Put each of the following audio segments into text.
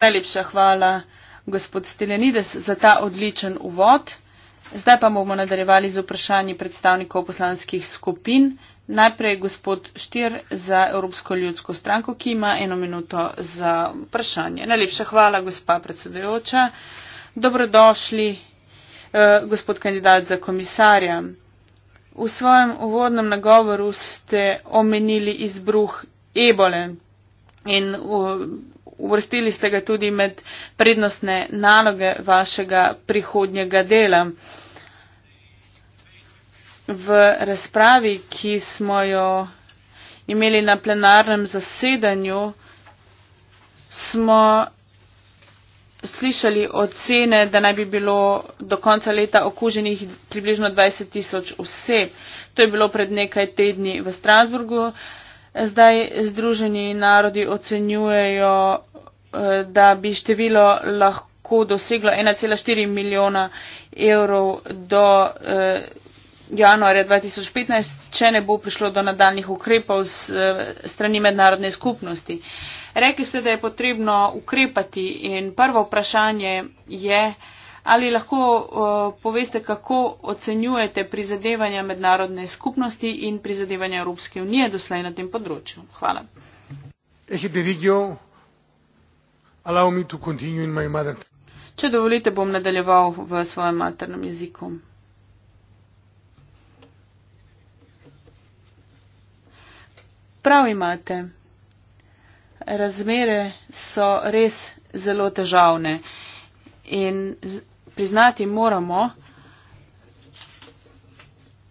Najlepša hvala, gospod Stelenides, za ta odličen uvod. Zdaj pa bomo nadaljevali z vprašanji predstavnikov poslanskih skupin. Najprej gospod Štir za Evropsko ljudsko stranko, ki ima eno minuto za vprašanje. Najlepša hvala, gospa predsedujoča. Dobrodošli, eh, gospod kandidat za komisarja. V svojem uvodnem nagovoru ste omenili izbruh ebole in uh, uvrstili ste ga tudi med prednostne naloge vašega prihodnjega dela. V razpravi, ki smo jo imeli na plenarnem zasedanju, smo slišali ocene, da naj bi bilo do konca leta okuženih približno 20 tisoč oseb. To je bilo pred nekaj tedni v Strasburgu. Zdaj združeni narodi ocenjujejo, eh, da bi število lahko doseglo 1,4 milijona evrov do eh, januarja 2015, če ne bo prišlo do nadaljnih ukrepov s eh, strani mednarodne skupnosti. Rekli ste, da je potrebno ukrepati in prvo vprašanje je, Ali lahko uh, poveste, kako ocenjujete prizadevanja mednarodne skupnosti in prizadevanja Evropske unije doslej na tem področju? Hvala. Če dovolite, bom nadaljeval v svojem maternem jeziku. Prav imate. Razmere so res zelo težavne. In priznati moramo,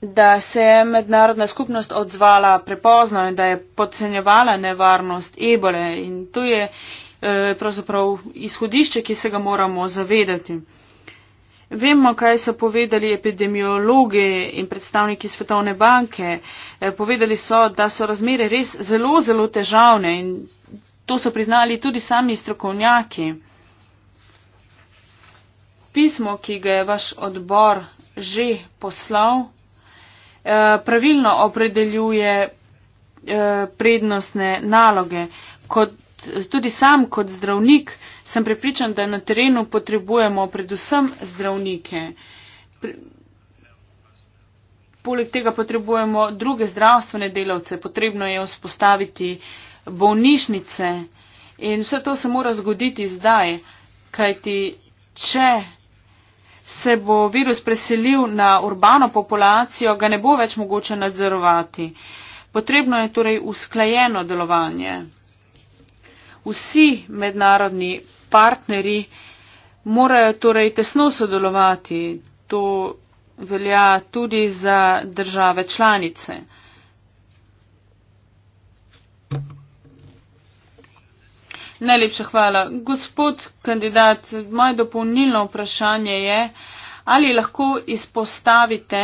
da se je mednarodna skupnost odzvala prepozno in da je podcenjevala nevarnost ebole in to je eh, pravzaprav izhodišče, ki se ga moramo zavedati. Vemo, kaj so povedali epidemiologi in predstavniki Svetovne banke. Eh, povedali so, da so razmere res zelo, zelo težavne in to so priznali tudi sami strokovnjaki pismo, ki ga je vaš odbor že poslal, eh, pravilno opredeljuje eh, prednostne naloge. Kot, tudi sam kot zdravnik sem prepričan, da na terenu potrebujemo predvsem zdravnike. Poleg tega potrebujemo druge zdravstvene delavce, potrebno je vzpostaviti bolnišnice in vse to se mora zgoditi zdaj, kajti če se bo virus preselil na urbano populacijo, ga ne bo več mogoče nadzorovati. Potrebno je torej usklajeno delovanje. Vsi mednarodni partneri morajo torej tesno sodelovati. To velja tudi za države članice. Najlepša hvala. Gospod kandidat, moje dopolnilno vprašanje je, ali lahko izpostavite,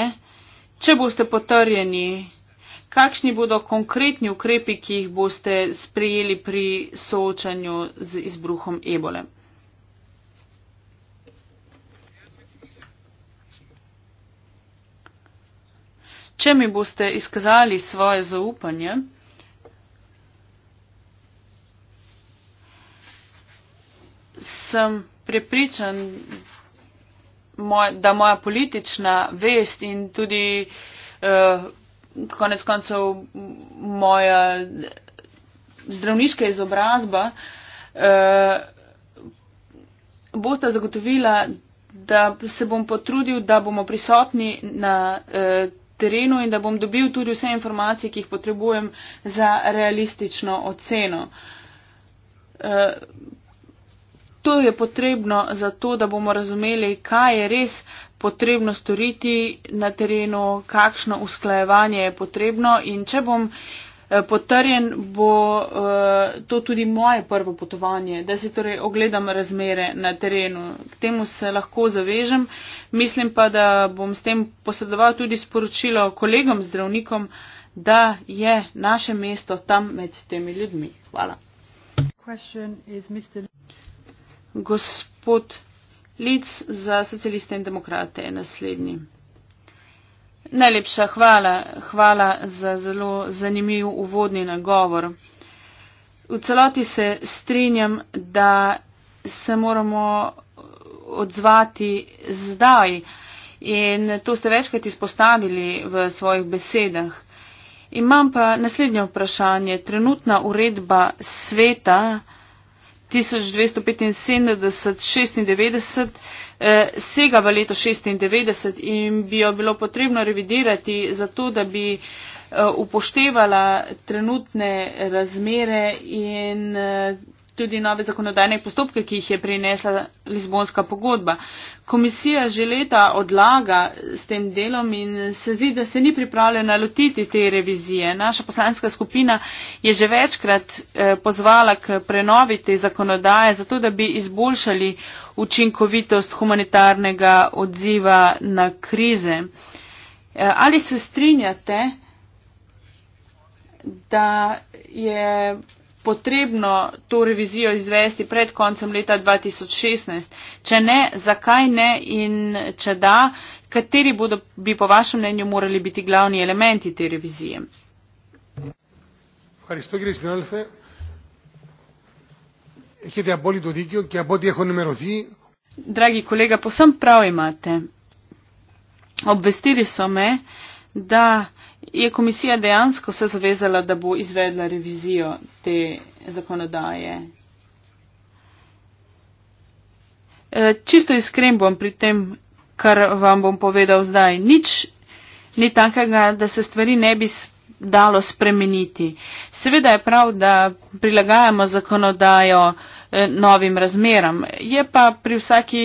če boste potrjeni, kakšni bodo konkretni ukrepi, ki jih boste sprejeli pri soočanju z izbruhom ebole. Če mi boste izkazali svoje zaupanje, sem prepričan, moj, da moja politična vest in tudi uh, konec koncev moja zdravniška izobrazba uh, bosta zagotovila, da se bom potrudil, da bomo prisotni na uh, terenu in da bom dobil tudi vse informacije, ki jih potrebujem za realistično oceno. Uh, To je potrebno zato, da bomo razumeli, kaj je res potrebno storiti na terenu, kakšno usklajevanje je potrebno in če bom eh, potrjen, bo eh, to tudi moje prvo potovanje, da si torej ogledam razmere na terenu. K temu se lahko zavežem. Mislim pa, da bom s tem posredoval tudi sporočilo kolegom zdravnikom, da je naše mesto tam med temi ljudmi. Hvala. Gospod Lic za socialiste in demokrate je naslednji. Najlepša hvala, hvala za zelo zanimiv uvodni nagovor. V celoti se strinjam, da se moramo odzvati zdaj in to ste večkrat izpostavili v svojih besedah. Imam pa naslednje vprašanje. Trenutna uredba sveta 1275-96 eh, sega v leto 96 in bi jo bilo potrebno revidirati zato, da bi eh, upoštevala trenutne razmere in eh, tudi nove zakonodajne postopke, ki jih je prinesla Lizbonska pogodba. Komisija že leta odlaga s tem delom in se zdi, da se ni pripravljena lotiti te revizije. Naša poslanska skupina je že večkrat eh, pozvala k prenovi te zakonodaje, zato da bi izboljšali učinkovitost humanitarnega odziva na krize. Eh, ali se strinjate, da je potrebno to revizijo izvesti pred koncem leta 2016? Če ne, zakaj ne in če da, kateri bodo, bi po vašem mnenju morali biti glavni elementi te revizije? Dragi kolega, posem prav imate. Obvestili so me, da je komisija dejansko se zavezala, da bo izvedla revizijo te zakonodaje. Eh, čisto iskren bom pri tem, kar vam bom povedal zdaj. Nič ni takega, da se stvari ne bi dalo spremeniti. Seveda je prav, da prilagajamo zakonodajo Eh, novim razmeram. Je pa pri vsaki,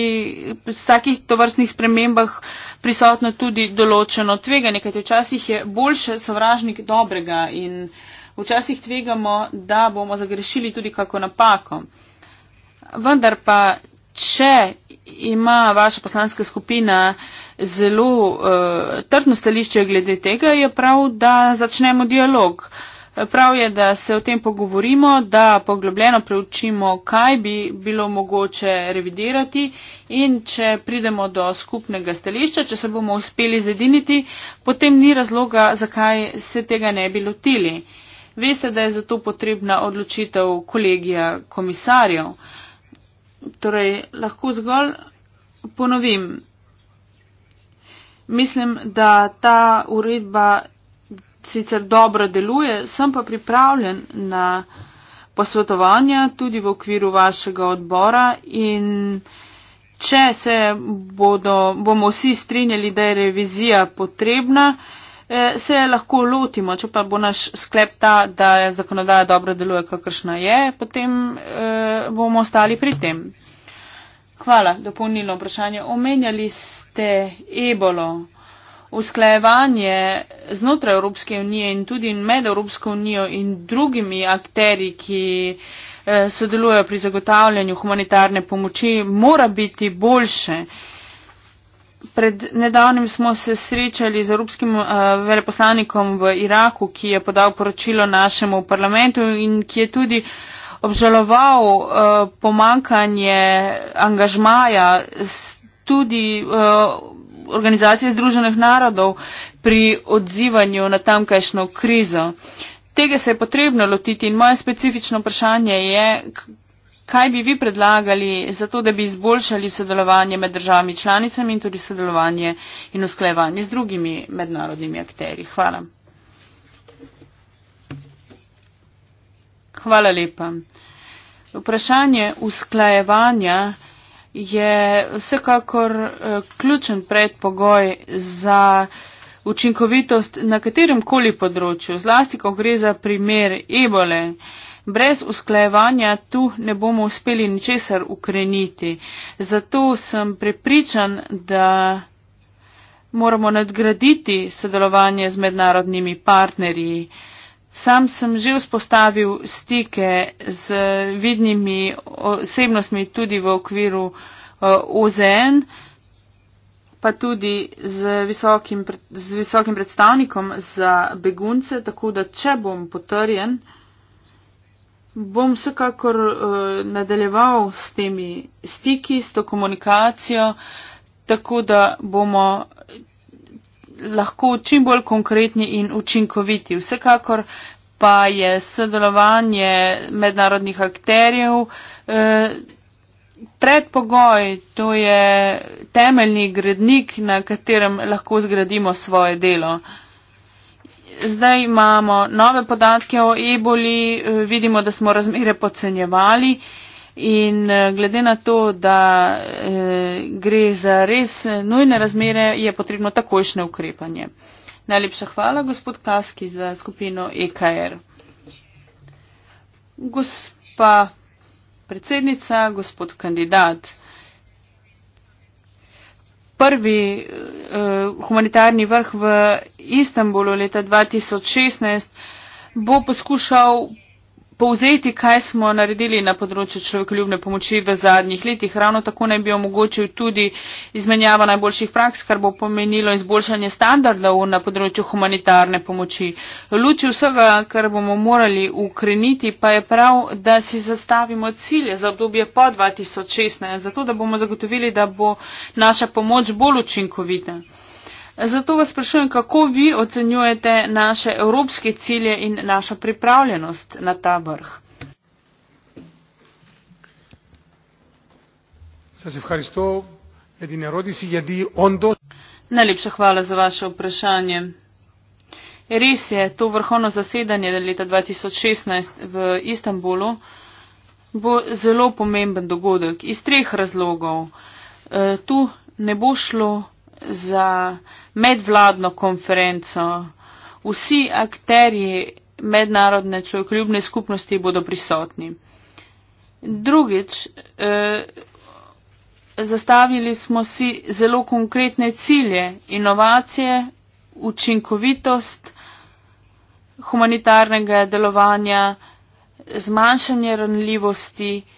vsakih tovrstnih spremembah prisotno tudi določeno tveganje, kajte včasih je boljše sovražnik dobrega in včasih tvegamo, da bomo zagrešili tudi kako napako. Vendar pa, če ima vaša poslanska skupina zelo uh, trdno stališče glede tega, je prav, da začnemo dialog. Uh, Prav je, da se o tem pogovorimo, da poglobljeno preučimo, kaj bi bilo mogoče revidirati in če pridemo do skupnega stališča, če se bomo uspeli zediniti, potem ni razloga, zakaj se tega ne bi lotili. Veste, da je zato potrebna odločitev kolegija komisarjev. Torej, lahko zgolj ponovim. Mislim, da ta uredba sicer dobro deluje, sem pa pripravljen na posvetovanja tudi v okviru vašega odbora in če se bodo, bomo vsi strinjali, da je revizija potrebna, eh, se lahko lotimo, če pa bo naš sklep ta, da je zakonodaja dobro deluje, kakršna je, potem eh, bomo ostali pri tem. Hvala, dopolnilo vprašanje. Omenjali ste ebolo usklajevanje znotraj Evropske unije in tudi med Evropsko unijo in drugimi akteri, ki eh, sodelujejo pri zagotavljanju humanitarne pomoči, mora biti boljše. Pred nedavnim smo se srečali z evropskim eh, veleposlanikom v Iraku, ki je podal poročilo našemu parlamentu in ki je tudi obžaloval eh, pomankanje angažmaja tudi organizacije Združenih narodov pri odzivanju na tamkajšno krizo. Tega se je potrebno lotiti in moje specifično vprašanje je, kaj bi vi predlagali za to, da bi izboljšali sodelovanje med državami članicami in tudi sodelovanje in usklajevanje z drugimi mednarodnimi akteri. Hvala. Hvala lepa. Vprašanje usklajevanja je vsekakor eh, ključen predpogoj za učinkovitost na katerem koli področju, zlasti ko gre za primer ebole. Brez usklajevanja tu ne bomo uspeli ničesar ukreniti. Zato sem prepričan, da moramo nadgraditi sodelovanje z mednarodnimi partnerji. Uh, Sam sem že vzpostavil stike z vidnimi osebnostmi tudi v okviru eh, OZN, pa tudi z visokim, z visokim predstavnikom za begunce, tako da če bom potrjen, bom vsekakor eh, nadaljeval s temi stiki, s to komunikacijo, tako da bomo lahko čim bolj konkretni in učinkoviti. Vsekakor pa je sodelovanje mednarodnih akterjev eh, predpogoj, to je temeljni gradnik, na katerem lahko zgradimo svoje delo. Zdaj imamo nove podatke o eboli, eh, vidimo, da smo razmere podcenjevali. In eh, glede na to, da eh, gre za res nujne razmere, je potrebno takojšnje ukrepanje. Najlepša hvala, gospod Kaski, za skupino EKR. Gospa predsednica, gospod kandidat. Prvi eh, humanitarni vrh v Istanbulu leta 2016 bo poskušal povzeti, kaj smo naredili na področju človekoljubne pomoči v zadnjih letih. Ravno tako naj bi omogočil tudi izmenjava najboljših praks, kar bo pomenilo izboljšanje standardov na področju humanitarne pomoči. V luči vsega, kar bomo morali ukreniti, pa je prav, da si zastavimo cilje za obdobje po 2016, zato da bomo zagotovili, da bo naša pomoč bolj učinkovita. Zato vas sprašujem, kako vi ocenjujete naše evropske cilje in našo pripravljenost na ta vrh? Najlepša hvala za vaše vprašanje. Res je, to vrhovno zasedanje leta 2016 v Istanbulu bo zelo pomemben dogodek iz treh razlogov. E, tu ne bo šlo za medvladno konferenco. Vsi akteri mednarodne človekoljubne skupnosti bodo prisotni. Drugič, eh, zastavili smo si zelo konkretne cilje, inovacije, učinkovitost humanitarnega delovanja, zmanjšanje ranljivosti, eh,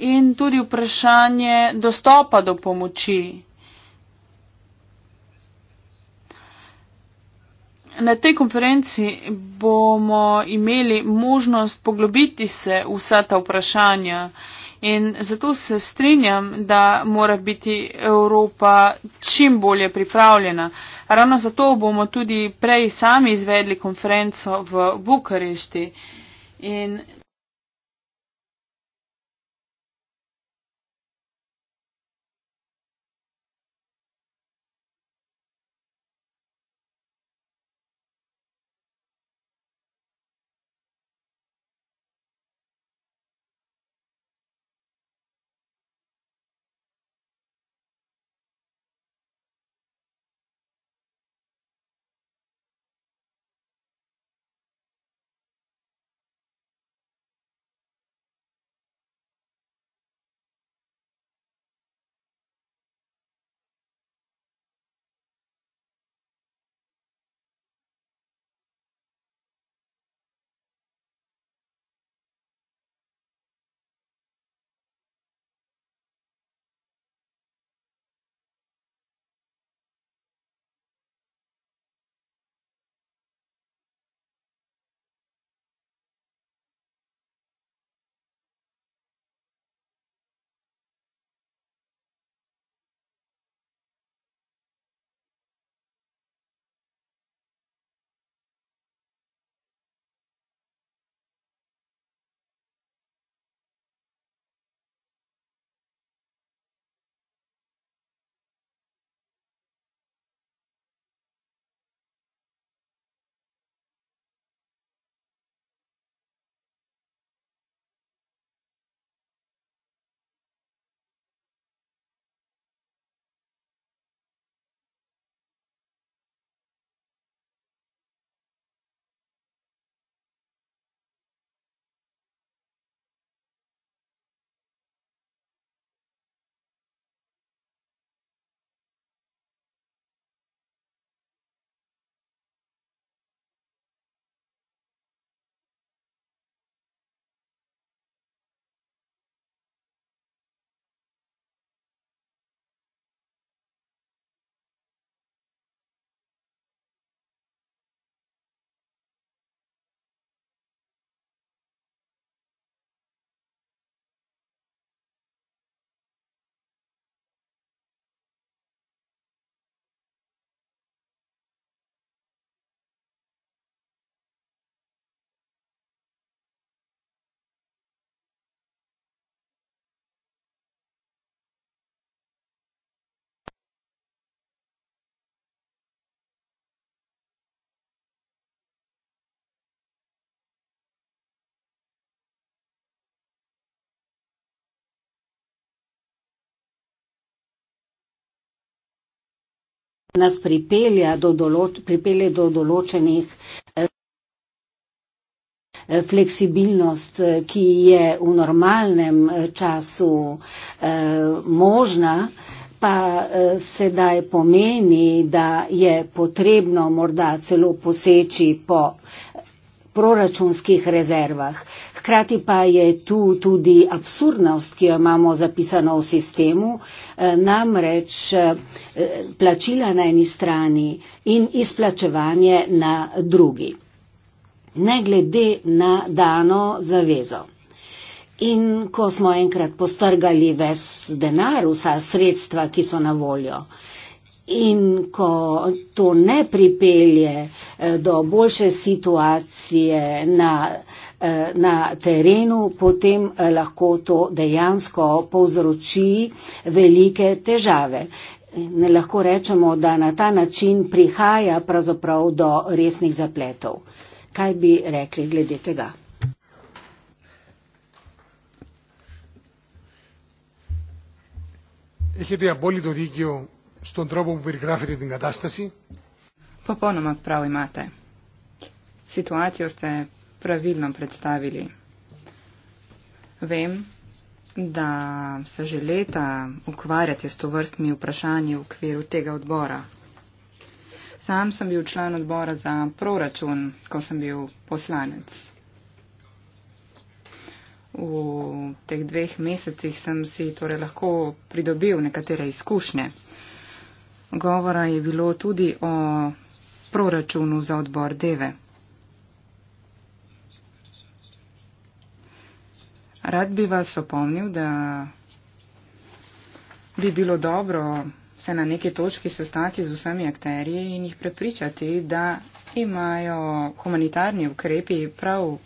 in tudi vprašanje dostopa do pomoči. Na tej konferenci bomo imeli možnost poglobiti se vsa ta vprašanja in zato se strinjam, da mora biti Evropa čim bolje pripravljena. Ravno zato bomo tudi prej sami izvedli konferenco v Bukarešti in nas pripelje do, določ, pripelje do določenih eh, fleksibilnost, eh, ki je v normalnem eh, času možna, pa sedaj pomeni, da je potrebno morda celo poseči po proračunskih rezervah. Hkrati pa je tu tudi absurdnost, ki jo imamo zapisano v sistemu, eh, namreč eh, plačila na eni strani in izplačevanje na drugi, ne glede na dano zavezo. In ko smo enkrat postrgali ves denar, vsa sredstva, ki so na voljo, In ko to ne pripelje eh, do boljše situacije na, eh, na terenu, potem eh, lahko to dejansko povzroči velike težave. Ne lahko rečemo, da na ta način prihaja pravzaprav do resnih zapletov. Kaj bi rekli glede tega? Ehi, ti ha bolito di che io στον τρόπο που περιγράφεται την κατάσταση. Popolnoma prav imate. Situacijo ste pravilno predstavili. Vem, da se že leta ukvarjate s to vrstmi vprašanji v okviru tega odbora. Sam sem bil član odbora za proračun, ko sem bil poslanec. V teh dveh mesecih sem si torej lahko pridobil nekatere izkušnje govora je bilo tudi o proračunu za odbor Deve. Rad bi vas opomnil, da bi bilo dobro se na neki točki sestati z vsemi akterji in jih prepričati, da imajo humanitarni ukrepi prav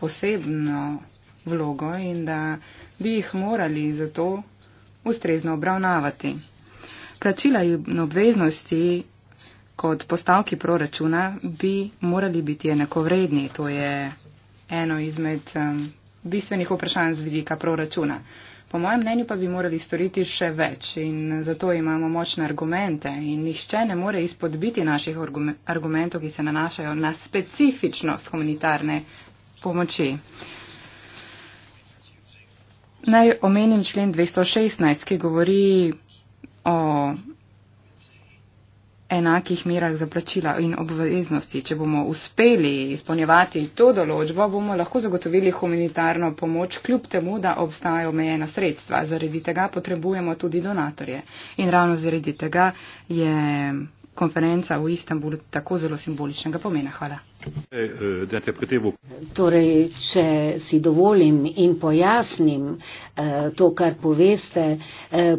posebno vlogo in da bi jih morali zato ustrezno obravnavati plačila in obveznosti kot postavki proračuna bi morali biti enakovredni. To je eno izmed um, bistvenih vprašanj z vidika proračuna. Po mojem mnenju pa bi morali storiti še več in zato imamo močne argumente in nihče ne more izpodbiti naših argumentov, ki se nanašajo na specifičnost humanitarne pomoči. Naj omenim člen 216, ki govori o enakih merah za plačila in obveznosti. Če bomo uspeli izpolnjevati to določbo, bomo lahko zagotovili humanitarno pomoč, kljub temu, da obstajajo omejena sredstva. Zaradi tega potrebujemo tudi donatorje. In ravno zaradi tega je konferenca v Istanbulu tako zelo simboličnega pomena. Hvala. Eh, eh, torej, če si dovolim in pojasnim eh, to, kar poveste,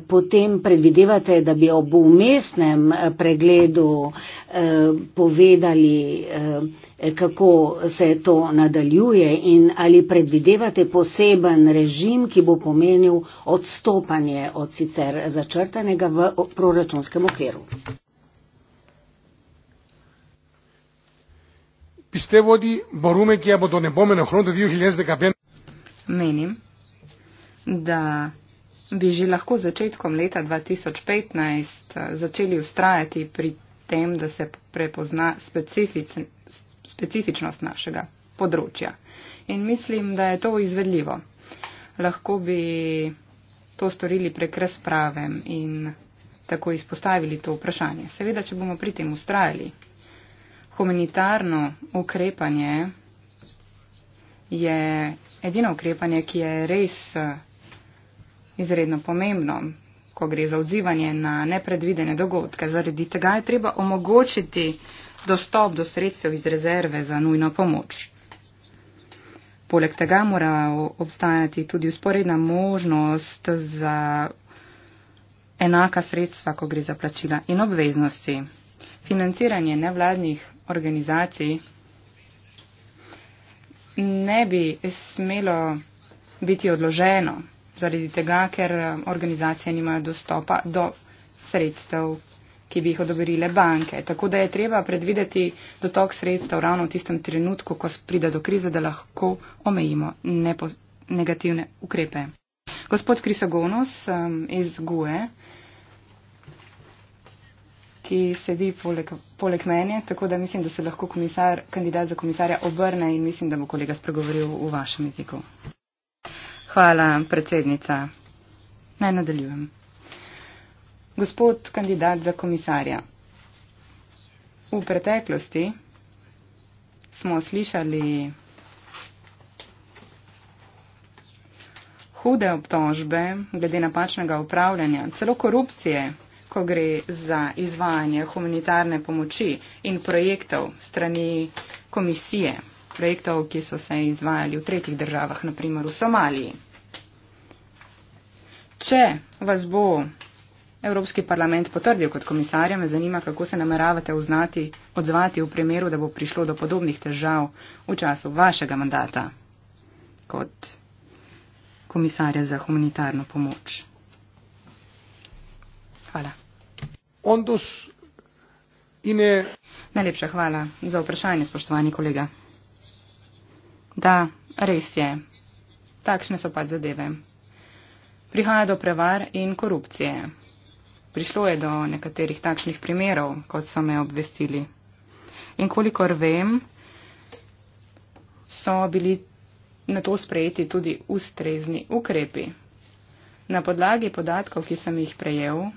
potem predvidevate, da bi ob umestnem pregledu povedali, kako se to nadaljuje in ali predvidevate poseben režim, ki bo pomenil odstopanje od sicer začrtanega v proračunskem okviru. πιστεύω ότι μπορούμε και από τον επόμενο χρόνο, το 2015. Μένιμ, da bi že lahko z začetkom leta 2015 eh, začeli ustrajati pri tem, da se prepozna specifič, specifičnost našega področja. In mislim, da je to izvedljivo. Lahko bi to storili prek razpravem in tako izpostavili to vprašanje. Seveda, če bomo pri tem ustrajali. Komunitarno ukrepanje je edino ukrepanje, ki je res eh, izredno pomembno, ko gre za odzivanje na nepredvidene dogodke. Zaradi tega je treba omogočiti dostop do sredstev iz rezerve za nujno pomoč. Poleg tega mora obstajati tudi usporedna možnost za enaka sredstva, ko gre za plačila in obveznosti. Financiranje nevladnih organizaciji ne bi smelo biti odloženo zaradi tega, ker um, organizacije nimajo dostopa do sredstev, ki bi jih odobrile banke. Tako da je treba predvideti dotok sredstev ravno v tistem trenutku, ko pride do krize, da lahko omejimo negativne ukrepe. Gospod Krisogonos um, iz GUE ki sedi poleg, poleg mene, tako da mislim, da se lahko komisar, kandidat za komisarja obrne in mislim, da bo kolega spregovoril v vašem jeziku. Hvala, predsednica. Naj nadaljujem. Gospod kandidat za komisarja, v preteklosti smo slišali hude obtožbe glede napačnega upravljanja, celo korupcije ko gre za izvajanje humanitarne pomoči in projektov strani komisije, projektov, ki so se izvajali v tretjih državah, naprimer v Somaliji. Če vas bo Evropski parlament potrdil kot komisarja, me zanima, kako se nameravate uznati, odzvati v primeru, da bo prišlo do podobnih težav v času vašega mandata kot komisarja za humanitarno pomoč. Hvala. Ondus in je. Najlepša hvala za vprašanje, spoštovani kolega. Da, res je. Takšne so pač zadeve. Prihaja do prevar in korupcije. Prišlo je do nekaterih takšnih primerov, kot so me obvestili. In kolikor vem, so bili na to sprejeti tudi ustrezni ukrepi. Na podlagi podatkov, ki sem jih prejel,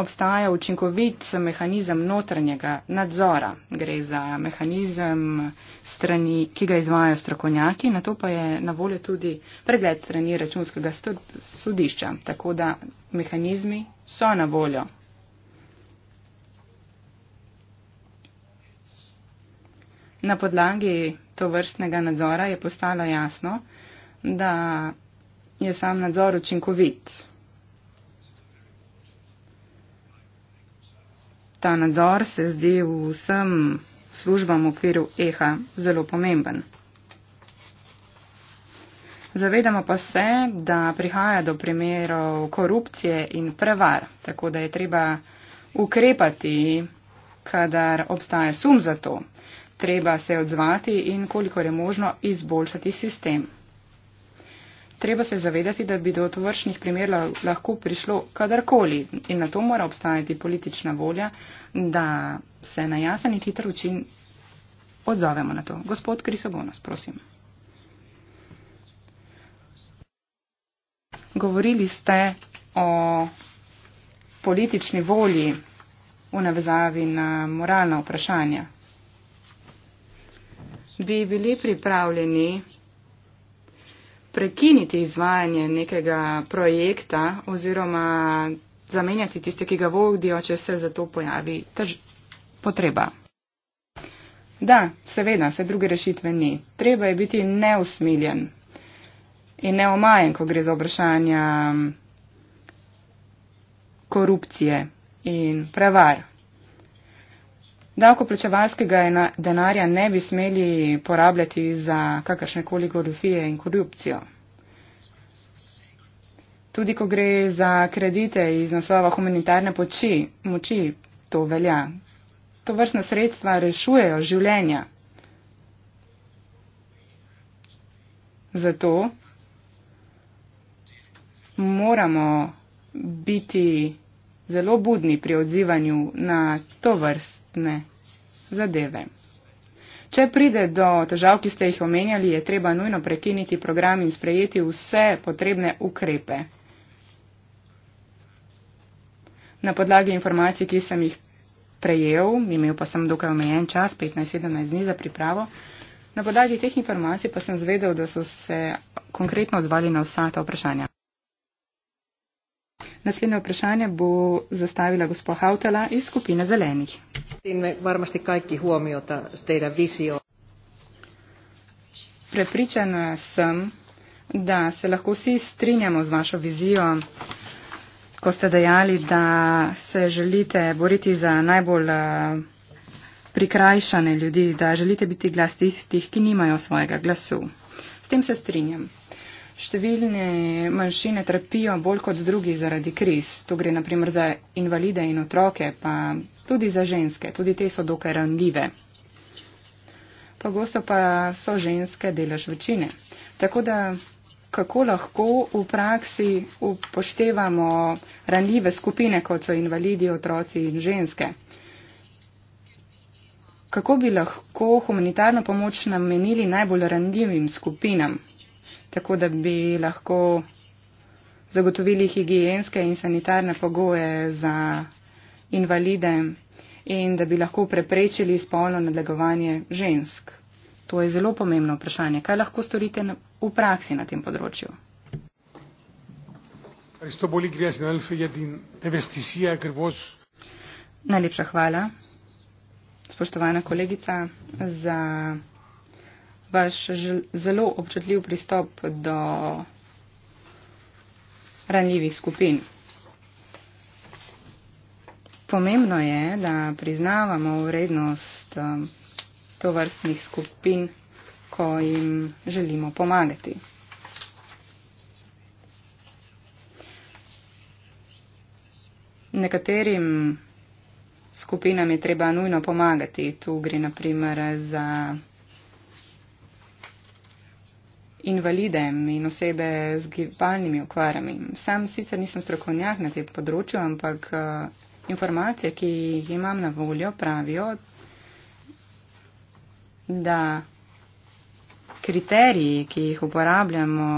obstaja učinkovit mehanizem notranjega nadzora. Gre za mehanizem, strani, ki ga izvajo strokovnjaki, na to pa je na voljo tudi pregled strani računskega sodišča. Tako da mehanizmi so na voljo. Na podlagi to vrstnega nadzora je postalo jasno, da je sam nadzor učinkovit. ta nadzor se zdi vsem službam v okviru EHA zelo pomemben. Zavedamo pa se, da prihaja do primerov korupcije in prevar, tako da je treba ukrepati, kadar obstaja sum za to. Treba se odzvati in kolikor je možno izboljšati sistem treba se zavedati, da bi do tovršnih primerov lahko prišlo kadarkoli in na to mora obstajati politična volja, da se na jasen in hiter učin odzovemo na to. Gospod Krisogonos, prosim. Govorili ste o politični volji v navezavi na moralna vprašanja. Bi bili pripravljeni prekiniti izvajanje nekega projekta oziroma zamenjati tiste, ki ga vodijo, če se za to pojavi tež potreba. Da, seveda, vse druge rešitve ni. Treba je biti neusmiljen in neomajen, ko gre za vprašanja mm, korupcije in prevar davkoplačevalskega denarja ne bi smeli porabljati za kakršne koli gorufije in korupcijo. Tudi ko gre za kredite iz naslova humanitarne poči, moči, to velja. To vrstna sredstva rešujejo življenja. Zato moramo biti zelo budni pri odzivanju na to vrstne zadeve. Če pride do težav, ki ste jih omenjali, je treba nujno prekiniti program in sprejeti vse potrebne ukrepe. Na podlagi informacij, ki sem jih prejel, imel pa sem dokaj omejen čas, 15-17 dni za pripravo, na podlagi teh informacij pa sem zvedel, da so se konkretno odzvali na vsa ta vprašanja. Naslednje vprašanje bo zastavila gospod Hautela iz skupine zelenih. Prepričana sem, da se lahko vsi strinjamo z vašo vizijo, ko ste dejali, da se želite boriti za najbolj eh, prikrajšane ljudi, da želite biti glas tistih, ki nimajo svojega glasu. S tem se strinjam. Številne manjšine trpijo bolj kot drugi zaradi kriz. Tu gre naprimer za invalide in otroke, pa tudi za ženske. Tudi te so dokaj randljive. Pogosto pa so ženske delež večine. Tako da kako lahko v praksi upoštevamo randljive skupine, kot so invalidi, otroci in ženske? Kako bi lahko humanitarno pomoč namenili najbolj randljivim skupinam? tako da bi lahko zagotovili higijenske in sanitarne pogoje za invalide in da bi lahko preprečili spolno nadlegovanje žensk. To je zelo pomembno vprašanje. Kaj lahko storite v praksi na tem področju? Najlepša hvala, spoštovana kolegica, za vaš zelo občutljiv pristop do ranljivih skupin. Pomembno je, da priznavamo vrednost um, to vrstnih skupin, ko jim želimo pomagati. Nekaterim skupinam je treba nujno pomagati. Tu gre naprimer za invalide in osebe z gibalnimi okvarami. Sam sicer nisem strokovnjak na tem področju, ampak eh, informacije, ki jih imam na voljo, pravijo, da kriteriji, ki jih uporabljamo,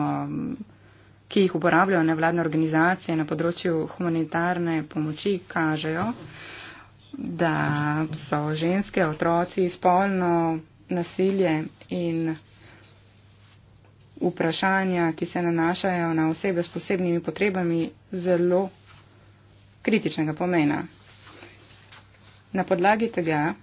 ki jih uporabljajo nevladne organizacije na področju humanitarne pomoči, kažejo, da so ženske, otroci, spolno nasilje in vprašanja, ki se nanašajo na osebe s posebnimi potrebami, zelo kritičnega pomena. Na podlagi tega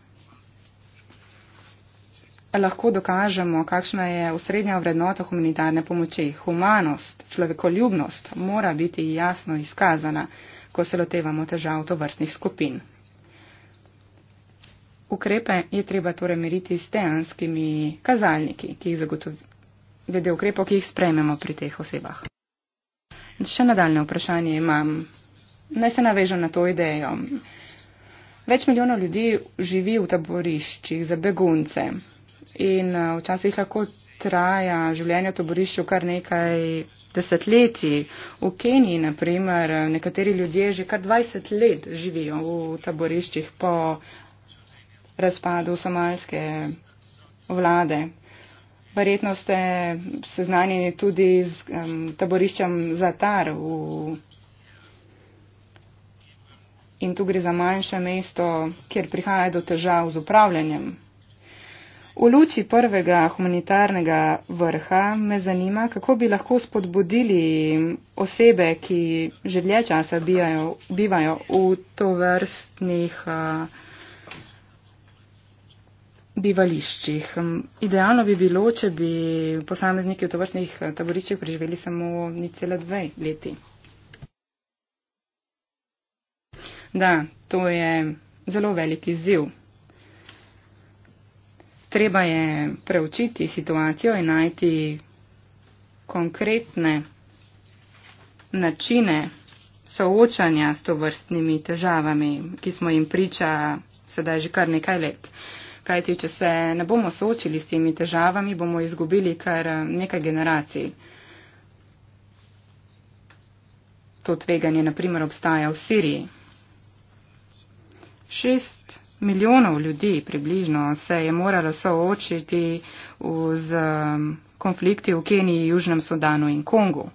lahko dokažemo, kakšna je osrednja vrednota humanitarne pomoči. Humanost, človekoljubnost mora biti jasno izkazana, ko se lotevamo težav tovrstnih skupin. Ukrepe je treba torej meriti s teanskimi kazalniki, ki jih zagotovi, glede ukrepov, ki jih sprejmemo pri teh osebah. Še nadaljne vprašanje imam. Naj se navežem na to idejo. Več milijonov ljudi živi v taboriščih za begunce in eh, včasih lahko traja življenje v taborišču kar nekaj desetletij. V Keniji, naprimer, nekateri ljudje že kar 20 let živijo v taboriščih po razpadu somalske vlade. Verjetno ste seznanjeni tudi z um, taboriščem Zatar. V... In tu gre za manjše mesto, kjer prihaja do težav z upravljanjem. V luči prvega humanitarnega vrha me zanima, kako bi lahko spodbudili osebe, ki že dlje časa bivajo, bivajo v to vrstnih. Uh, bivališčih. Hm, idealno bi bilo, če bi posamezniki v tovrstnih eh, taboriščih preživeli samo nicele dve leti. Da, to je zelo veliki ziv. Treba je preučiti situacijo in najti konkretne načine soočanja s tovrstnimi težavami, ki smo jim priča sedaj že kar nekaj let kajti če se ne bomo soočili s temi težavami, bomo izgubili kar eh, nekaj generacij. To tveganje, naprimer, obstaja v Siriji. Šest milijonov ljudi približno se je moralo soočiti z mm, konflikti v Keniji, Južnem Sudanu in Kongu.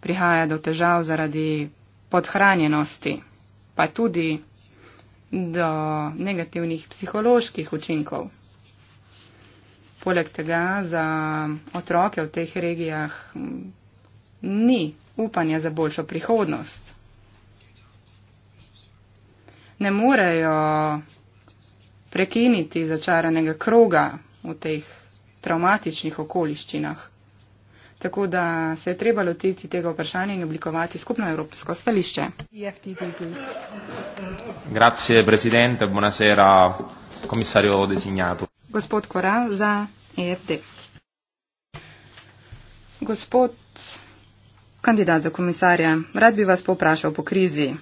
Prihaja do težav zaradi podhranjenosti, pa tudi do negativnih psiholoških učinkov. Poleg tega za otroke v teh regijah ni upanja za boljšo prihodnost. Ne morejo prekiniti začaranega kroga v teh traumatičnih okoliščinah. Tako da se je treba lotiti tega vprašanja in oblikovati skupno evropsko stališče. Grazie, presidente, buonasera, komisarjo designato. Gospod Koral za EFD. Gospod kandidat za komisarja, rad bi vas poprašal po krizi.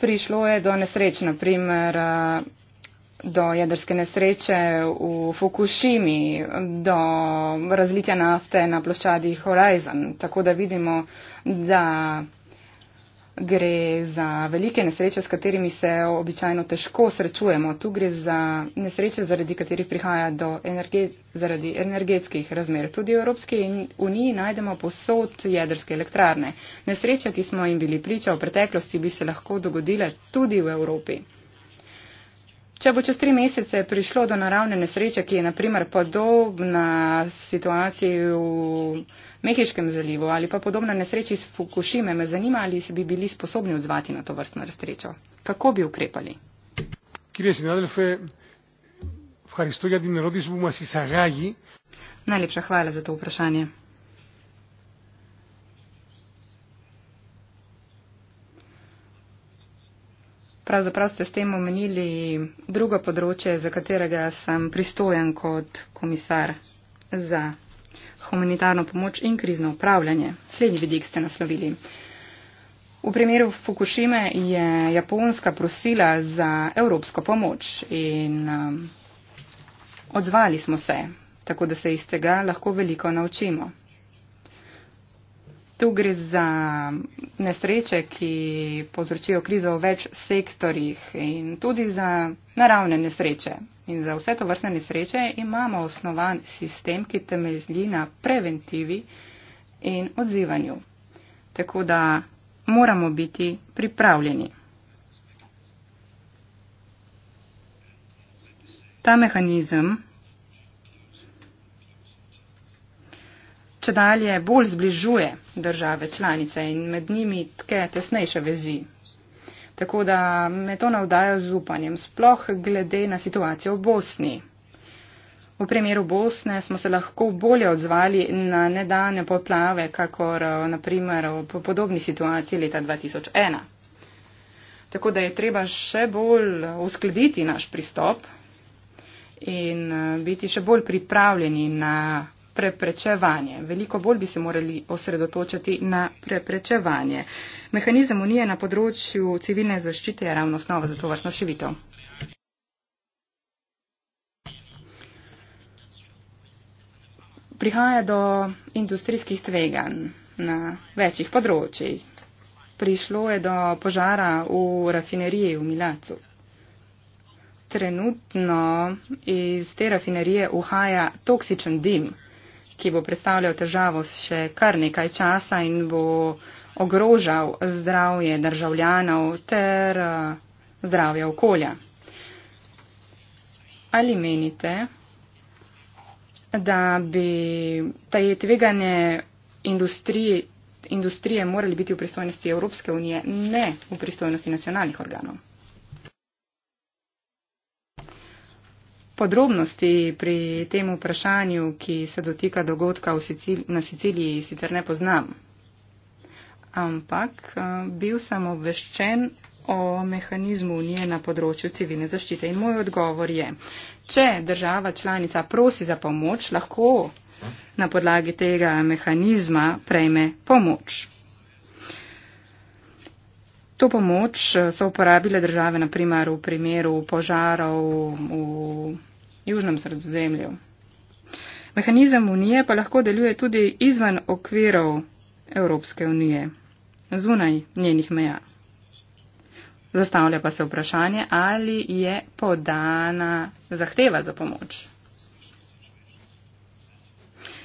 Prišlo je do nesreč, naprimer do jedrske nesreče v Fukushimi, do razlitja nafte na ploščadi Horizon. Tako da vidimo, da gre za velike nesreče, s katerimi se običajno težko srečujemo. Tu gre za nesreče, zaradi katerih prihaja do energe, zaradi energetskih razmer. Tudi v Evropski uniji najdemo posod jedrske elektrarne. Nesreče, ki smo jim bili priča v preteklosti, bi se lahko dogodile tudi v Evropi. Če bo čez tri mesece prišlo do naravne nesreče, ki je naprimer podobna situaciji v Mehiškem zalivu ali pa podobna nesreči iz Fukushime, me zanima, ali se bi bili sposobni odzvati na to vrstno nesrečo. Kako bi ukrepali? Najlepša hvala za to vprašanje. Pravzaprav ste s tem omenili drugo področje, za katerega sem pristojen kot komisar za humanitarno pomoč in krizno upravljanje. Slednji vidik ste naslovili. V primeru Fukushime je Japonska prosila za evropsko pomoč in um, odzvali smo se, tako da se iz tega lahko veliko naučimo. Tu gre za nesreče, ki povzročijo krizo v več sektorjih in tudi za naravne nesreče. In za vse to vrstne nesreče imamo osnovan sistem, ki temelji na preventivi in odzivanju. Tako da moramo biti pripravljeni. Ta mehanizem če dalje bolj zbližuje države članice in med njimi tke tesnejše vezi. Tako da me to navdaja z upanjem, sploh glede na situacijo v Bosni. V primeru Bosne smo se lahko bolje odzvali na nedane poplave, kakor eh, naprimer v podobni situaciji leta 2001. Tako da je treba še bolj eh, uskladiti naš pristop in eh, biti še bolj pripravljeni na preprečevanje. Veliko bolj bi se morali osredotočiti na preprečevanje. Mehanizem unije na področju civilne zaščite je ravno osnova za to vrstno širitev. Prihaja do industrijskih tveganj na večjih področjih. Prišlo je do požara v rafineriji v Milacu. Trenutno iz te rafinerije uhaja toksičen dim ki bo predstavljal težavo še kar nekaj časa in bo ogrožal zdravje državljanov ter eh, zdravje okolja. Ali menite, da bi te tveganje industrije morali biti v pristojnosti Evropske unije, ne v pristojnosti nacionalnih organov? Podrobnosti pri tem vprašanju, ki se dotika dogodka Sicil na Siciliji, sicer ne poznam. Ampak eh, bil sem obveščen o mehanizmu unije na področju civilne zaščite. In moj odgovor je, če država članica prosi za pomoč, lahko na podlagi tega mehanizma prejme pomoč. To pomoč eh, so uporabile države, naprimer v primeru požarov v južnem sredozemlju. Mehanizem unije pa lahko deluje tudi izven okvirov Evropske unije, zunaj njenih meja. Zastavlja pa se vprašanje, ali je podana zahteva za pomoč.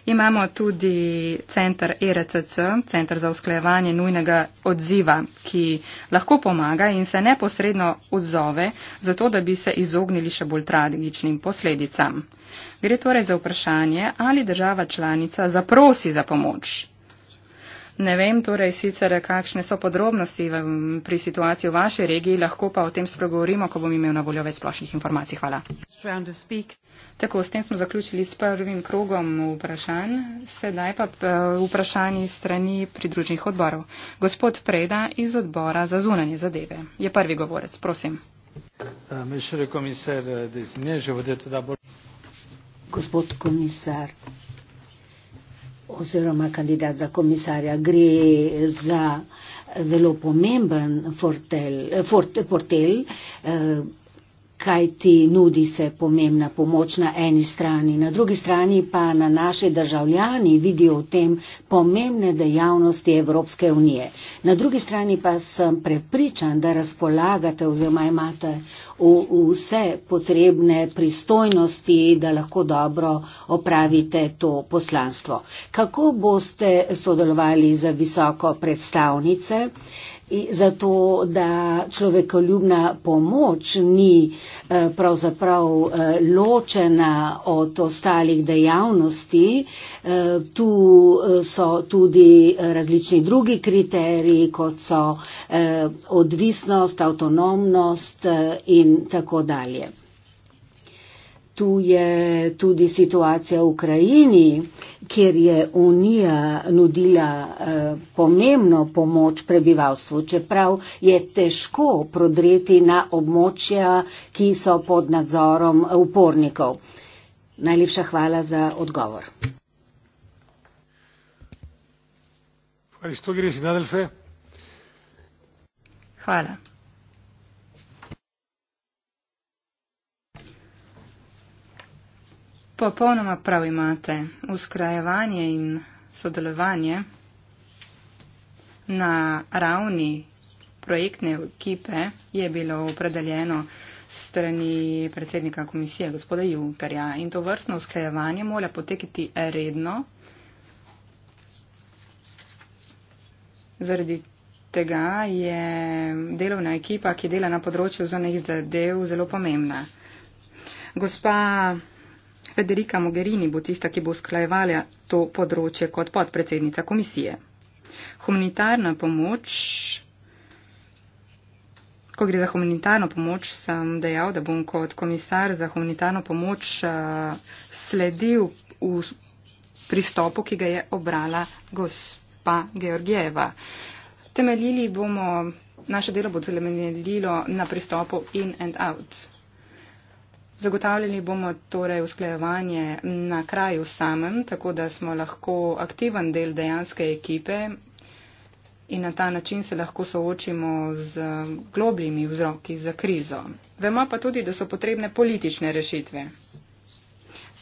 Imamo tudi centr ERCC, centr za usklajevanje nujnega odziva, ki lahko pomaga in se neposredno odzove, zato da bi se izognili še bolj tragičnim posledicam. Gre torej za vprašanje, ali država članica zaprosi za pomoč. Ne vem torej sicer, kakšne so podrobnosti v, pri situaciji v vaši regiji, lahko pa o tem spregovorimo, ko bom imel na voljo več splošnih informacij. Hvala. Tako, s tem smo zaključili s prvim krogom vprašanj, sedaj pa eh, vprašanji strani pridružnih odborov. Gospod Preda iz odbora za zunanje zadeve je prvi govorec, prosim. Eh, eh, Gospod komisar oziroma kandidat za komisarja, gre za zelo pomemben fortel. fortel eh, kaj ti nudi se pomembna pomoč na eni strani, na drugi strani pa na naše državljani vidijo v tem pomembne dejavnosti Evropske unije. Na drugi strani pa sem prepričan, da razpolagate oziroma imate vse potrebne pristojnosti, da lahko dobro opravite to poslanstvo. Kako boste sodelovali za visoko predstavnice? E zato, da človekoljubna pomoč ni eh, pravzaprav eh, ločena od ostalih dejavnosti. Eh, tu so tudi različni drugi kriteriji, kot so odvisnost, avtonomnost in tako dalje. Tu je tudi situacija v Ukrajini, kjer je Unija nudila eh, pomembno pomoč prebivalstvu, čeprav je težko prodreti na območja, ki so pod nadzorom upornikov. Najlepša hvala za odgovor. Hvala. Popolnoma prav imate. Uskrajevanje in sodelovanje na ravni projektne ekipe je bilo opredeljeno strani predsednika komisije gospoda Junkerja in to vrstno usklajevanje mora potekati redno. Zaradi tega je delovna ekipa, ki dela na področju zunanjih zadev, zelo pomembna. Gospa Federica Mogherini bo tista, ki bo usklajevala to področje kot podpredsednica komisije. Humanitarna pomoč. Ko gre za humanitarno pomoč, sem dejal, da bom kot komisar za humanitarno pomoč eh, sledil v pristopu, ki ga je obrala gospa Georgieva. Temeljili bomo, naše delo bo temeljilo na pristopu in and out. Zagotavljali bomo torej usklajevanje na kraju samem, tako da smo lahko aktiven del dejanske ekipe in na ta način se lahko soočimo z globljimi vzroki za krizo. Vemo pa tudi, da so potrebne politične rešitve.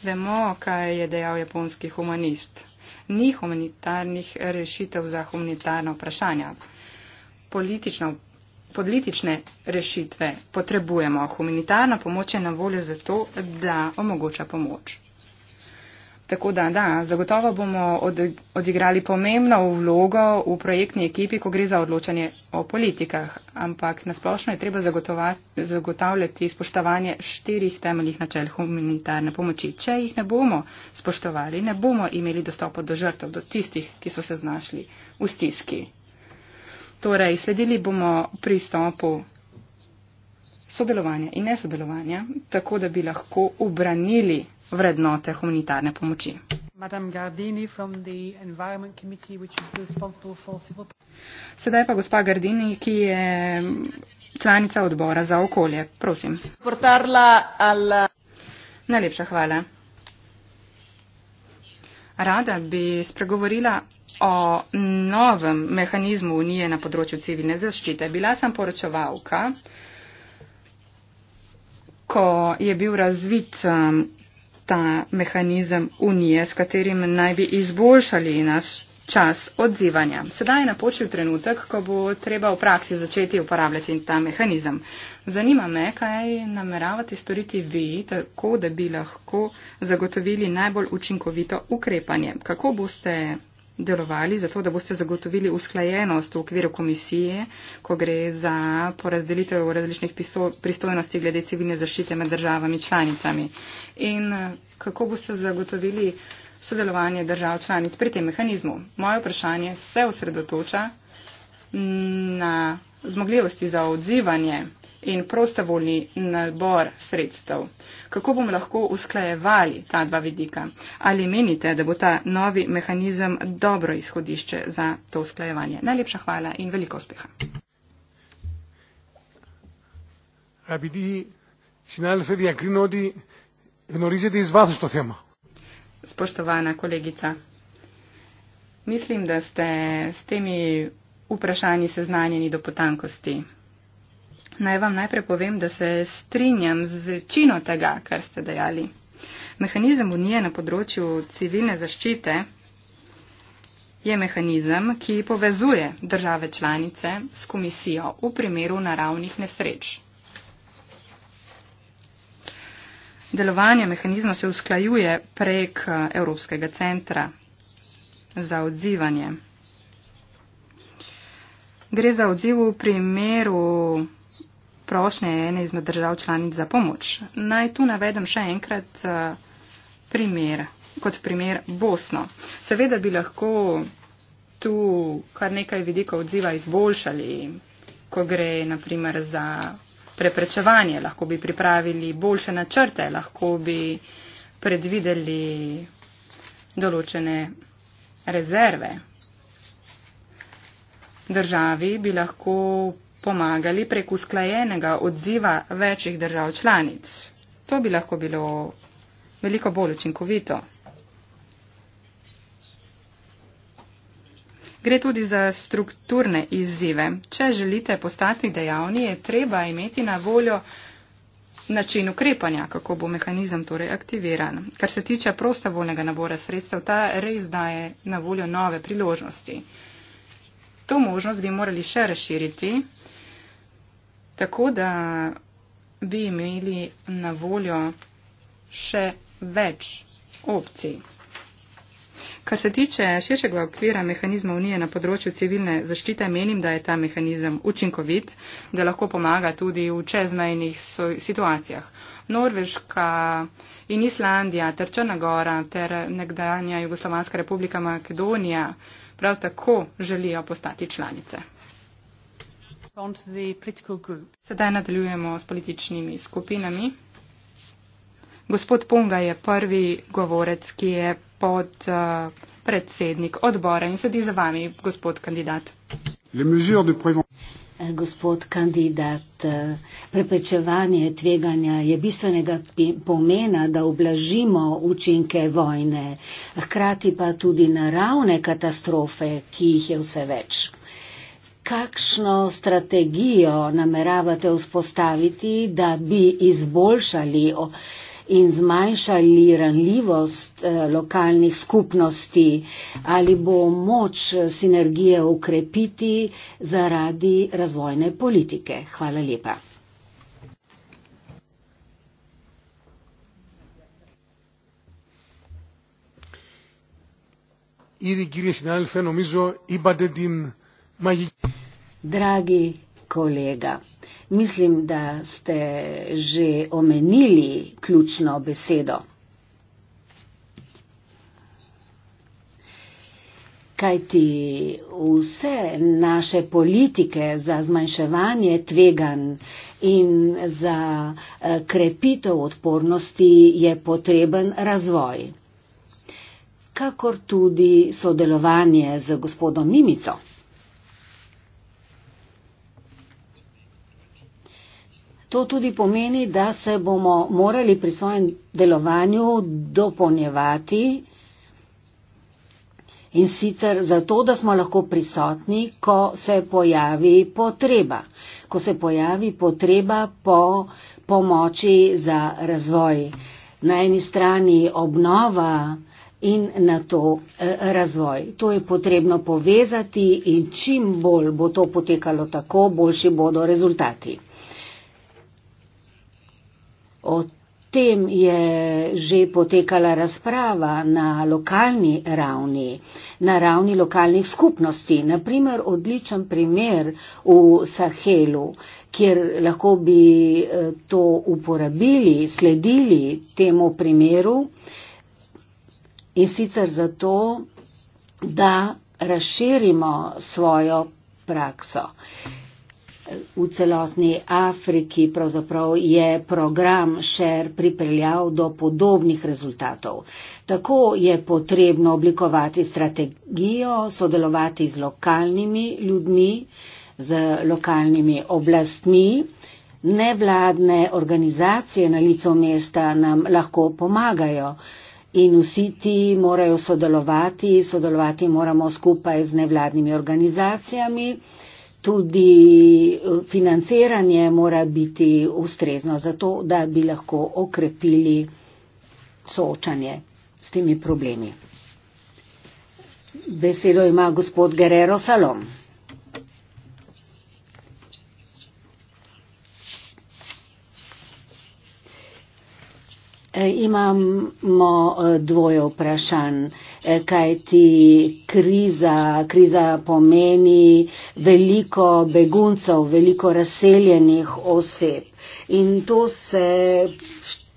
Vemo, kaj je dejal japonski humanist. Ni humanitarnih rešitev za humanitarno vprašanje. Politično Politične rešitve potrebujemo, humanitarna pomoč je na voljo zato, da omogoča pomoč. Tako da, da, zagotovo bomo odigrali pomembno vlogo v projektni ekipi, ko gre za odločanje o politikah, ampak nasplošno je treba zagotavljati spoštovanje štirih temeljnih načel humanitarne pomoči. Če jih ne bomo spoštovali, ne bomo imeli dostopa do žrtev, do tistih, ki so se znašli v stiski. Torej, sledili bomo pristopu sodelovanja in nesodelovanja, tako da bi lahko obranili vrednote humanitarne pomoči. Sedaj pa gospa Gardini, ki je članica odbora za okolje. Prosim. Najlepša hvala. Rada bi spregovorila o novem mehanizmu Unije na področju civilne zaščite. Bila sem poročevalka, ko je bil razvit um, ta mehanizem Unije, s katerim naj bi izboljšali naš čas odzivanja. Sedaj je napočil trenutek, ko bo treba v praksi začeti uporabljati ta mehanizem. Zanima me, kaj nameravate storiti vi, tako da bi lahko zagotovili najbolj učinkovito ukrepanje. Kako boste delovali, zato da boste zagotovili usklajenost v okviru komisije, ko gre za porazdelitev različnih pristojnosti glede civilne zaščite med državami članicami. In eh, kako boste zagotovili sodelovanje držav članic pri tem mehanizmu? Moje vprašanje se osredotoča na zmogljivosti za odzivanje in prostovoljni nabor sredstev. Kako bomo lahko usklajevali ta dva vidika? Ali menite, da bo ta novi mehanizem dobro izhodišče za to usklajevanje? Najlepša hvala in veliko uspeha. Spoštovana kolegica, mislim, da ste s temi vprašanji seznanjeni do potankosti naj vam najprej povem, da se strinjam z večino tega, kar ste dejali. Mehanizem unije na področju civilne zaščite je mehanizem, ki povezuje države članice s komisijo v primeru naravnih nesreč. Delovanje mehanizma se usklajuje prek Evropskega centra za odzivanje. Gre za odziv v primeru prošnje ene izmed držav članic za pomoč. Naj tu navedem še enkrat eh, primer, kot primer Bosno. Seveda bi lahko tu kar nekaj vidika odziva izboljšali, ko gre naprimer za preprečevanje, lahko bi pripravili boljše načrte, lahko bi predvideli določene rezerve. Državi bi lahko pomagali prek usklajenega odziva večjih držav članic. To bi lahko bilo veliko bolj učinkovito. Gre tudi za strukturne izzive. Če želite postati dejavni, je treba imeti na voljo način ukrepanja, kako bo mehanizem torej aktiviran. Kar se tiče prostovoljnega nabora sredstev, ta res daje na voljo nove priložnosti. To možnost bi morali še razširiti, tako da bi imeli na voljo še več opcij. Kar se tiče širšega okvira mehanizma Unije na področju civilne zaščite, menim, da je ta mehanizem učinkovit, da lahko pomaga tudi v čezmejnih situacijah. Norveška in Islandija ter Črna Gora ter nekdanja Jugoslovanska republika Makedonija prav tako želijo postati članice. Sedaj nadaljujemo s političnimi skupinami. Gospod Punga je prvi govorec, ki je pod uh, predsednik odbora in sedi za vami, gospod kandidat. Eh, gospod kandidat, eh, preprečevanje tveganja je bistvenega pomena, da oblažimo učinke vojne, hkrati pa tudi naravne katastrofe, ki jih je vse več kakšno strategijo nameravate vzpostaviti, da bi izboljšali in zmanjšali ranljivost eh, lokalnih skupnosti? Ali bo moč eh, sinergije ukrepiti zaradi razvojne politike? Hvala lepa. Idi, gire, sinalfe, nomizo, ibadedin. Maji. Dragi kolega, mislim, da ste že omenili ključno besedo. Kaj ti vse naše politike za zmanjševanje tvegan in za eh, krepitev odpornosti je potreben razvoj, kakor tudi sodelovanje z gospodom Mimico. To tudi pomeni, da se bomo morali pri svojem delovanju dopolnjevati in sicer zato, da smo lahko prisotni, ko se pojavi potreba, ko se pojavi potreba po pomoči za razvoj. Na eni strani obnova in na to eh, razvoj. To je potrebno povezati in čim bolj bo to potekalo tako, boljši bodo rezultati. O tem je že potekala razprava na lokalni ravni, na ravni lokalnih skupnosti. Naprimer, odličen primer v Sahelu, kjer lahko bi eh, to uporabili, sledili temu primeru in sicer zato, da razširimo svojo prakso v celotni Afriki pravzaprav je program Šer pripeljal do podobnih rezultatov. Tako je potrebno oblikovati strategijo, sodelovati z lokalnimi ljudmi, z lokalnimi oblastmi. Nevladne organizacije na licu mesta nam lahko pomagajo. In vsi ti morajo sodelovati, sodelovati moramo skupaj z nevladnimi organizacijami tudi eh, financiranje mora biti ustrezno, zato da bi lahko okrepili soočanje s temi problemi. Besedo ima gospod Guerrero Salom. E, imamo e, dvoje vprašanj, e, kaj ti kriza, kriza pomeni veliko beguncev, veliko razseljenih oseb in to se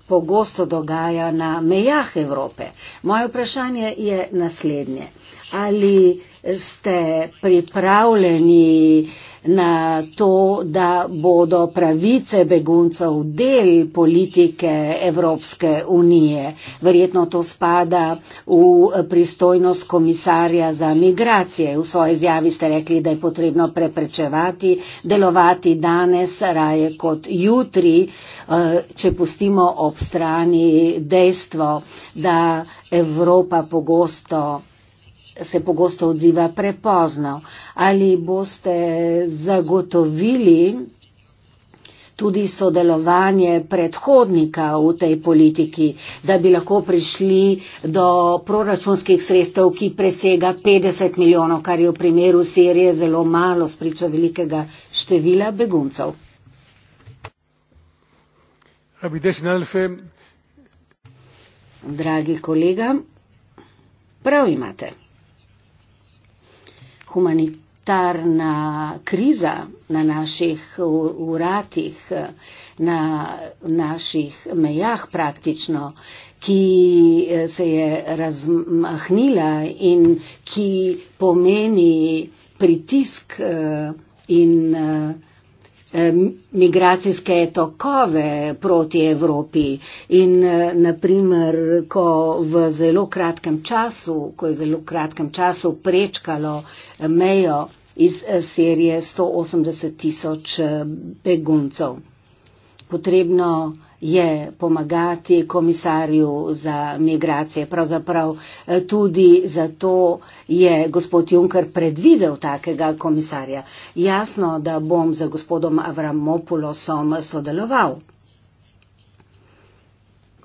pogosto dogaja na mejah Evrope. Moje vprašanje je naslednje. Ali ste pripravljeni eh, na to, da bodo pravice beguncev del politike Evropske unije. Verjetno to spada v pristojnost komisarja za migracije. V svoji izjavi ste rekli, da je potrebno preprečevati, delovati danes raje kot jutri, eh, če pustimo ob strani dejstvo, da Evropa pogosto se pogosto odziva prepozno. Ali boste zagotovili tudi sodelovanje predhodnika v tej politiki, da bi lahko prišli do proračunskih sredstev, ki presega 50 milijonov, kar je v primeru Sirije zelo malo spričo velikega števila beguncev. Dragi kolega, prav imate humanitarna kriza na naših uratih, na naših mejah praktično, ki eh, se je razmahnila in ki pomeni pritisk eh, in uh, migracijske tokove proti Evropi in eh, naprimer, ko v zelo kratkem času, ko je zelo kratkem času prečkalo mejo iz eh, Sirije 180 tisoč eh, beguncev potrebno je pomagati komisarju za migracije. Pravzaprav eh, tudi zato je gospod Juncker predvidel takega komisarja. Jasno, da bom za gospodom Avramopulosom sodeloval.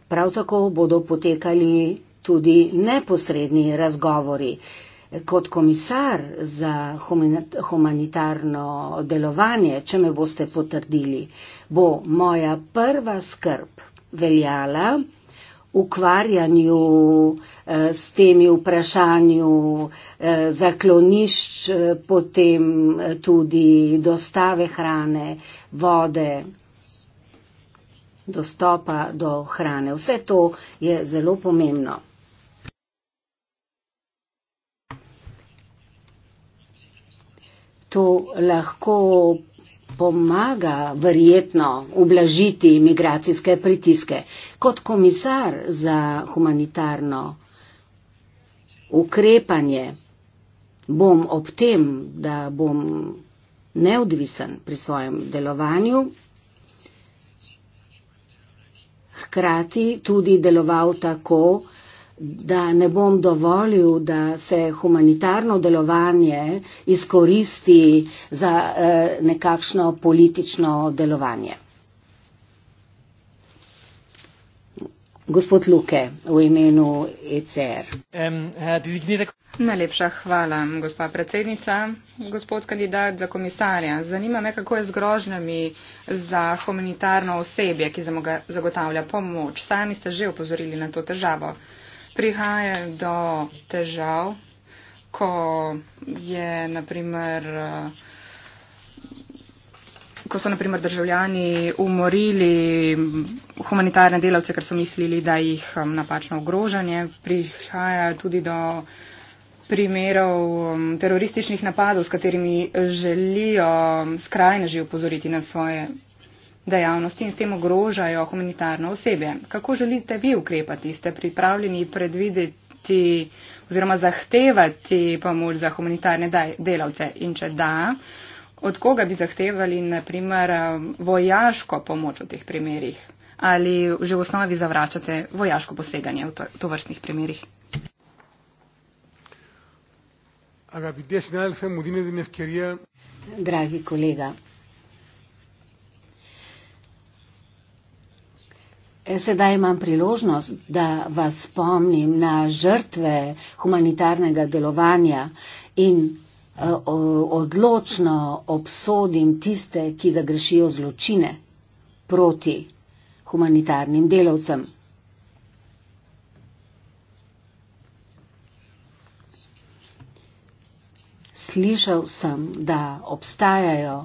Prav tako bodo potekali tudi neposredni razgovori. Uh, kot komisar za humanitarno delovanje, če me boste potrdili, bo moja prva skrb veljala ukvarjanju eh, s temi vprašanju eh, zaklonišč, eh, potem tudi dostave hrane, vode, dostopa do hrane. Vse to je zelo pomembno. to lahko pomaga verjetno ublažiti migracijske pritiske. Kot komisar za humanitarno ukrepanje bom ob tem, da bom neodvisen pri svojem delovanju, hkrati tudi deloval tako, da ne bom dovolil, da se humanitarno delovanje izkoristi za eh, nekakšno politično delovanje. Gospod Luke, v imenu ECR. Eh, Najlepša hvala, gospa predsednica, gospod kandidat za komisarja. Zanima me, kako je z grožnjami za humanitarno osebje, ki zagotavlja pomoč. Sami ste že upozorili na to težavo prihaja do težav, ko je naprimer. Ko so naprimer državljani umorili humanitarne delavce, ker so mislili, da jih um, napačno ogrožanje, prihaja tudi do primerov um, terorističnih napadov, s katerimi želijo um, skrajneži upozoriti na svoje dejavnosti in s tem ogrožajo humanitarno osebje. Kako želite vi ukrepati? Ste pripravljeni predvideti oziroma zahtevati pomoč za humanitarne delavce? In če da, od koga bi zahtevali, naprimer, vojaško pomoč v teh primerih? Ali že v osnovi zavračate vojaško poseganje v to vrstnih primerih? Dragi kolega, Sedaj imam priložnost, da vas spomnim na žrtve humanitarnega delovanja in eh, odločno obsodim tiste, ki zagrešijo zločine proti humanitarnim delavcem. Slišal sem, da obstajajo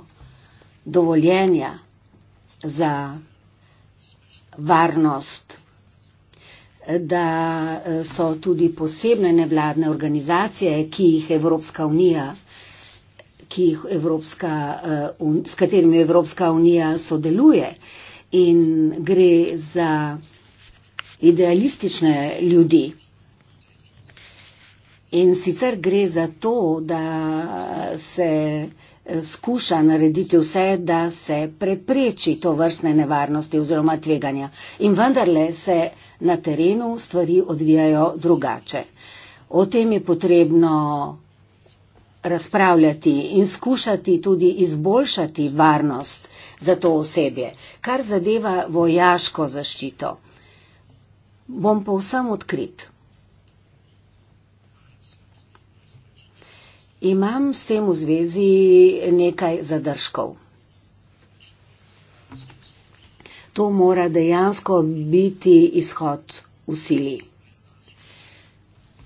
dovoljenja za varnost, da eh, so tudi posebne nevladne organizacije, ki jih Evropska unija, ki jih Evropska, eh, s katerimi Evropska unija sodeluje in gre za idealistične ljudi. In sicer gre za to, da se skuša narediti vse, da se prepreči to vrstne nevarnosti oziroma tveganja. In vendarle se na terenu stvari odvijajo drugače. O tem je potrebno razpravljati in skušati tudi izboljšati varnost za to osebje, kar zadeva vojaško zaščito. Bom povsem odkrit. imam s tem v zvezi nekaj zadržkov. To mora dejansko biti izhod v sili.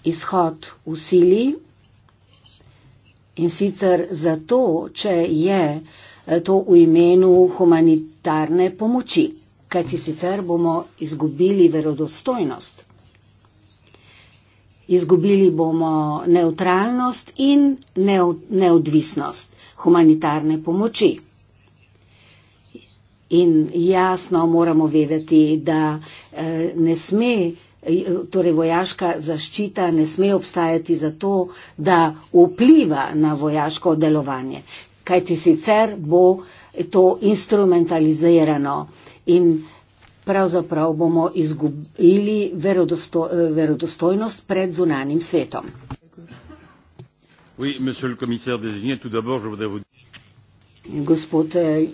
Izhod v sili in sicer zato, če je eh, to v imenu humanitarne pomoči, kajti sicer bomo izgubili verodostojnost. Izgubili bomo neutralnost in neodvisnost humanitarne pomoči. In jasno moramo vedeti, da eh, ne sme, torej vojaška zaščita ne sme obstajati zato, da vpliva na vojaško delovanje, kajti sicer bo to instrumentalizirano. In pravzaprav bomo izgubili verodosto, verodostojnost pred zunanim svetom. Oui, gospod eh,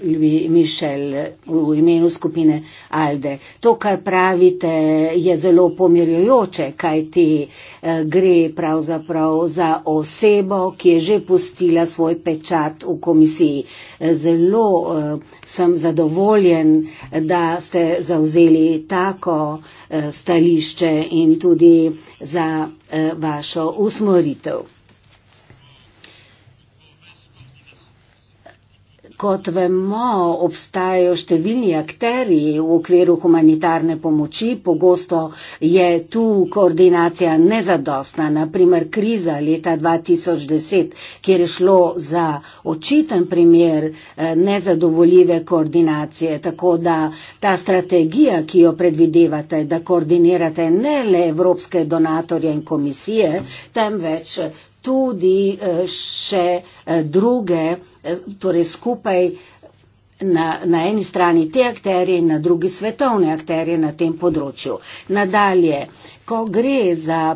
Mišel v imenu skupine Alde. To, kar pravite, je zelo pomirjujoče, kaj ti eh, gre pravzaprav za osebo, ki je že pustila svoj pečat v komisiji. Eh, zelo sem zadovoljen, da ste zavzeli tako stališče in tudi za vašo usmoritev. Kot vemo, obstajajo številni akteri v okviru humanitarne pomoči, pogosto je tu koordinacija nezadostna, naprimer kriza leta 2010, kjer je šlo za očiten primer eh, nezadovoljive koordinacije, tako da ta strategija, ki jo predvidevate, da koordinirate ne le evropske donatorje in komisije, temveč tudi eh, še eh, druge torej skupaj na, na eni strani te akterje in na drugi svetovne akterje na tem področju. Nadalje, ko gre za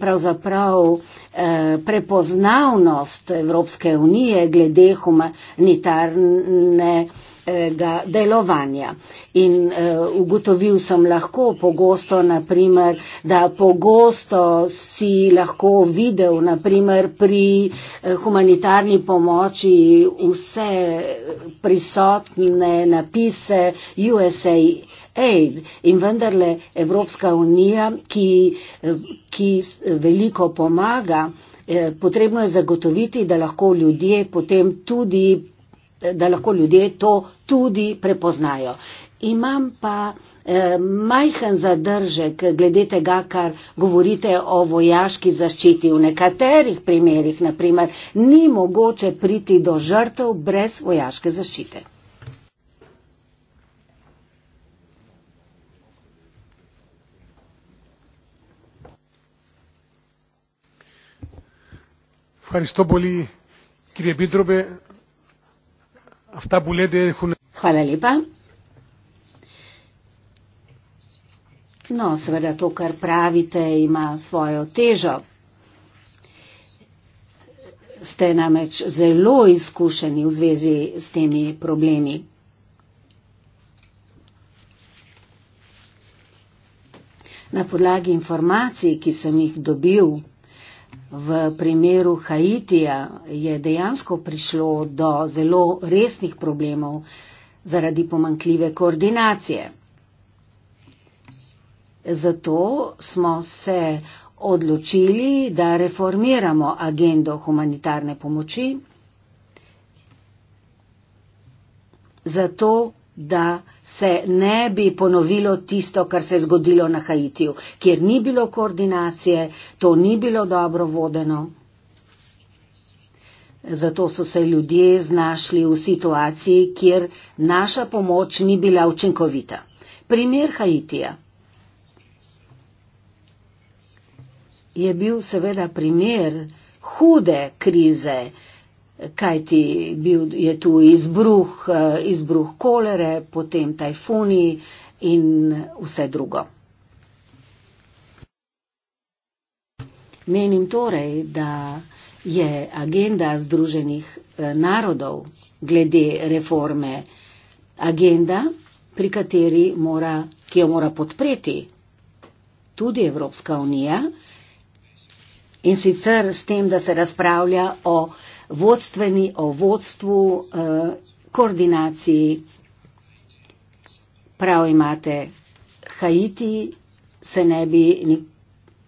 pravzaprav eh, prepoznavnost Evropske unije glede humanitarne njihovega eh, delovanja. In uh, ugotovil sem lahko pogosto, naprimer, da pogosto si lahko videl naprimer, pri eh, humanitarni pomoči vse prisotne napise USA. Aid. In vendarle Evropska unija, ki, ki veliko pomaga, potrebno je zagotoviti, da lahko ljudje potem tudi da lahko ljudje to tudi prepoznajo. Imam pa eh, majhen zadržek glede tega, kar govorite o vojaški zaščiti. V nekaterih primerjih, naprimer, ni mogoče priti do žrtev brez vojaške zaščite. Hvala, Stoboli, Kirje Bidrobe αυτά που λέτε έχουν... Χαλά λοιπά. Но сега то, кар правите, има своя тежа. Сте намеч зело изкушени в связи с теми проблеми. На подлаги информации, ки съм их добил, V primeru Haitija je dejansko prišlo do zelo resnih problemov zaradi pomankljive koordinacije. Zato smo se odločili, da reformiramo agendo humanitarne pomoči. Zato da se ne bi ponovilo tisto, kar se je zgodilo na Haitiju, kjer ni bilo koordinacije, to ni bilo dobro vodeno. Zato so se ljudje znašli v situaciji, kjer naša pomoč ni bila učinkovita. Primer Haitija je bil seveda primer hude krize, kaj ti bil, je tu izbruh, eh, izbruh kolere, potem tajfuni in vse drugo. Menim torej, da je agenda Združenih eh, narodov glede reforme agenda, pri kateri mora, ki jo mora podpreti tudi Evropska unija, in sicer s tem, da se razpravlja o vodstveni, o vodstvu, eh, koordinaciji. Prav imate, Haiti se ne bi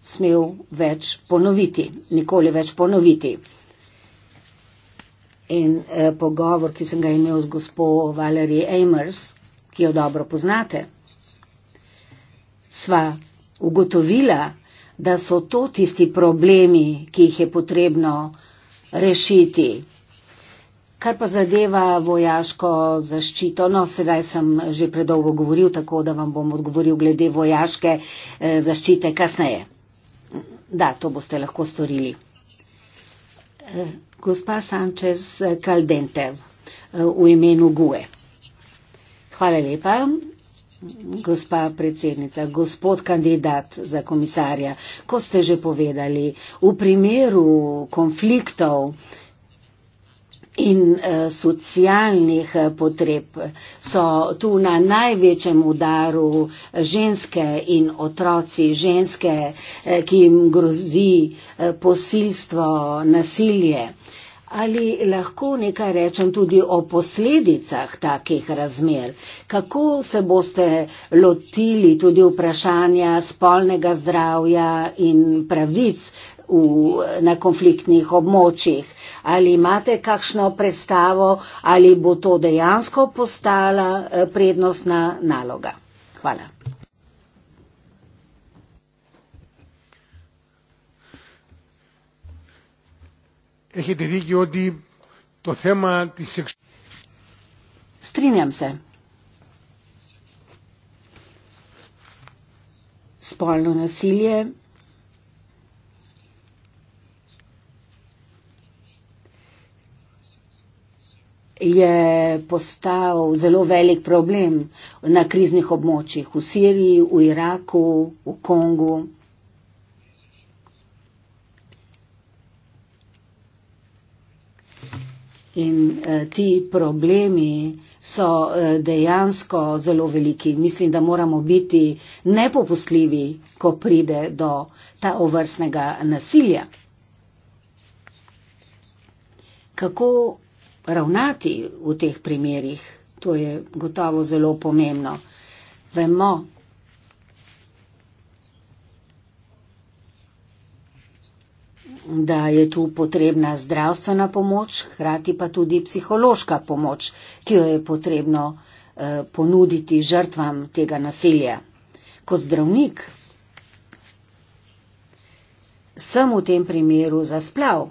smel več ponoviti, nikoli več ponoviti. In eh, pogovor, ki sem ga imel z gospo Valerie Amers, ki jo dobro poznate, sva ugotovila, da so to tisti problemi, ki jih je potrebno rešiti. Kar pa zadeva vojaško zaščito, no sedaj sem že predolgo govoril, tako da vam bom odgovoril glede vojaške eh, zaščite kasneje. Da, to boste lahko storili. Eh, gospa Sančez Kaldentev eh, v imenu GUE. Hvala lepa. Gospa predsednica, gospod kandidat za komisarja, ko ste že povedali, v primeru konfliktov in uh, socialnih eh, potreb so tu na največjem udaru eh, ženske in otroci, ženske, ki jim grozi posilstvo, nasilje. Uh, Ali lahko nekaj rečem tudi o posledicah takih razmer? Kako se boste lotili tudi vprašanja spolnega zdravja in pravic v, na konfliktnih območjih? Ali imate kakšno predstavo, ali bo to dejansko postala eh, prednostna naloga? Hvala. Έχετε δίκιο ότι το θέμα της σεξουαλικής... Στρίνιαμ σε. Σπάλλον ασύλιε. je postal zelo velik problem na kriznih območjih v Siriji, v Iraku, v Kongu. in uh, ti problemi so uh, dejansko zelo veliki. Mislim, da moramo biti nepopustljivi, ko pride do ta ovrstnega nasilja. Kako ravnati v teh primerih, to je gotovo zelo pomembno. Vemo, da je tu potrebna zdravstvena pomoč, hkrati pa tudi psihološka pomoč, ki jo je potrebno eh, ponuditi žrtvam tega nasilja. Kot zdravnik sem v tem primeru zasplav.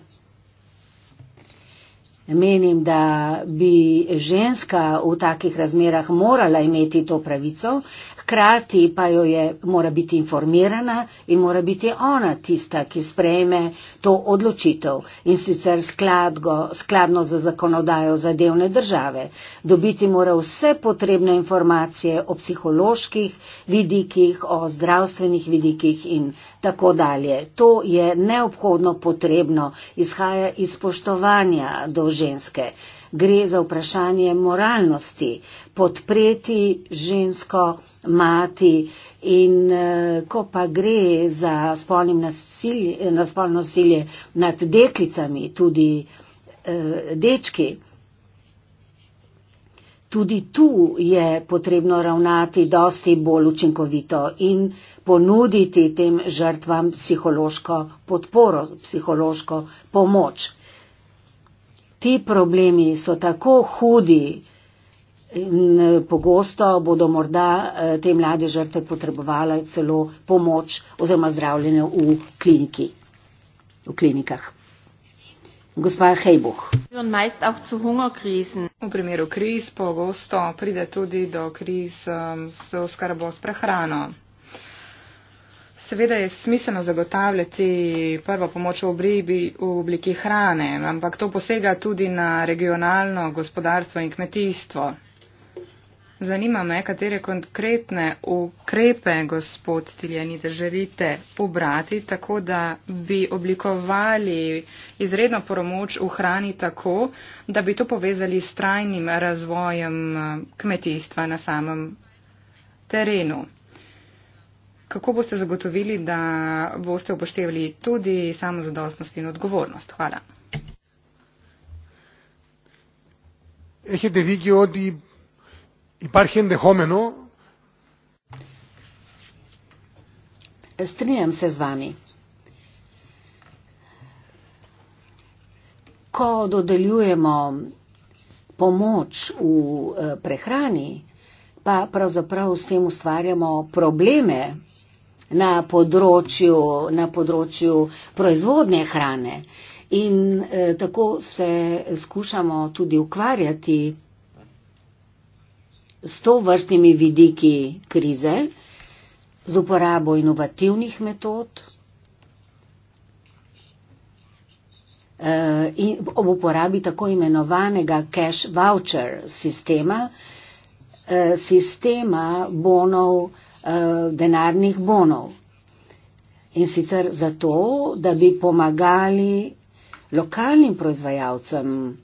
Menim, da bi ženska v takih razmerah morala imeti to pravico, hkrati pa jo je, mora biti informirana in mora biti ona tista, ki sprejme to odločitev in sicer skladgo, skladno za zakonodajo zadevne države. Dobiti mora vse potrebne informacije o psiholoških vidikih, o zdravstvenih vidikih in tako dalje. To je neobhodno potrebno, izhaja iz spoštovanja do žensk ženske. Gre za vprašanje moralnosti, podpreti žensko, mati in eh, ko pa gre za nasilje, na spolno nasilje nad deklicami, tudi eh, dečki, tudi tu je potrebno ravnati dosti bolj učinkovito in ponuditi tem žrtvam psihološko podporo, psihološko pomoč ti problemi so tako hudi in eh, pogosto bodo morda eh, te mlade žrtve potrebovali celo pomoč oziroma zdravljenje v, kliniki, v klinikah. Gospa Hejbuh. V primeru kriz pogosto pride tudi do kriz s eh, oskarbo s prehrano seveda je smiselno zagotavljati prvo pomoč v, obribi, v obliki hrane, ampak to posega tudi na regionalno gospodarstvo in kmetijstvo. Zanima me, katere konkretne ukrepe, gospod Tiljani, da želite pobrati, tako da bi oblikovali izredno pomoč v hrani tako, da bi to povezali s trajnim razvojem kmetijstva na samem terenu kako boste zagotovili, da boste upoštevali tudi samozadostnost in odgovornost? Hvala. Strinjam se z vami. Ko dodeljujemo pomoč v eh, prehrani, pa pravzaprav s tem ustvarjamo probleme na področju, na področju proizvodnje hrane. In e, tako se skušamo tudi ukvarjati s to vrstnimi vidiki krize, z uporabo inovativnih metod e, in ob uporabi tako imenovanega cash voucher sistema, e, sistema bonov, Eh, denarnih bonov. In sicer zato, da bi pomagali lokalnim proizvajalcem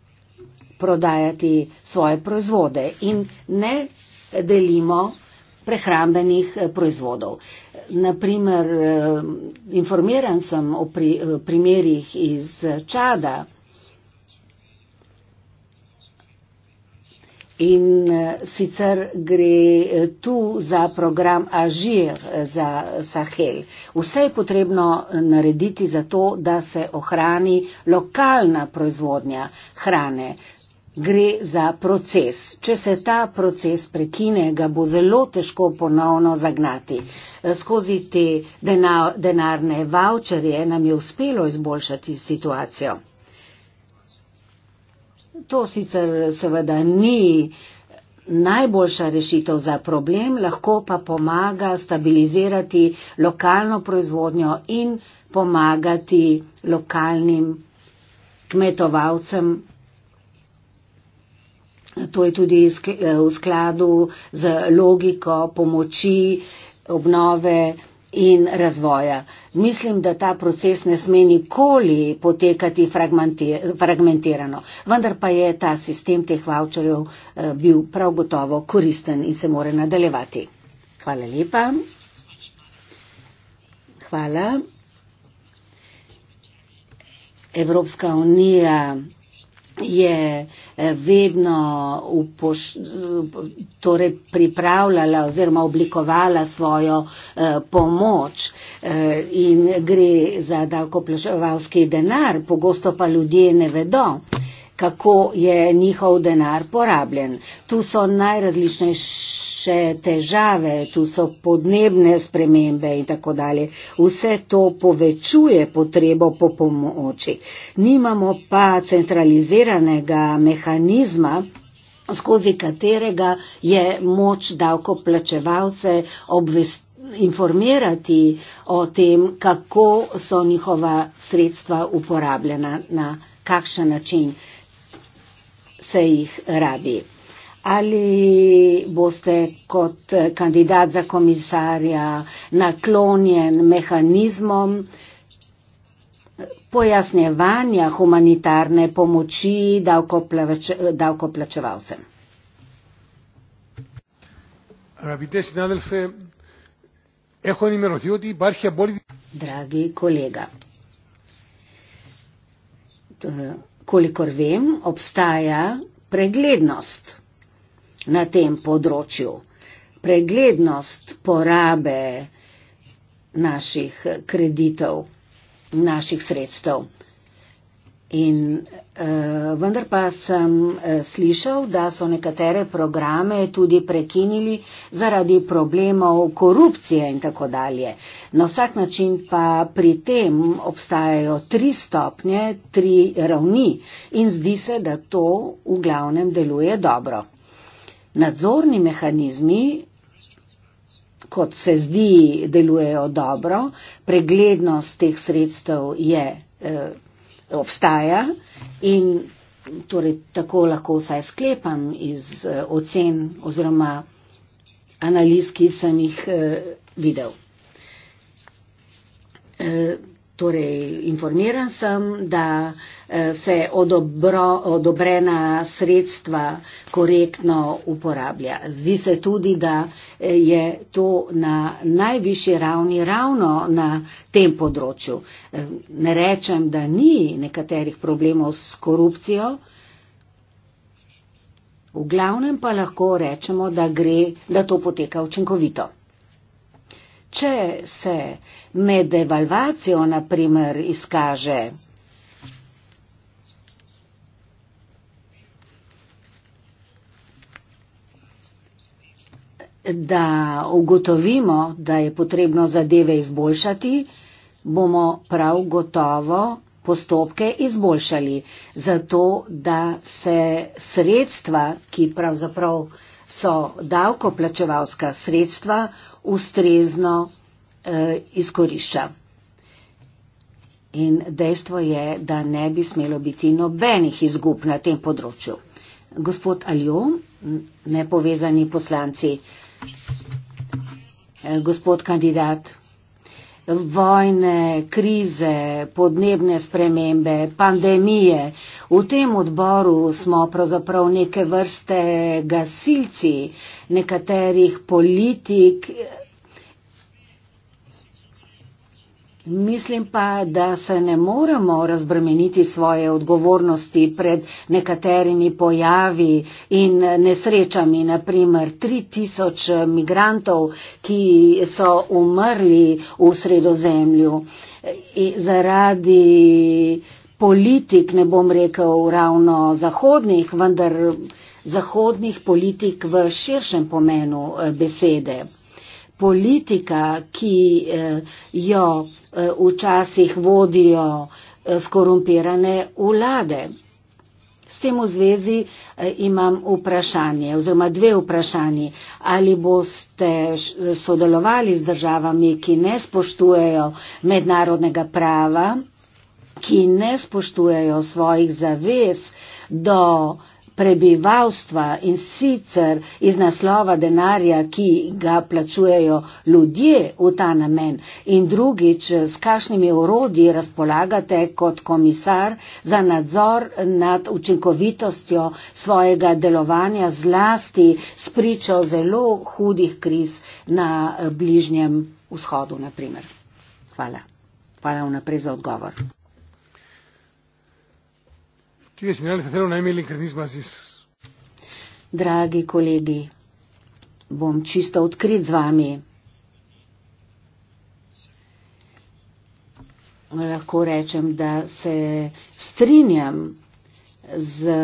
prodajati svoje proizvode in ne delimo prehrambenih eh, proizvodov. Naprimer, eh, informiran sem o pri, primerjih iz Čada, In eh, sicer gre eh, tu za program Ažir eh, za Sahel. Vse je potrebno narediti za to, da se ohrani lokalna proizvodnja hrane. Gre za proces. Če se ta proces prekine, ga bo zelo težko ponovno zagnati. Skozi te denar, denarne vaučerje nam je uspelo izboljšati situacijo. To sicer seveda ni najboljša rešitev za problem, lahko pa pomaga stabilizirati lokalno proizvodnjo in pomagati lokalnim kmetovalcem. To je tudi eh, v skladu z logiko pomoči obnove in razvoja. Mislim, da ta proces ne sme nikoli potekati fragmentirano. Vendar pa je ta sistem teh voucherjev eh, bil prav gotovo koristen in se more nadaljevati. Hvala lepa. Hvala. Evropska unija je eh, vedno upoš, torej pripravljala oziroma oblikovala svojo eh, pomoč eh, in gre za davkoplačevalski denar, pogosto pa ljudje ne vedo kako je njihov denar porabljen. Tu so najrazličnejši še težave, tu so podnebne spremembe in tako dalje. Vse to povečuje potrebo po pomoči. Nimamo pa centraliziranega mehanizma skozi katerega je moč davkoplačevalce informirati o tem, kako so njihova sredstva uporabljena, na kakšen način se jih rabi. Ali boste kot kandidat za komisarja naklonjen mehanizmom pojasnjevanja humanitarne pomoči davkoplač davkoplačevalcem? Dragi kolega, kolikor vem, obstaja preglednost na tem področju. Preglednost porabe naših kreditov, naših sredstev. In eh, vendar pa sem eh, slišal, da so nekatere programe tudi prekinili zaradi problemov korupcije in tako dalje. Na vsak način pa pri tem obstajajo tri stopnje, tri ravni in zdi se, da to v glavnem deluje dobro nadzorni mehanizmi, kot se zdi, delujejo dobro, preglednost teh sredstev je, eh, obstaja in torej, tako lahko vsaj sklepam iz eh, ocen oziroma analiz, ki sem jih eh, videl. Eh, Torej, informiran sem, da eh, se odobro, odobrena sredstva korektno uporablja. Zdi se tudi, da eh, je to na najvišji ravni ravno na tem področju. Eh, ne rečem, da ni nekaterih problemov s korupcijo. V glavnem pa lahko rečemo, da, gre, da to poteka učinkovito če se med devalvacijo, na primer, izkaže, da ugotovimo, da je potrebno zadeve izboljšati, bomo prav gotovo postopke izboljšali, zato da se sredstva, ki pravzaprav so davkoplačevalska sredstva ustrezno eh, izkorišča. In dejstvo je, da ne bi smelo biti nobenih izgub na tem področju. Gospod Aljo, nepovezani poslanci, eh, gospod kandidat vojne, krize, podnebne spremembe, pandemije. V tem odboru smo pravzaprav neke vrste gasilci nekaterih politik Mislim pa, da se ne moremo razbremeniti svoje odgovornosti pred nekaterimi pojavi in nesrečami, naprimer 3000 migrantov, ki so umrli v sredozemlju e, zaradi politik, ne bom rekel ravno zahodnih, vendar zahodnih politik v širšem pomenu e, besede politika, ki eh, jo eh, včasih vodijo eh, skorumpirane vlade. S tem v zvezi imam vprašanje oziroma dve vprašanji. Ali boste sodelovali z državami, ki ne spoštujejo mednarodnega prava, ki ne spoštujejo svojih zavez do uh, prebivalstva in sicer iz naslova denarja, ki ga plačujejo ljudje v ta namen in drugič, s kakšnimi urodji razpolagate kot komisar za nadzor nad učinkovitostjo svojega delovanja zlasti s pričo zelo hudih kriz na eh, bližnjem vzhodu, naprimer. Hvala. Hvala vnaprej za odgovor ki je signal, da ne imeli, ker nismo z iz. Dragi kolegi, bom čisto odkrit z vami. Lahko rečem, da se strinjam z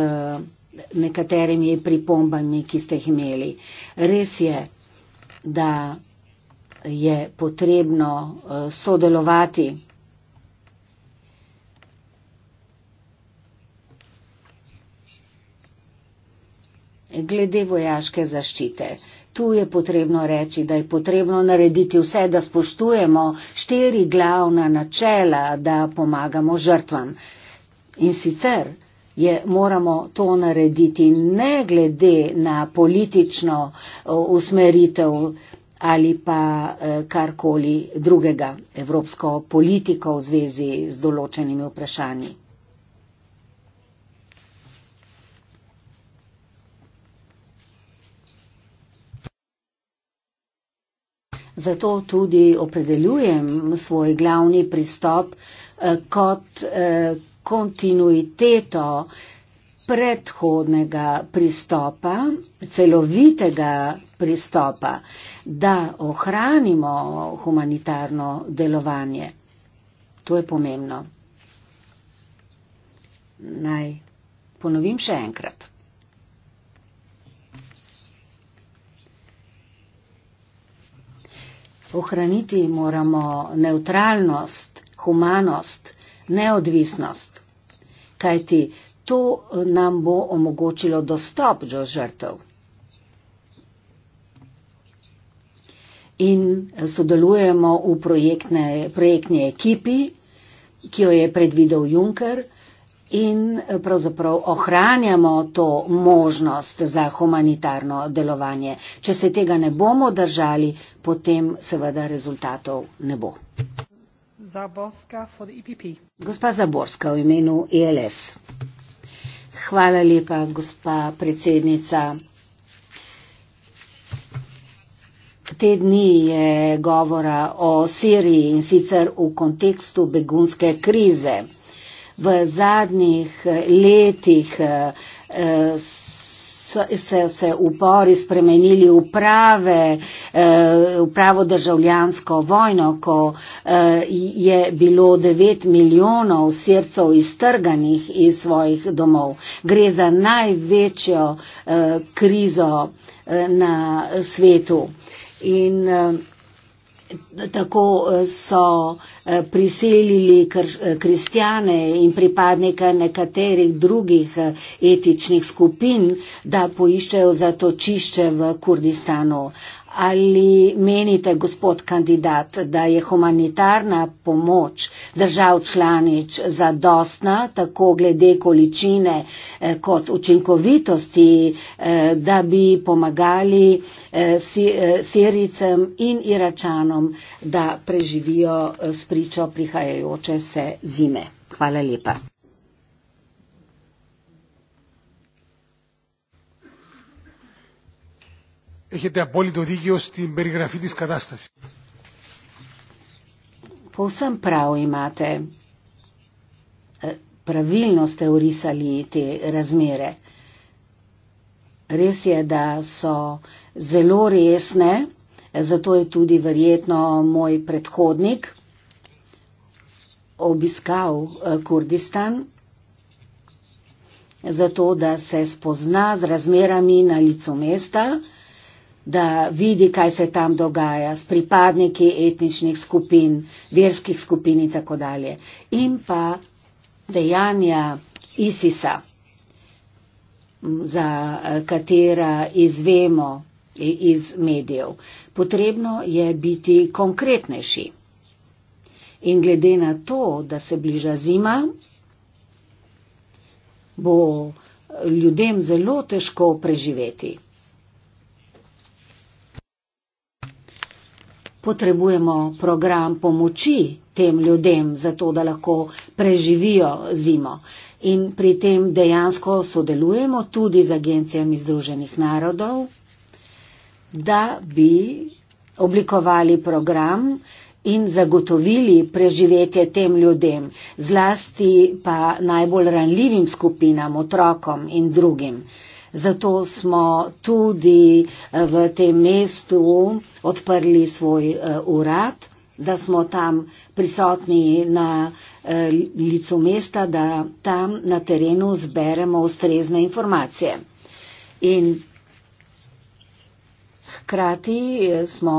nekaterimi pripombami, ki ste jih imeli. Res je, da je potrebno eh, sodelovati. glede vojaške zaščite. Tu je potrebno reči, da je potrebno narediti vse, da spoštujemo štiri glavna načela, da pomagamo žrtvam. In sicer je, moramo to narediti ne glede na politično usmeritev ali pa e, karkoli drugega, evropsko politiko v zvezi z določenimi vprašanji. Zato tudi opredeljujem svoj glavni pristop eh, kot eh, kontinuiteto predhodnega pristopa, celovitega pristopa, da ohranimo humanitarno delovanje. To je pomembno. Naj ponovim še enkrat. Ohraniti moramo neutralnost, humanost, neodvisnost, kajti to nam bo omogočilo dostop do žrtev. In sodelujemo v projektni ekipi, ki jo je predvidel Juncker in pravzaprav ohranjamo to možnost za humanitarno delovanje. Če se tega ne bomo držali, potem seveda rezultatov ne bo. Zaborska for the EPP. Gospa Zaborska v imenu ILS. E Hvala lepa, gospa predsednica. Te dni je govora o Siriji in sicer v kontekstu begunske krize v zadnjih eh, letih eh, eh, so se upori spremenili v, prave, v pravo državljansko vojno, ko je bilo 9 milijonov srcev iztrganih iz svojih domov. Gre za največjo krizo na svetu. In uh, tako eh, so eh, priselili eh, kristjane in pripadnike nekaterih drugih etičnih skupin, da poiščejo zatočišče v Kurdistanu. Ali menite, gospod kandidat, da je humanitarna pomoč držav članic zadostna, tako glede količine eh, kot učinkovitosti, eh, da bi pomagali eh, Siricem in Iračanom, da preživijo spričo prihajajoče se zime? Hvala lepa. Έχετε απόλυτο δίκιο στην περιγραφή της κατάστασης. Povsem prav imate. Pravilno ste orisali te razmere. Res je, da so zelo resne, zato je tudi verjetno moj predhodnik obiskal e, Kurdistan, zato da se spozna z razmerami na licu mesta da vidi, kaj se tam dogaja s pripadniki etničnih skupin, verskih skupin in tako dalje. In pa dejanja ISIS-a, za eh, katera izvemo iz medijev. Potrebno je biti konkretnejši. In glede na to, da se bliža zima, bo eh, ljudem zelo težko preživeti. potrebujemo program pomoči tem ljudem, zato da lahko preživijo zimo. In pri tem dejansko sodelujemo tudi z agencijami Združenih narodov, da bi oblikovali program in zagotovili preživetje tem ljudem, zlasti pa najbolj ranljivim skupinam, otrokom in drugim. Zato smo tudi eh, v tem mestu odprli svoj eh, urad, da smo tam prisotni na eh, licu mesta, da tam na terenu zberemo ustrezne informacije. In hkrati smo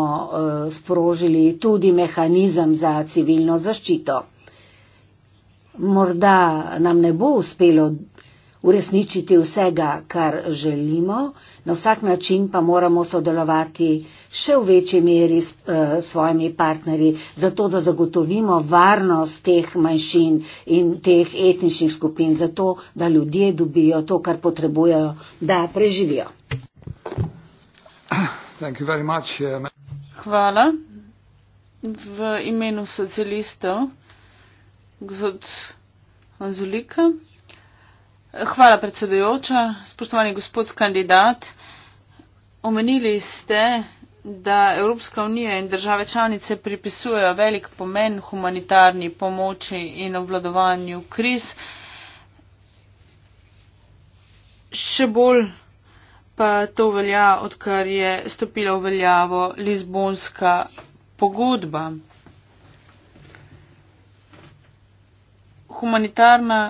sprožili tudi mehanizem za civilno zaščito. Morda nam ne bo uspelo uresničiti vsega, kar želimo, na vsak način pa moramo sodelovati še v večji meri s eh, svojimi partnerji, zato da zagotovimo varnost teh manjšin in teh etničnih skupin, zato da ljudje dobijo to, kar potrebujejo, da preživijo. Eh, Hvala. V imenu socialistov, gospod Anzulika. Hvala predsedujoča. Spoštovani gospod kandidat, omenili ste, da Evropska unija in države članice pripisujejo velik pomen humanitarni pomoči in obvladovanju kriz. Še bolj pa to velja, odkar je stopila v veljavo Lizbonska pogodba. Humanitarna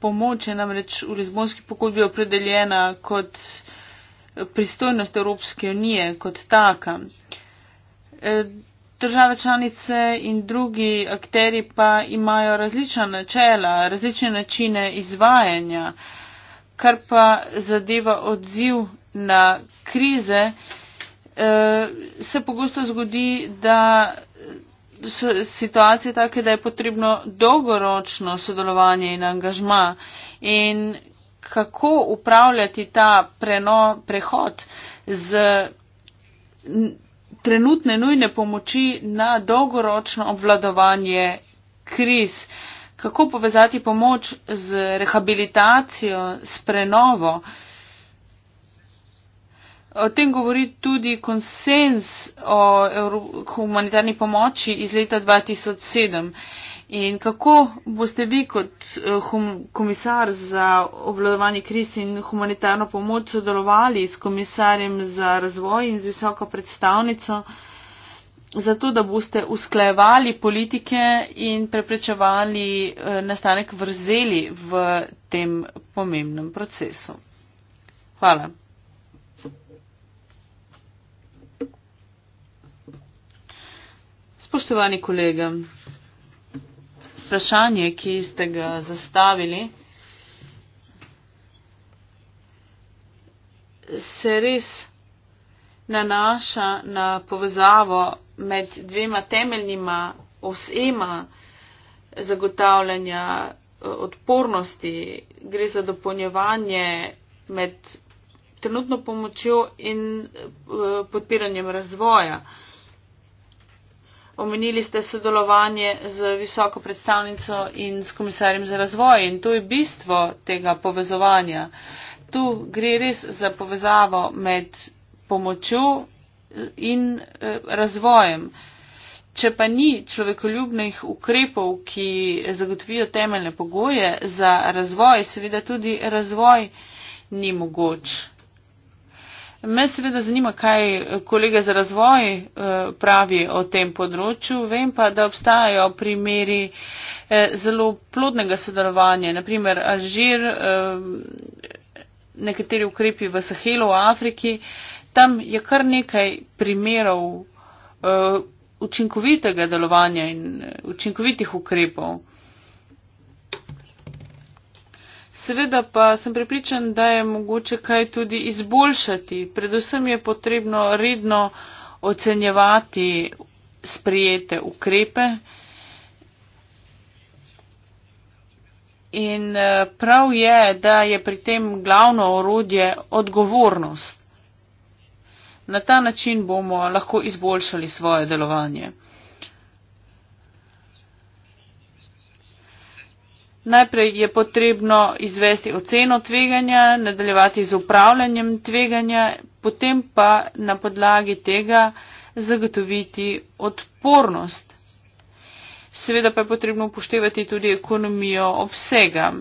pomoč je namreč v Lizbonski pogodbi opredeljena kot pristojnost Evropske unije, kot taka. E, države članice in drugi akteri pa imajo različna načela, različne načine izvajanja, kar pa zadeva odziv na krize, e, se pogosto zgodi, da situacije take, da je potrebno dolgoročno sodelovanje in angažma in kako upravljati ta preno, prehod z trenutne nujne pomoči na dolgoročno obvladovanje kriz, kako povezati pomoč z rehabilitacijo, s prenovo. Uh, O tem govori tudi konsens o humanitarni pomoči iz leta 2007. In kako boste vi kot eh, komisar za obvladovanje kriz in humanitarno pomoč sodelovali s komisarjem za razvoj in z visoko predstavnico, zato da boste usklejevali politike in preprečevali eh, nastanek vrzeli v tem pomembnem procesu? Hvala. Spoštovani kolega, vprašanje, ki ste ga zastavili, se res nanaša na povezavo med dvema temeljnima osema zagotavljanja eh, odpornosti. Gre za dopolnjevanje med trenutno pomočjo in eh, podpiranjem razvoja omenili ste sodelovanje z visoko predstavnico in s komisarjem za razvoj in to je bistvo tega povezovanja. Tu gre res za povezavo med pomočjo eh, in eh, razvojem. Če pa ni človekoljubnih ukrepov, ki zagotovijo temeljne pogoje za razvoj, seveda tudi razvoj ni mogoč. Me seveda zanima, kaj kolega za razvoj eh, pravi o tem področju. Vem pa, da obstajajo primeri eh, zelo plodnega sodelovanja, naprimer Alžir, eh, nekateri ukrepi v Sahelu, v Afriki. Tam je kar nekaj primerov učinkovitega delovanja in učinkovitih ukrepov. Seveda pa sem prepričan, da je mogoče kaj tudi izboljšati. Predvsem je potrebno redno ocenjevati sprijete ukrepe. In eh, prav je, da je pri tem glavno orodje odgovornost. Na ta način bomo lahko izboljšali svoje delovanje. Najprej je potrebno izvesti oceno tveganja, nadaljevati z upravljanjem tveganja, potem pa na podlagi tega zagotoviti odpornost. Seveda pa je potrebno upoštevati tudi ekonomijo obsega.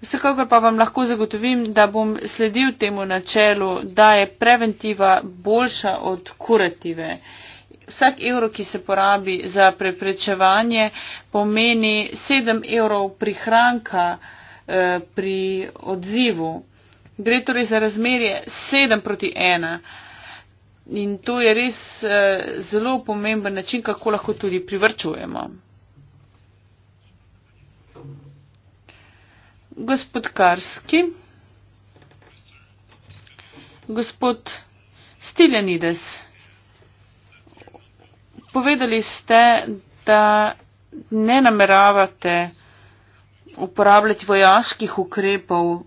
Vsekakor pa vam lahko zagotovim, da bom sledil temu načelu, da je preventiva boljša od kurative vsak evro, ki se porabi za preprečevanje, pomeni 7 evrov prihranka eh, pri odzivu. Gre torej za razmerje 7 proti 1. In to je res eh, zelo pomemben način, kako lahko tudi privrčujemo. Gospod Karski. Gospod Stiljanides. Povedali ste, da ne nameravate uporabljati vojaških ukrepov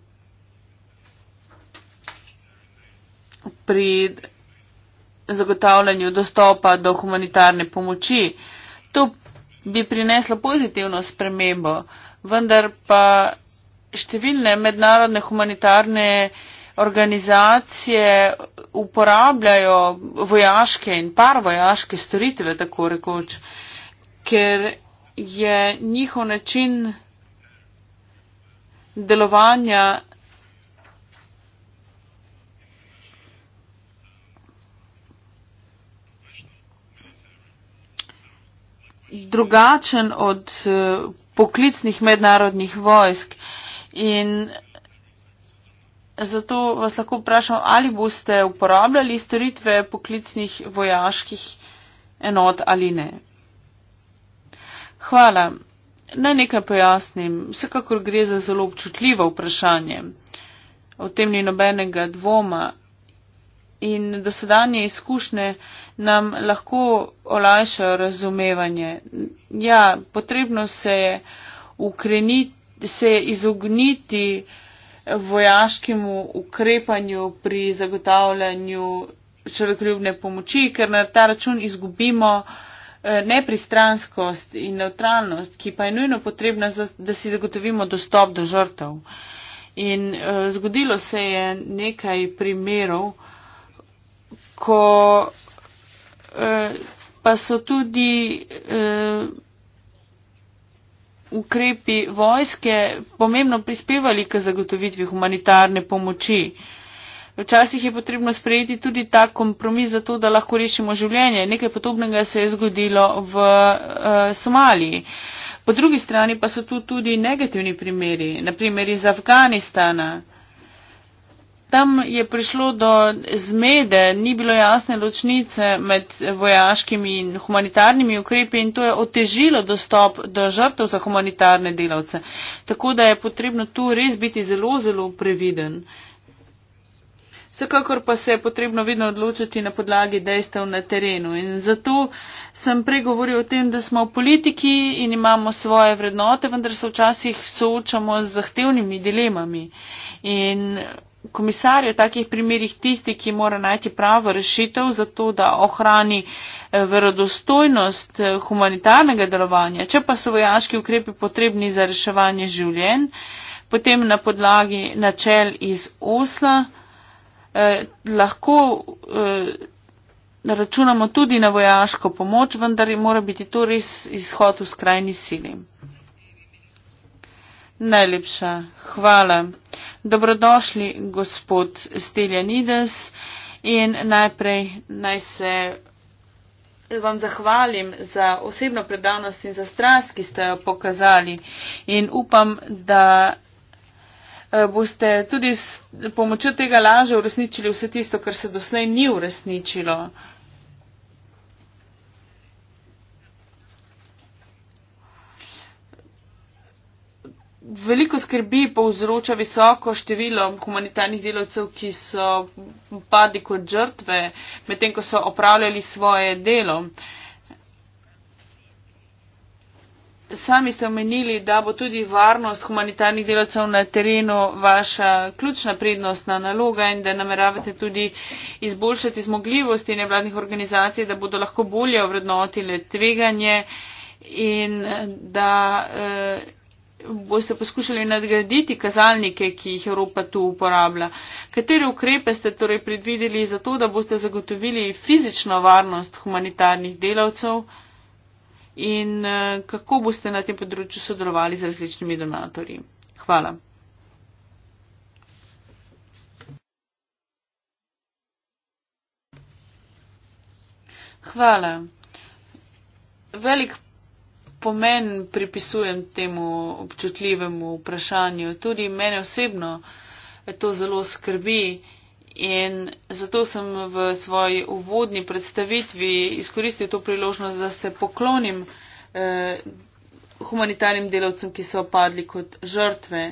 pri zagotavljanju dostopa do humanitarne pomoči. To bi prineslo pozitivno spremembo, vendar pa številne mednarodne humanitarne eh, organizacije uporabljajo vojaške in par vojaške storitve, tako rekoč, ker je njihov način delovanja drugačen od eh, poklicnih mednarodnih vojsk. In Zato vas lahko vprašam, ali boste uporabljali storitve poklicnih vojaških enot ali ne. Hvala. Naj nekaj pojasnim. Vsekakor gre za zelo občutljivo vprašanje. O tem ni nobenega dvoma. In dosedanje izkušnje nam lahko olajšajo razumevanje. Ja, potrebno se je, ukreniti, se je izogniti vojaškemu ukrepanju pri zagotavljanju človekoljubne pomoči, ker na ta račun izgubimo eh, nepristranskost in neutralnost, ki pa je nujno potrebna, da si zagotovimo dostop do žrtev. In eh, zgodilo se je nekaj primerov, ko eh, pa so tudi ukrepi vojske pomembno prispevali k zagotovitvi humanitarne pomoči. Včasih je potrebno sprejeti tudi ta kompromis za to, da lahko rešimo življenje. Nekaj podobnega se je zgodilo v uh, Somaliji. Po drugi strani pa so tu tudi negativni primeri, naprimer iz Afganistana tam je prišlo do zmede, ni bilo jasne ločnice med vojaškimi in humanitarnimi ukrepi in to je otežilo dostop do žrtev za humanitarne delavce. Tako da je potrebno tu res biti zelo, zelo previden. Vsekakor pa se je potrebno vedno odločiti na podlagi dejstev na terenu. In zato sem pregovoril o tem, da smo v politiki in imamo svoje vrednote, vendar se včasih soočamo z zahtevnimi dilemami. In komisar je v takih primerjih tisti, ki mora najti pravo rešitev za to, da ohrani eh, verodostojnost eh, humanitarnega delovanja. Če pa so vojaški ukrepi potrebni za reševanje življenj, potem na podlagi načel iz Osla eh, lahko eh, računamo tudi na vojaško pomoč, vendar mora biti to res izhod v skrajni sili. Najlepša hvala. Dobrodošli, gospod Steljanides. In najprej naj se vam zahvalim za osebno predanost in za strast, ki ste jo pokazali. In upam, da eh, boste tudi s pomočjo tega laže uresničili vse tisto, kar se doslej ni uresničilo. Veliko skrbi povzroča visoko število humanitarnih delavcev, ki so padli kot žrtve, medtem ko so opravljali svoje delo. Sami ste omenili, da bo tudi varnost humanitarnih delavcev na terenu vaša ključna prednostna naloga in da nameravate tudi izboljšati zmogljivosti nevladnih organizacij, da bodo lahko bolje ovrednotile tveganje in da. Eh, boste poskušali nadgraditi kazalnike, ki jih Evropa tu uporablja? Katere ukrepe ste torej predvideli za to, da boste zagotovili fizično varnost humanitarnih delavcev in eh, kako boste na tem področju sodelovali z različnimi donatorji? Hvala. Hvala. Velik pomen pripisujem temu občutljivemu vprašanju. Tudi mene osebno to zelo skrbi in zato sem v svoji uvodni predstavitvi izkoristil to priložnost, da se poklonim eh, humanitarnim delavcem, ki so padli kot žrtve.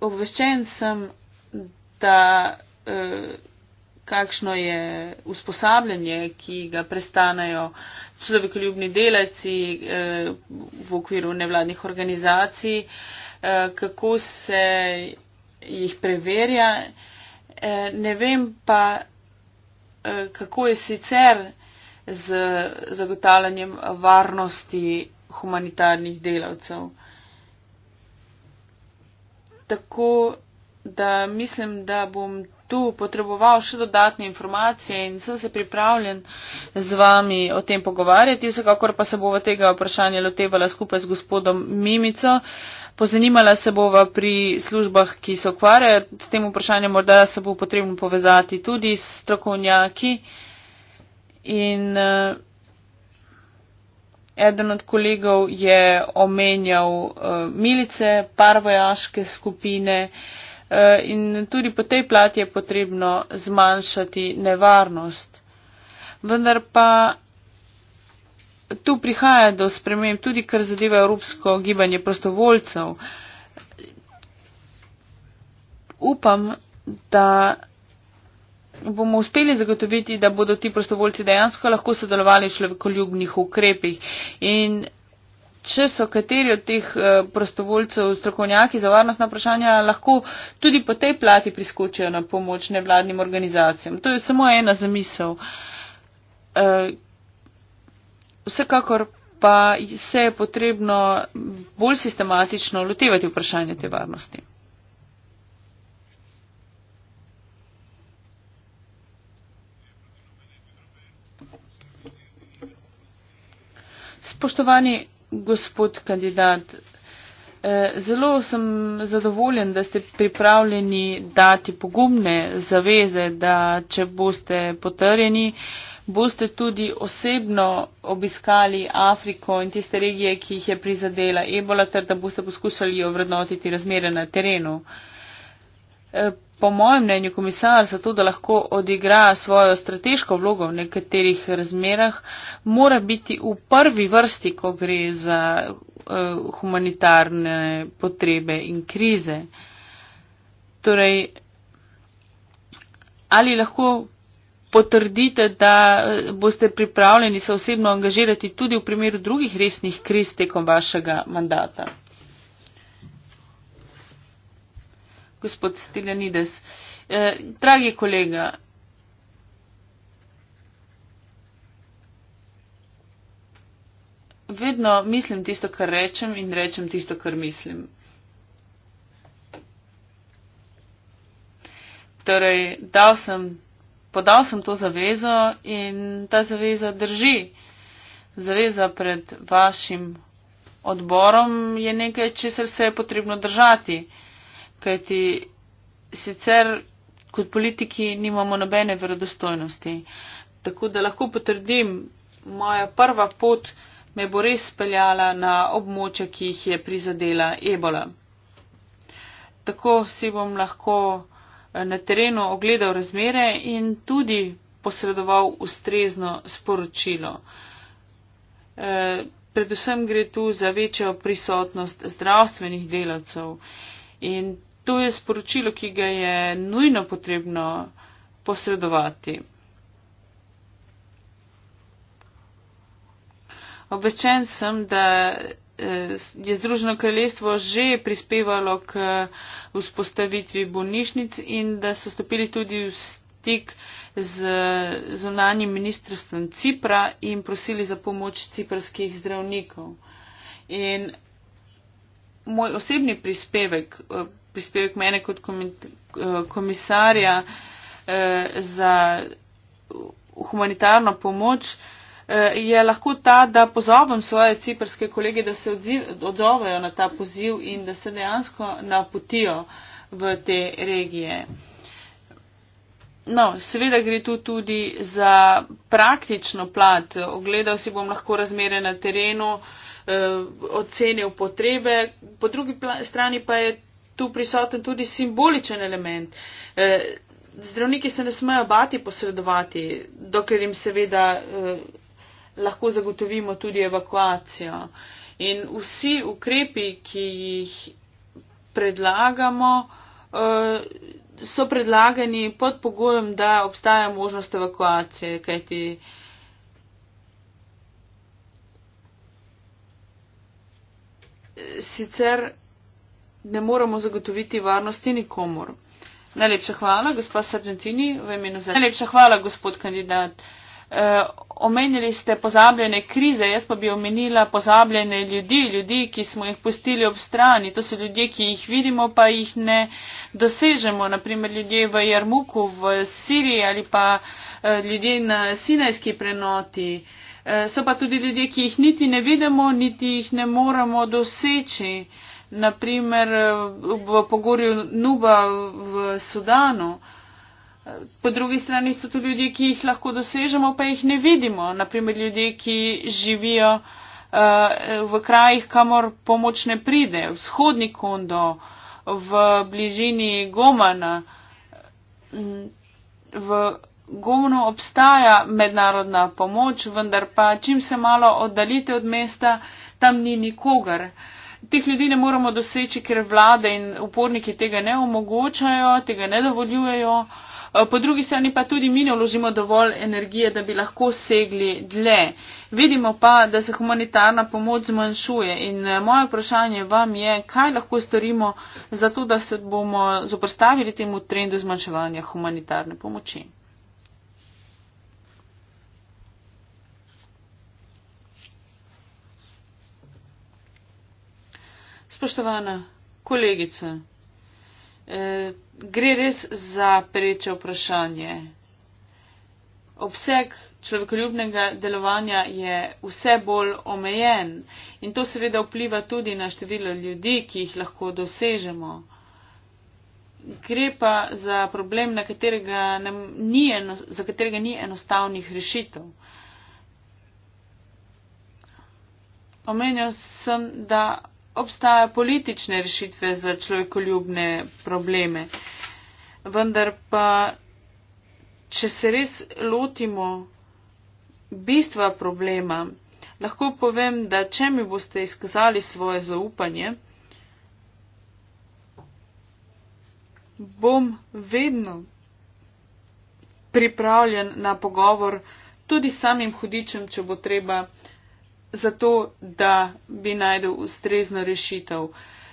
Obveščen sem, da eh, kakšno je usposabljanje, ki ga prestanejo človekoljubni delavci eh, v okviru nevladnih organizacij, eh, kako se jih preverja. Eh, ne vem pa, kako je sicer z zagotavljanjem varnosti humanitarnih delavcev. Tako da mislim, da bom tu potreboval še dodatne informacije in sem se pripravljen z vami o tem pogovarjati. Vsekakor pa se bova tega vprašanja lotevala skupaj z gospodom Mimico. Pozanimala se bova pri službah, ki se ukvarjajo s tem vprašanjem, morda se bo potrebno povezati tudi s strokovnjaki. In eh, eden od kolegov je omenjal eh, milice, par vojaške skupine. Eh, in tudi po tej plati je potrebno zmanjšati nevarnost. Vendar pa tu prihaja do spremem tudi, kar zadeva Evropsko gibanje prostovoljcev. Upam, da bomo uspeli zagotoviti, da bodo ti prostovoljci dejansko lahko sodelovali v človekoljubnih ukrepih in če so kateri od teh eh, prostovoljcev strokovnjaki za varnostna vprašanja, lahko tudi po tej plati priskočijo na pomoč nevladnim organizacijam. To je samo ena zamisel. Eh, vsekakor pa se je potrebno bolj sistematično lotevati vprašanje te varnosti. Spoštovani gospod kandidat. Eh, zelo sem zadovoljen, da ste pripravljeni dati pogumne zaveze, da če boste potrjeni, boste tudi osebno obiskali Afriko in tiste regije, ki jih je prizadela ebola, ter da boste poskušali ovrednotiti razmere na terenu. Uh, Eh, po mojem mnenju komisar za to, da lahko odigra svojo strateško vlogo v nekaterih razmerah, mora biti v prvi vrsti, ko gre za eh, humanitarne potrebe in krize. Torej, ali lahko potrdite, da eh, boste pripravljeni se osebno angažirati tudi v primeru drugih resnih kriz tekom vašega mandata? gospod Stilenides. Eh, dragi kolega, vedno mislim tisto, kar rečem in rečem tisto, kar mislim. Torej, dal sem, podal sem to zavezo in ta zaveza drži. Zaveza pred vašim odborom je nekaj, česar se je potrebno držati. Uh, kajti sicer kot politiki nimamo nobene verodostojnosti. Tako da lahko potrdim, moja prva pot me bo res speljala na območja, ki jih je prizadela ebola. Tako si bom lahko eh, na terenu ogledal razmere in tudi posredoval ustrezno sporočilo. E, predvsem gre tu za večjo prisotnost zdravstvenih delavcev in to je sporočilo, ki ga je nujno potrebno posredovati. Obveščen sem, da eh, je Združeno kraljestvo že prispevalo k eh, vzpostavitvi bolnišnic in da so stopili tudi v stik z zunanjim ministrstvom Cipra in prosili za pomoč ciprskih zdravnikov. In moj osebni prispevek, eh, prispevek mene kot eh, komisarja eh, za humanitarno pomoč, je lahko ta, da pozovem svoje ciprske kolege, da se odziv, odzovejo na ta poziv in da se dejansko napotijo v te regije. No, seveda gre tu tudi za praktično plat. Ogledal si bom lahko razmere na terenu, uh, eh, ocenil potrebe, po drugi strani pa je tu prisoten tudi simboličen element. Eh, zdravniki se ne smejo bati posredovati, dokler jim seveda eh, lahko zagotovimo tudi evakuacijo. In vsi ukrepi, ki jih predlagamo, eh, so predlagani pod pogojem, da obstaja možnost evakuacije, kajti eh, sicer ne moremo zagotoviti varnosti nikomor. Najlepša hvala, gospod Sargentini, v imenu za. Najlepša hvala, gospod kandidat. E, omenili ste pozabljene krize, jaz pa bi omenila pozabljene ljudi, ljudi, ki smo jih pustili ob strani. To so ljudje, ki jih vidimo, pa jih ne dosežemo. Naprimer ljudje v Jarmuku, v Siriji ali pa e, ljudje na Sinajski prenoti. E, Eh, so pa tudi ljudje, ki jih niti ne vidimo, niti jih ne moramo doseči. Naprimer eh, v pogorju Nuba v Sudanu. Eh, po drugi strani so tu ljudje, ki jih lahko dosežemo, pa jih ne vidimo. Naprimer ljudje, ki živijo v krajih, kamor pomoč ne pride, vzhodni kondo, v bližini Gomana, mm, v Gomno obstaja mednarodna pomoč, vendar pa čim se malo oddalite od mesta, tam ni nikogar. Teh ljudi ne moramo doseči, ker vlade in uporniki tega ne omogočajo, tega ne dovoljujejo. Eh, po drugi strani pa tudi mi ne vložimo dovolj energije, da bi lahko segli dlje. Vidimo pa, da se humanitarna pomoč zmanjšuje in eh, moje vprašanje vam je, kaj lahko storimo za to, da se bomo zoprstavili temu trendu zmanjševanja humanitarne pomoči. Spoštovana kolegica, eh, gre res za pereče vprašanje. Obseg človekoljubnega delovanja je vse bolj omejen in to seveda vpliva tudi na število ljudi, ki jih lahko dosežemo. Gre pa za problem, katerega ni eno, za katerega ni enostavnih rešitev. Omenjal sem, da obstajajo politične rešitve za človekoljubne probleme. Vendar pa, če se res lotimo bistva problema, lahko povem, da če mi boste izkazali svoje zaupanje, bom vedno pripravljen na pogovor tudi samim hudičem, če bo treba zato, da bi najdel ustrezno rešitev.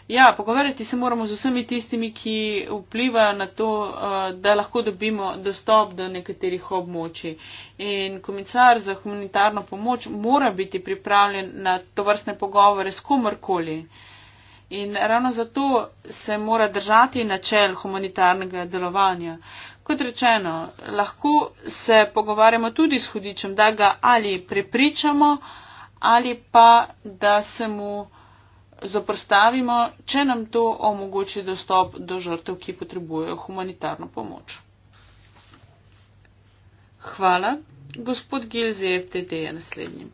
Ja, pogovarjati se moramo z vsemi tistimi, ki vplivajo na to, eh, da lahko dobimo dostop do nekaterih območij. In komisar za humanitarno pomoč mora biti pripravljen na tovrstne pogovore s komorkoli. In ravno zato se mora držati načel humanitarnega delovanja. Kot rečeno, lahko se pogovarjamo tudi s hudičem, da ga ali prepričamo, ali pa da se mu zoprstavimo, če nam to omogoči dostop do žrtev, ki potrebujejo humanitarno pomoč. Hvala. Gospod Gilzev, TT je naslednji.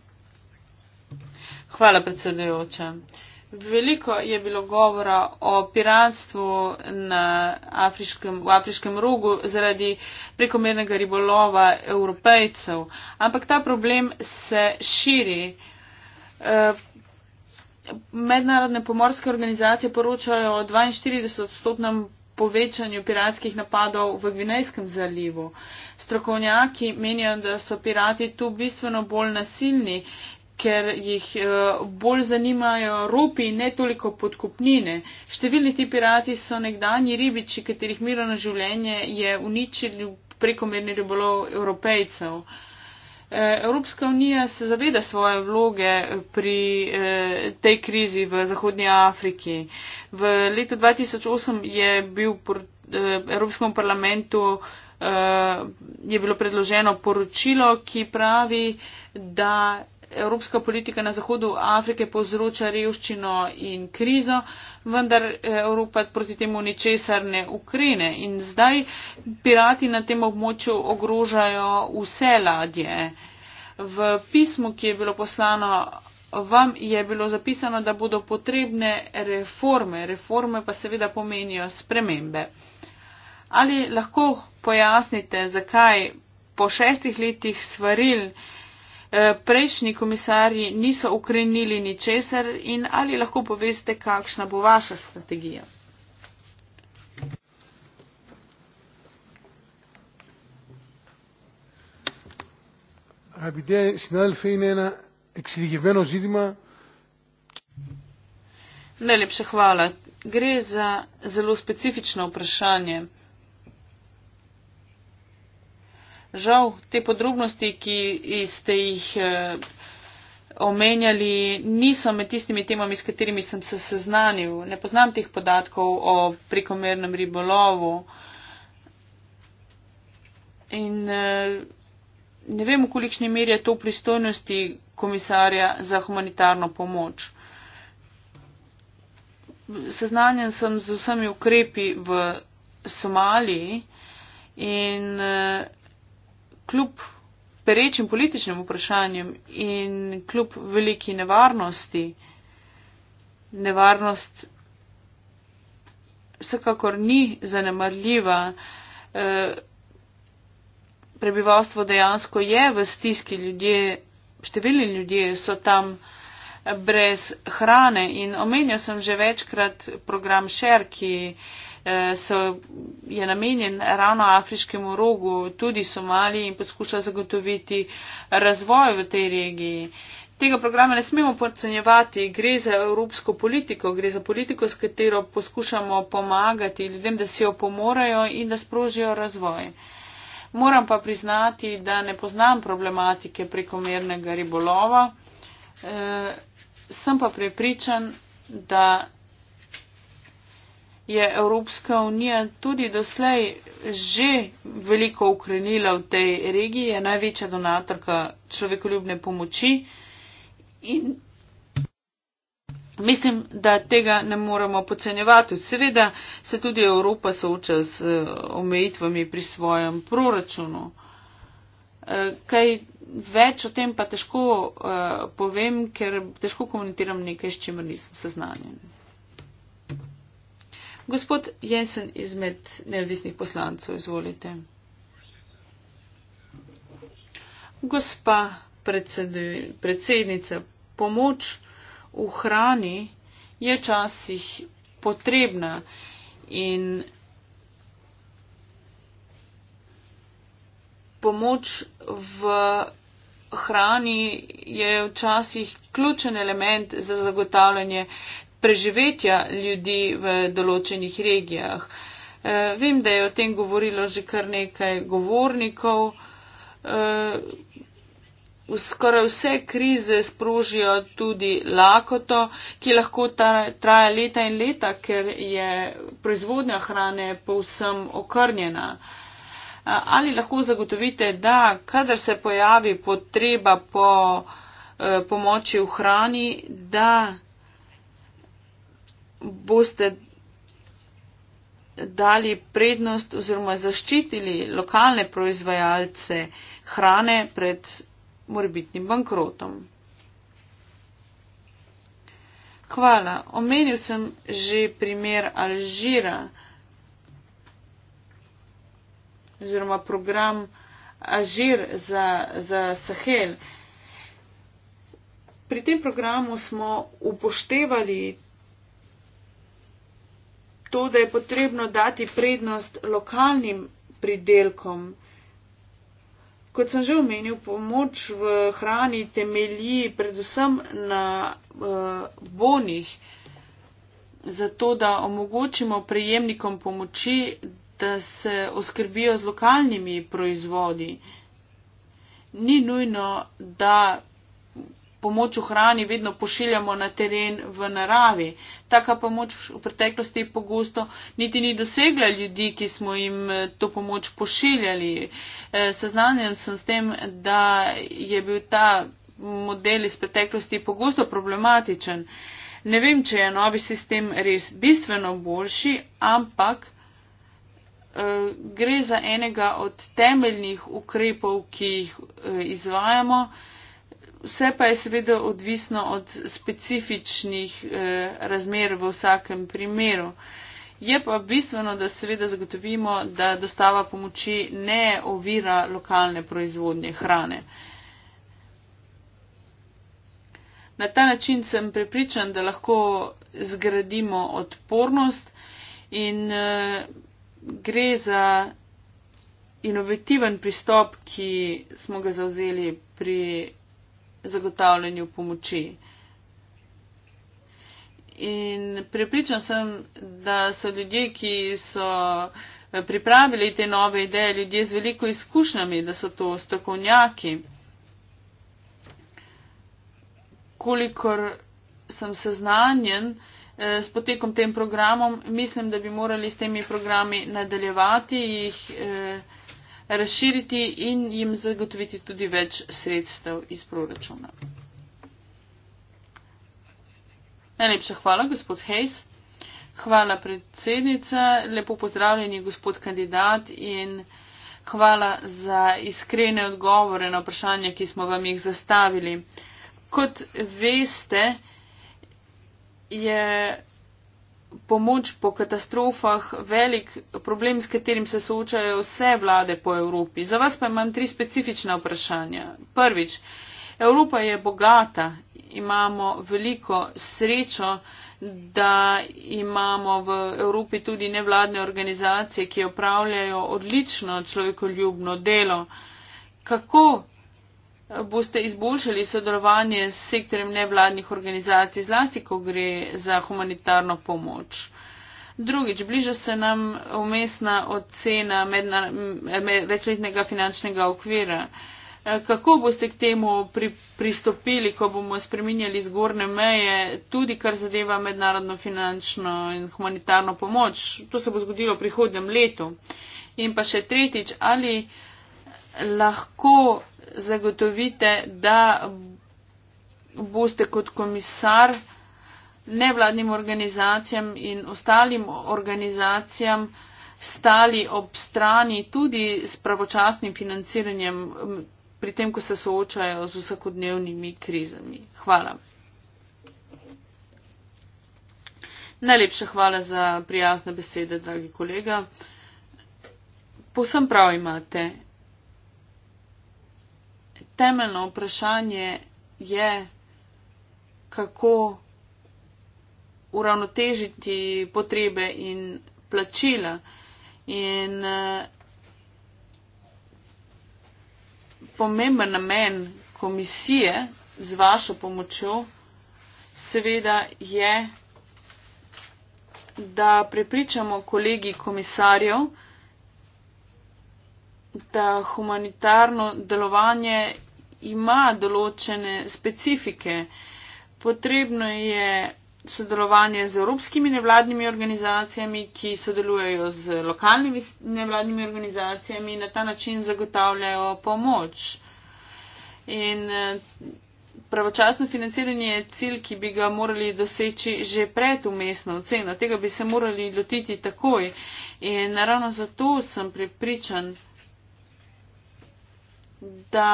Hvala, predsedujoča. Veliko je bilo govora o piranstvu na afriškem, v afriškem rogu zaradi prekomernega ribolova evropejcev, ampak ta problem se širi mednarodne pomorske organizacije poročajo o 42-stotnem povečanju piratskih napadov v Gvinejskem zalivu. Strokovnjaki menijo, da so pirati tu bistveno bolj nasilni, ker jih eh, bolj zanimajo ropi in ne toliko podkupnine. Številni ti pirati so nekdani ribiči, katerih mirno življenje je uničil prekomerni ribolov evropejcev. Uh, Eh, Evropska unija se zaveda svoje vloge pri eh, tej krizi v Zahodnji Afriki. V letu 2008 je bil eh, Evropskemu parlamentu je bilo predloženo poročilo, ki pravi, da evropska politika na zahodu Afrike povzroča revščino in krizo, vendar eh, Evropa proti temu ničesar ne ukrene. In zdaj pirati na tem območju ogrožajo vse ladje. V pismu, ki je bilo poslano vam, je bilo zapisano, da bodo potrebne reforme. Reforme pa seveda pomenijo spremembe. Ali lahko pojasnite, zakaj po šestih letih svaril, Eh, prejšnji komisarji niso ukrenili ničesar in ali lahko poveste, kakšna bo vaša strategija? Αγαπητέ συνάδελφε, είναι ένα εξειδικευμένο ζήτημα. Ναι, λεπτά, ευχαριστώ. Γρήγορα, πολύ σπεσίφιτσινο πρασάνιε. žal te podrobnosti, ki ste jih eh, omenjali, niso med tistimi temami, s katerimi sem se seznanil. Ne poznam teh podatkov o prekomernem ribolovu. In eh, ne vem, v kolikšni meri je to v pristojnosti komisarja za humanitarno pomoč. Seznanjen sem z vsemi ukrepi v Somaliji in eh, kljub perečim političnim vprašanjem in kljub veliki nevarnosti, nevarnost vsekakor ni zanemarljiva, eh, prebivalstvo dejansko je v stiski ljudje, številni ljudje so tam brez hrane in omenjal sem že večkrat program Šerki, Eh, so, je namenjen ravno afriškemu rogu, tudi Somaliji in poskuša zagotoviti razvoj v tej regiji. Tega programa ne smemo podcenjevati, gre za evropsko politiko, gre za politiko, s katero poskušamo pomagati ljudem, da si jo pomorajo in da sprožijo razvoj. Moram pa priznati, da ne poznam problematike prekomernega ribolova, e, sem pa prepričan, da je Evropska unija tudi doslej že veliko ukrenila v tej regiji, je največja donatorka človekoljubne pomoči in mislim, da tega ne moremo pocenjevati. Seveda se tudi Evropa sooča z eh, omejitvami pri svojem proračunu. Eh, kaj več o tem pa težko uh, povem, ker težko komuniciram nekaj, s čimer nisem seznanjen. Gospod Jensen izmed neodvisnih poslancev, izvolite. Gospa predsednica, pomoč v hrani je časih potrebna in pomoč v hrani je včasih ključen element za zagotavljanje preživetja ljudi v določenih regijah. Eh, vem, da je o tem govorilo že kar nekaj govornikov. Eh, skoraj vse krize sprožijo tudi lakoto, ki lahko traja leta in leta, ker je proizvodnja hrane povsem okrnjena. Eh, ali lahko zagotovite, da kadar se pojavi potreba po pomoči v hrani, da boste dali prednost oziroma zaščitili lokalne proizvajalce hrane pred morbitnim bankrotom. Hvala. Omenil sem že primer Alžira oziroma program Alžir za, za Sahel. Pri tem programu smo upoštevali to, da je potrebno dati prednost lokalnim pridelkom. Kot sem že omenil, pomoč v hrani temelji predvsem na uh, bonih, zato da omogočimo prejemnikom pomoči, da se oskrbijo z lokalnimi proizvodi. Ni nujno, da pomoč v hrani vedno pošiljamo na teren v naravi. Taka pomoč v preteklosti pogosto niti ni dosegla ljudi, ki smo jim eh, to pomoč pošiljali. Eh, seznanjen sem s tem, da je bil ta model iz preteklosti pogosto problematičen. Ne vem, če je novi sistem res bistveno boljši, ampak eh, gre za enega od temeljnih ukrepov, ki jih izvajamo vse pa je seveda odvisno od specifičnih eh, razmer v vsakem primeru. Je pa bistveno, da seveda zagotovimo, da dostava pomoči ne ovira lokalne proizvodnje hrane. Na ta način sem prepričan, da lahko zgradimo odpornost in eh, gre za inovativen pristop, ki smo ga zauzeli pri zagotavljanju pomoči. In pripričan sem, da so ljudje, ki so eh, pripravili te nove ideje, ljudje z veliko izkušnjami, da so to strokovnjaki. Kolikor sem seznanjen eh, s potekom tem programom, mislim, da bi morali s temi programi nadaljevati, jih eh, razširiti in jim zagotoviti tudi več sredstev iz proračuna. Najlepša hvala, gospod Hejs. Hvala, predsednica. Lepo pozdravljeni, gospod kandidat. In hvala za iskrene odgovore na vprašanja, ki smo vam jih zastavili. Kot veste, je pomoč po katastrofah velik problem, s katerim se soočajo vse vlade po Evropi. Za vas pa imam tri specifična vprašanja. Prvič, Evropa je bogata, imamo veliko srečo, da imamo v Evropi tudi nevladne organizacije, ki opravljajo odlično človekoljubno delo. Kako boste izboljšali sodelovanje s sektorjem nevladnih organizacij, zlasti, ko gre za humanitarno pomoč. Drugič, bliža se nam umestna ocena medna, med, večletnega finančnega okvira. Kako boste k temu pri, pristopili, ko bomo spreminjali zgorne meje, tudi kar zadeva mednarodno finančno in humanitarno pomoč? To se bo zgodilo v prihodnem letu. In pa še tretjič, ali lahko zagotovite, da boste kot komisar nevladnim organizacijam in ostalim organizacijam stali ob strani tudi s pravočasnim financiranjem pri tem, ko se soočajo z vsakodnevnimi krizami. Hvala. Najlepša hvala za prijazne besede, dragi kolega. Posem prav imate temeljno vprašanje je, kako uravnotežiti potrebe in plačila. In eh, pomemben namen komisije z vašo pomočjo seveda je, da prepričamo kolegi komisarjev, da humanitarno delovanje ima določene specifike. Potrebno je sodelovanje z evropskimi nevladnimi organizacijami, ki sodelujejo z lokalnimi nevladnimi organizacijami in na ta način zagotavljajo pomoč. In eh, pravočasno financiranje je cilj, ki bi ga morali doseči že pred umestno oceno. Tega bi se morali lotiti takoj. In naravno zato sem pripričan, da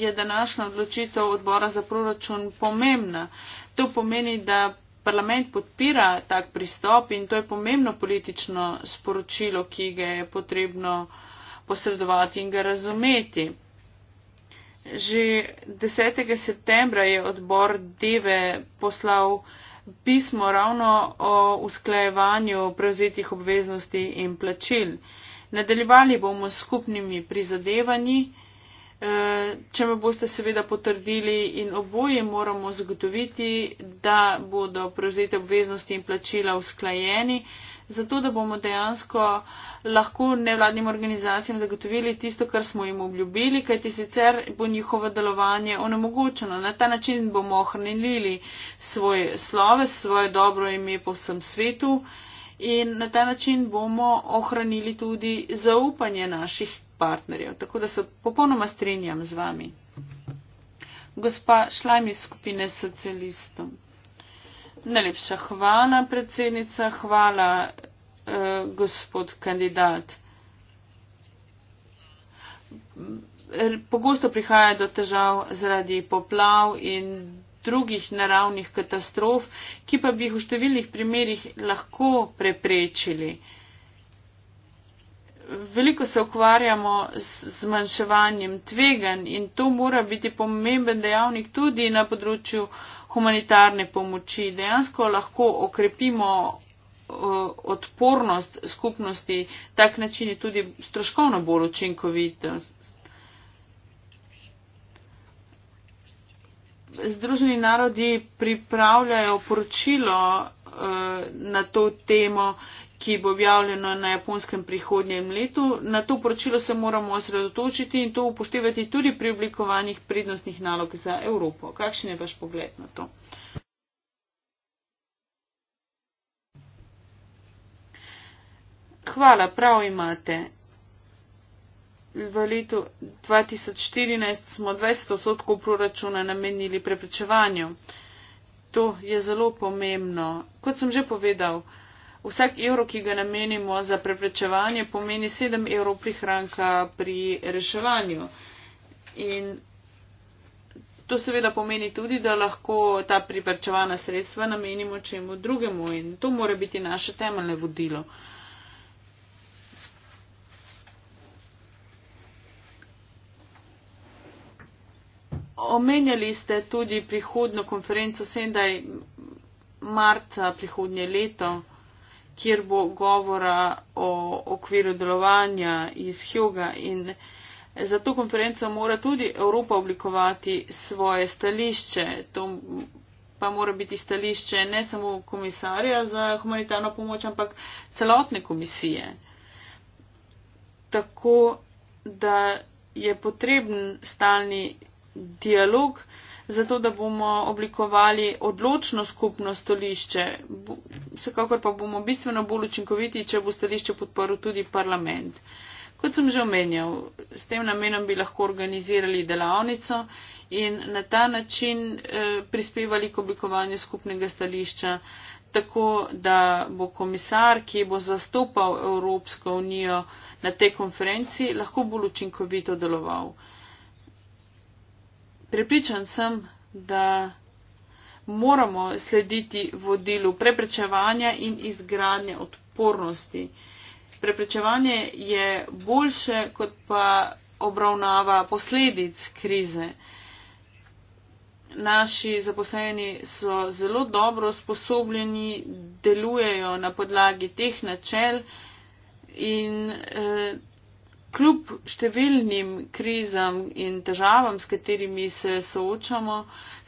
je današnja odločitev odbora za proračun pomembna. To pomeni, da parlament podpira tak pristop in to je pomembno politično sporočilo, ki ga je potrebno posredovati in ga razumeti. Že 10. septembra je odbor Deve poslal pismo ravno o usklajevanju prevzetih obveznosti in plačil. Nadaljevali bomo s skupnimi prizadevanji. Eh, če me boste seveda potrdili in oboji moramo zagotoviti, da bodo prevzete obveznosti in plačila usklajeni, zato da bomo dejansko lahko nevladnim organizacijam zagotovili tisto, kar smo jim obljubili, kajti sicer bo njihovo delovanje onemogočeno. Na ta način bomo ohranili svoje slove, svoje dobro ime po vsem svetu. In na ta način bomo ohranili tudi zaupanje naših partnerjev. Tako da se popolnoma strinjam z vami. Gospa Šlajmi skupine socialistov. Najlepša hvala, predsednica, hvala, eh, gospod kandidat. Pogosto prihaja do težav zaradi poplav in drugih naravnih katastrof, ki pa bi jih v številnih primerjih lahko preprečili. Eh, veliko se ukvarjamo z zmanjševanjem tvegan in to mora biti pomemben dejavnik tudi na področju humanitarne pomoči. Dejansko lahko okrepimo eh, odpornost skupnosti, tak način je tudi stroškovno bolj učinkovit. Združeni narodi pripravljajo poročilo uh, na to temo, uh, ki bo objavljeno na japonskem prihodnjem letu. Na to poročilo se moramo osredotočiti in to upoštevati tudi pri oblikovanjih prednostnih nalog za Evropo. Kakšen je vaš pogled na to? Hvala, prav imate. V letu 2014 smo 20 odstotkov proračuna namenili preprečevanju. To je zelo pomembno. Kot sem že povedal, vsak evro, ki ga namenimo za preprečevanje, pomeni 7 evrov prihranka pri reševanju. In to seveda pomeni tudi, da lahko ta priprečevana sredstva namenimo čemu drugemu in to mora biti naše temeljne vodilo. Omenjali ste tudi prihodno konferenco Sendaj marca prihodnje leto kjer bo govora o okviru delovanja iz Hjoga in za to konferenco mora tudi Evropa oblikovati svoje stališče. To pa mora biti stališče ne samo komisarja za humanitarno pomoč, ampak celotne komisije. Tako da je potreben stalni dialog, zato da bomo oblikovali odločno skupno stališče. Vsekakor pa bomo bistveno bolj učinkoviti, če bo stališče podporil tudi parlament. Kot sem že omenjal, s tem namenom bi lahko organizirali delavnico in na ta način eh, prispevali k oblikovanju skupnega stališča, tako da bo komisar, ki bo zastopal Evropsko unijo na tej konferenci, lahko bolj učinkovito deloval. Prepričan sem, da moramo slediti vodilu preprečevanja in izgradnje odpornosti. Preprečevanje je boljše, kot pa obravnava posledic krize. Naši zaposleni so zelo dobro sposobljeni, delujejo na podlagi teh načel in eh, kljub številnim krizam in težavam, s katerimi se soočamo,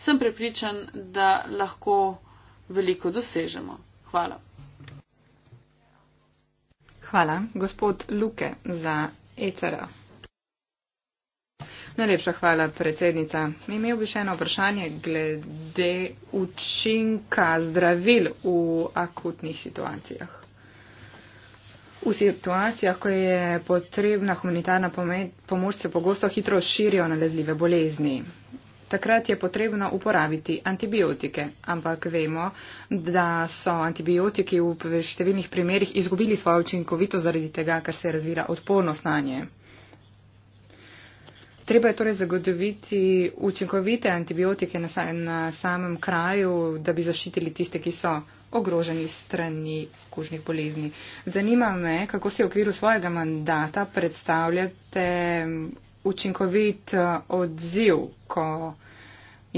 sem prepričan, da lahko veliko dosežemo. Hvala. Hvala, gospod Luke, za ECR. Najlepša hvala, predsednica. Imel bi še eno vprašanje glede učinka zdravil v akutnih situacijah. V situacijah, ko je potrebna humanitarna pomoč, se pogosto hitro širijo nalezljive bolezni. Takrat je potrebno uporabiti antibiotike, ampak vemo, da so antibiotiki v številnih primerjih izgubili svojo učinkovito zaradi tega, ker se je razvila odpornost na nje. Treba je torej zagotoviti učinkovite antibiotike na, na samem kraju, da bi zaščitili tiste, ki so ogroženi strani kužnih bolezni. Zanima me, kako si v okviru svojega mandata predstavljate učinkovit eh, odziv, ko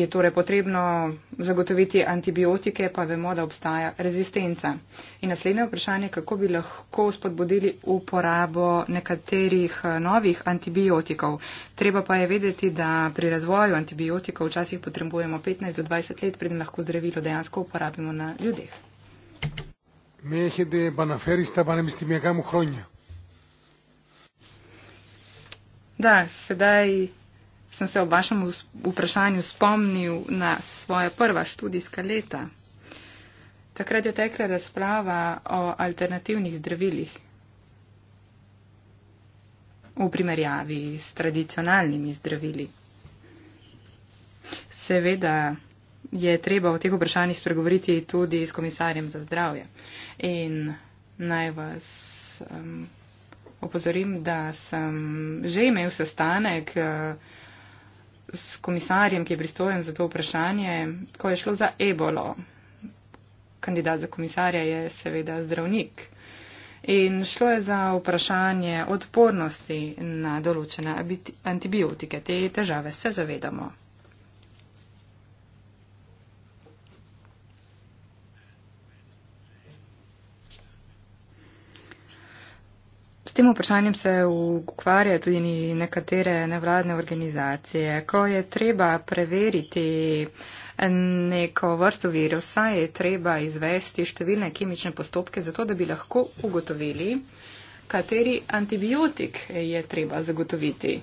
je torej potrebno zagotoviti antibiotike, pa vemo, da obstaja rezistenca. In naslednje vprašanje, kako bi lahko spodbudili uporabo nekaterih eh, novih antibiotikov. Treba pa je vedeti, da pri razvoju antibiotikov včasih potrebujemo 15 do 20 let, preden lahko zdravilo dejansko uporabimo na ljudeh. Da, sedaj sem se ob vašem vprašanju spomnil na svoje prva študijska leta. Takrat je tekla razprava o alternativnih zdravilih v primerjavi s tradicionalnimi zdravili. Seveda je treba o teh vprašanjih spregovoriti tudi s komisarjem za zdravje. In naj vas um, opozorim, da sem že imel sestanek. Uh, s komisarjem, ki je pristojen za to vprašanje, ko je šlo za ebolo. Kandidat za komisarja je seveda zdravnik. In šlo je za vprašanje odpornosti na določene antibiotike. Te težave se zavedamo. tem vprašanjem se ukvarja tudi nekatere nevladne organizacije. Ko je treba preveriti neko vrsto virusa, je treba izvesti številne kemične postopke, zato da bi lahko ugotovili, kateri antibiotik je treba zagotoviti.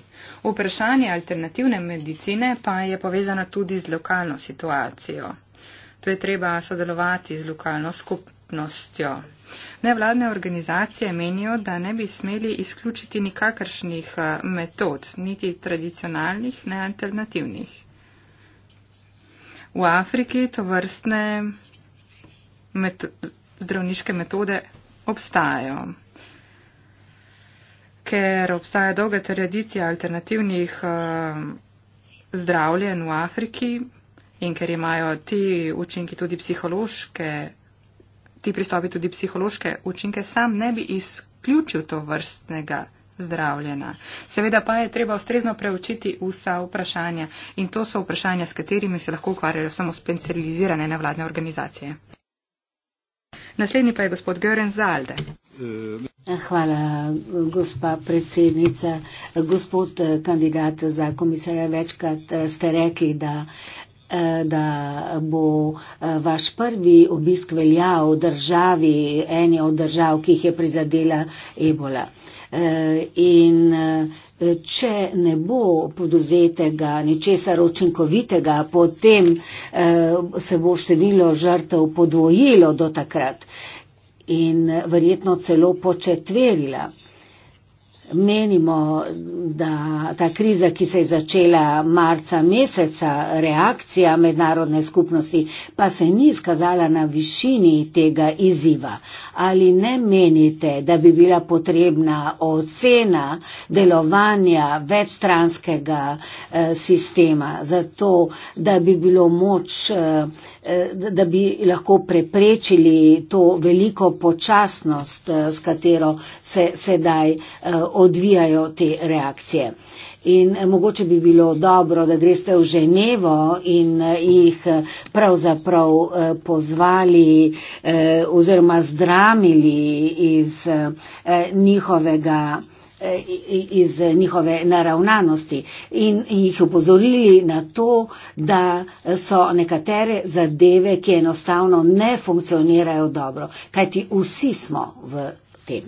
Vprašanje alternativne medicine pa je povezana tudi z lokalno situacijo. To je treba sodelovati z lokalno skupnostjo skupnostjo. Nevladne organizacije menijo, da ne bi smeli izključiti nikakršnih eh, metod, niti tradicionalnih, ne alternativnih. V Afriki to vrstne meto zdravniške metode obstajajo. Ker obstaja dolga tradicija alternativnih uh, eh, zdravljen v Afriki in ker imajo ti učinki tudi psihološke ti pristopi tudi psihološke učinke, sam ne bi izključil to vrstnega zdravljena. Seveda pa je treba ustrezno preučiti vsa vprašanja in to so vprašanja, s katerimi se lahko ukvarjajo samo specializirane nevladne organizacije. Naslednji pa je gospod Gören Zalde. Hvala, gospa predsednica. Gospod eh, kandidat za komisarja, večkrat eh, ste rekli, da Eh, da bo eh, vaš prvi obisk veljal v državi, eni od držav, ki jih je prizadela ebola. Eh, in če ne bo poduzetega ničesar učinkovitega, potem se bo število žrtev podvojilo do takrat in verjetno celo početverila menimo, da ta kriza, ki se je začela marca meseca, reakcija mednarodne skupnosti pa se ni izkazala na višini tega izziva. Ali ne menite, da bi bila potrebna ocena delovanja večstranskega eh, sistema za to, da bi bilo moč eh, Eh, da bi lahko preprečili to veliko počasnost, eh, s katero se sedaj eh, odvijajo te reakcije. In mogoče bi bilo dobro, da greste v Ženevo in jih pravzaprav pozvali oziroma zdramili iz njihovega Eh, iz njihove naravnanosti in jih upozorili na to, da so nekatere zadeve, ki enostavno ne funkcionirajo dobro, kajti vsi smo v tem.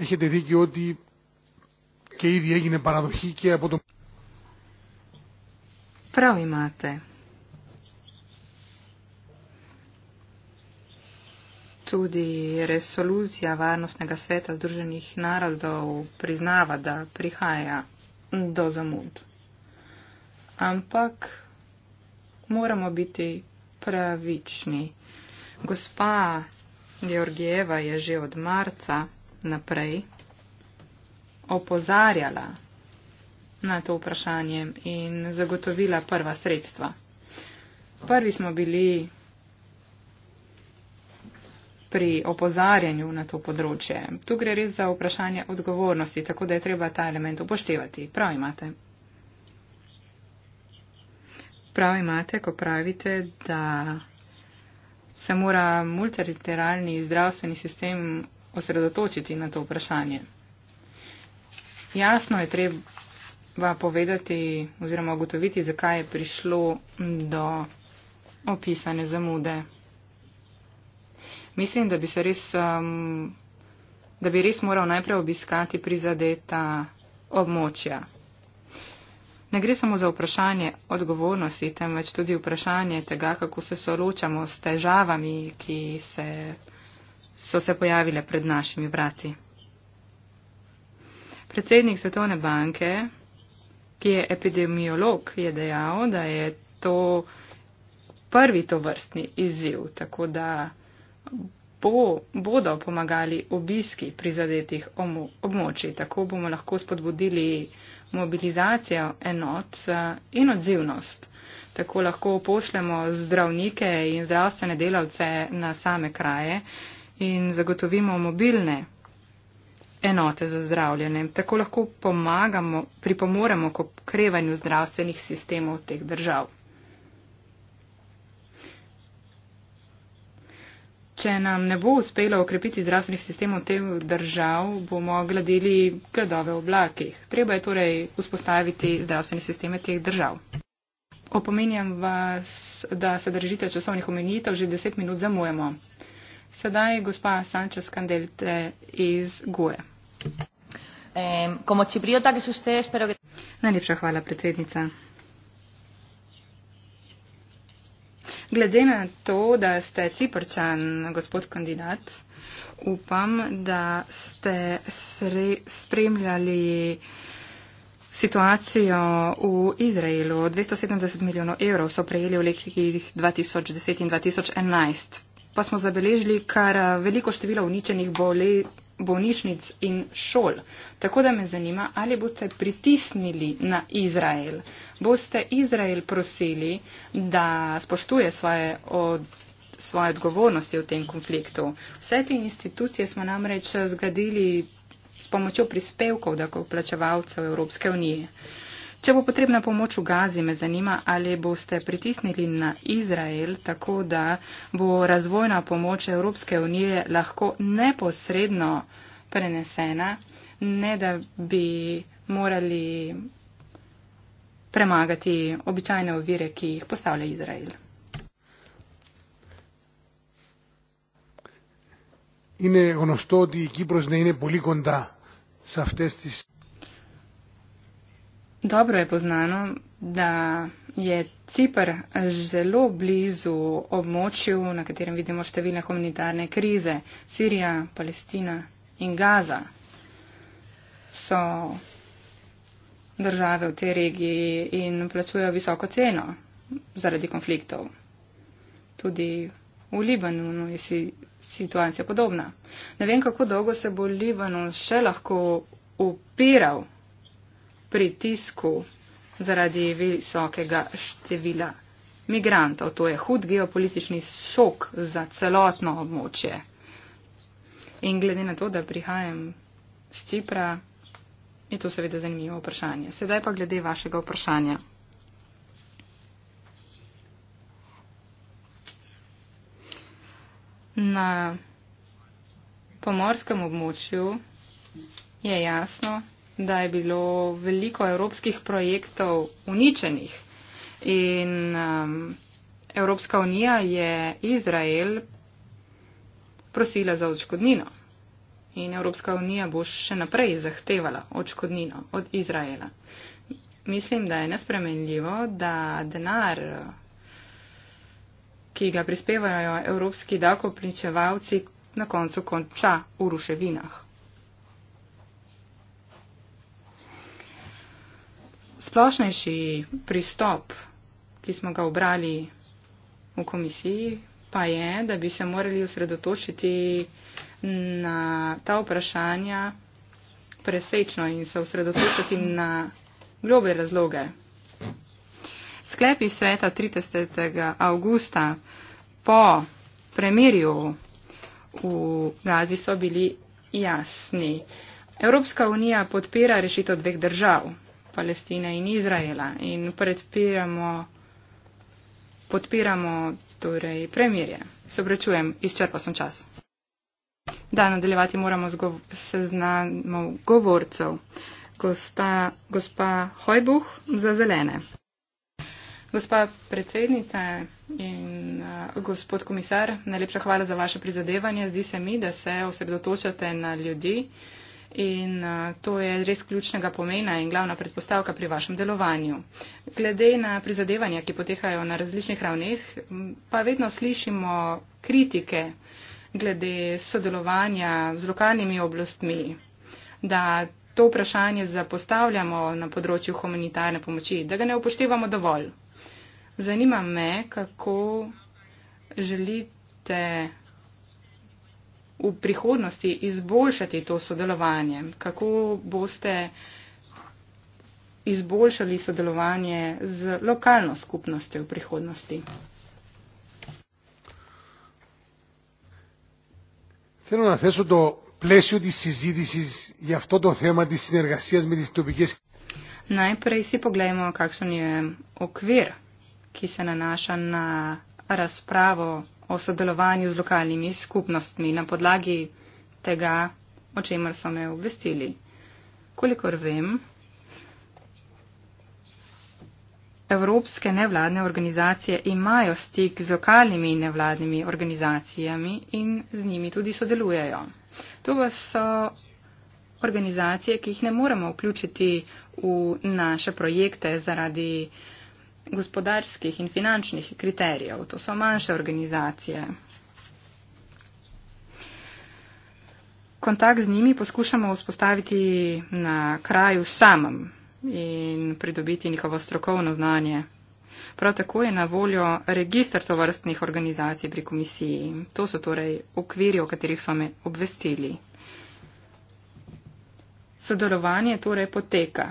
Έχετε δίκιο ότι και ήδη έγινε παραδοχή και από τον... Prav imate. Tudi resolucija Varnostnega sveta Združenih narodov priznava, da prihaja do zamud. Ampak moramo biti pravični. Gospa Georgieva je že od marca naprej opozarjala na to vprašanje in zagotovila prva sredstva. Prvi smo bili pri opozarjanju na to področje. Tu gre res za vprašanje odgovornosti, tako da je treba ta element upoštevati. Prav imate. Prav imate, ko pravite, da se mora multiliteralni zdravstveni sistem osredotočiti na to vprašanje. Jasno je treba pa povedati oziroma ugotoviti, zakaj je prišlo do opisane zamude. Mislim, da bi se res, um, da bi res moral najprej obiskati prizadeta območja. Ne gre samo za vprašanje odgovornosti, temveč tudi vprašanje tega, kako se soočamo s težavami, ki se, so se pojavile pred našimi brati. Predsednik Svetovne banke ki je epidemiolog, je dejal, da je to prvi to vrstni izziv, tako da bo, bodo pomagali obiski prizadetih območij, tako bomo lahko spodbudili mobilizacijo enot eh, in odzivnost. Tako lahko pošljemo zdravnike in zdravstvene delavce na same kraje in zagotovimo mobilne enote za zdravljenje. Tako lahko pomagamo, pripomoremo k okrevanju zdravstvenih sistemov teh držav. Če nam ne bo uspelo okrepiti zdravstvenih sistemov teh držav, bomo gledali gradove v oblakih. Treba je torej vzpostaviti zdravstvene sisteme teh držav. Opominjam vas, da se držite časovnih omenitev, že deset minut zamujemo. Sedaj gospa Sánchez Candelte iz GUE. Najlepša hvala, predsednica. Glede na to, da ste ciprčan, gospod kandidat, upam, da ste spremljali situacijo v Izraelu. 270 milijonov evrov so prejeli v letih 2010 in 2011 pa smo zabeležili kar eh, veliko število uničenih bolej, bolnišnic in šol. Tako da me zanima, ali boste pritisnili na Izrael. Boste Izrael prosili, da spoštuje svoje, od, svoje odgovornosti v tem konfliktu. Vse te institucije smo namreč eh, zgradili s pomočjo prispevkov, tako plačevalcev Evropske unije. Če bo potrebna pomoč v Gazi, me zanima, ali boste pritisnili na Izrael, tako da bo razvojna pomoč Evropske unije lahko neposredno prenesena, ne da bi morali premagati običajne ovire, ki jih postavlja Izrael. Ine, ono što di Kipros ne ine polikonda sa v testis. Dobro je poznano, da je Cipr zelo blizu območju, na katerem vidimo številne humanitarne krize. Sirija, Palestina in Gaza so države v tej regiji in plačujejo visoko ceno zaradi konfliktov. Tudi v Libanonu je si situacija podobna. Ne vem, kako dolgo se bo Libanon še lahko upiral pritisku zaradi visokega števila migrantov. To je hud geopolitični šok za celotno območje. In glede na to, da prihajam z Cipra, je to seveda zanimivo vprašanje. Sedaj pa glede vašega vprašanja. Na pomorskem območju je jasno, da je bilo veliko evropskih projektov uničenih. In um, Evropska unija je Izrael prosila za očkodnino. In Evropska unija bo še naprej zahtevala očkodnino od Izraela. Mislim, da je nespremenljivo, da denar, ki ga prispevajo evropski davkoplinčevalci, na koncu konča v ruševinah. splošnejši pristop, ki smo ga obrali v komisiji, pa je, da bi se morali osredotočiti na ta vprašanja presečno in se osredotočiti na globe razloge. Sklepi sveta 30. augusta po premirju v Gazi so bili jasni. Evropska unija podpira rešitev dveh držav. Palestine in Izraela in predpiramo, podpiramo torej premirje. Se obračujem, izčrpal sem čas. Da, nadaljevati moramo z gov seznamom govorcev. Gosta, gospa Hojbuh za zelene. Gospa predsednica in uh, gospod komisar, najlepša hvala za vaše prizadevanje. Zdi se mi, da se osredotočate na ljudi. Uh, in to je res ključnega pomena in glavna predpostavka pri vašem delovanju. Glede na prizadevanja, ki potekajo na različnih ravneh, pa vedno slišimo kritike glede sodelovanja z lokalnimi oblastmi, da to vprašanje zapostavljamo na področju humanitarne pomoči, da ga ne upoštevamo dovolj. Zanima me, kako želite v prihodnosti izboljšati to sodelovanje? Kako boste izboljšali sodelovanje z lokalno skupnostjo v prihodnosti? Θέλω να θέσω το πλαίσιο της συζήτησης για αυτό το θέμα της συνεργασίας με τις τοπικές Najprej si pogledamo, kakšen je okvir, ki se nanaša na razpravo o sodelovanju z lokalnimi skupnostmi na podlagi tega, o čemer so me obvestili. Kolikor vem, evropske nevladne organizacije imajo stik z lokalnimi nevladnimi organizacijami in z njimi tudi sodelujejo. To pa so organizacije, ki jih ne moremo vključiti v naše projekte zaradi gospodarskih in finančnih kriterijev. To so manjše organizacije. Kontakt z njimi poskušamo vzpostaviti na kraju samem in pridobiti njihovo strokovno znanje. Prav tako je na voljo registr tovrstnih organizacij pri komisiji. To so torej okviri, o katerih so me obvestili. Sodelovanje torej poteka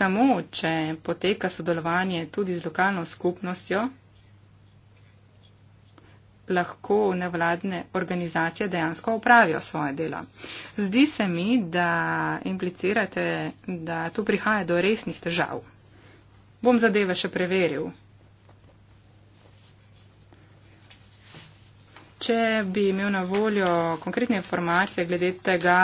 samo, če poteka sodelovanje tudi z lokalno skupnostjo, lahko nevladne organizacije dejansko upravijo svoje delo. Zdi se mi, da implicirate, da tu prihaja do resnih težav. Bom zadeve še preveril. Če bi imel na voljo konkretne informacije glede tega,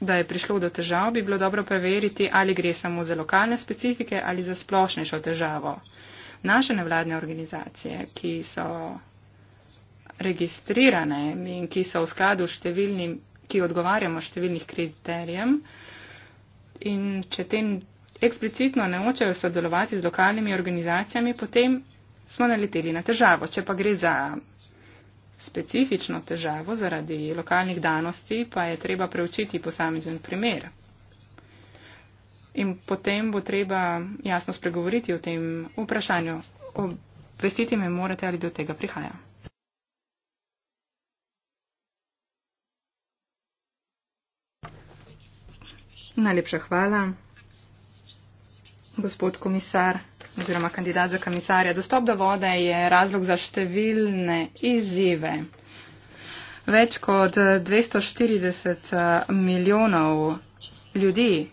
da je prišlo do težav, bi bilo dobro preveriti, ali gre samo za lokalne specifike ali za splošnejšo težavo. Naše nevladne organizacije, ki so registrirane in ki so v skladu s številnim, ki odgovarjamo številnih kriterijem in če tem eksplicitno ne očejo sodelovati z lokalnimi organizacijami, potem smo naleteli na težavo. Če pa gre za specifično težavo zaradi lokalnih danosti, pa je treba preučiti posamezen primer. In potem bo treba jasno spregovoriti o tem vprašanju. Obvestiti me morate, ali do tega prihaja. Najlepša hvala, gospod komisar oziroma kandidat za komisarja. Dostop do vode je razlog za številne izzive. Več kot 240 eh, milijonov ljudi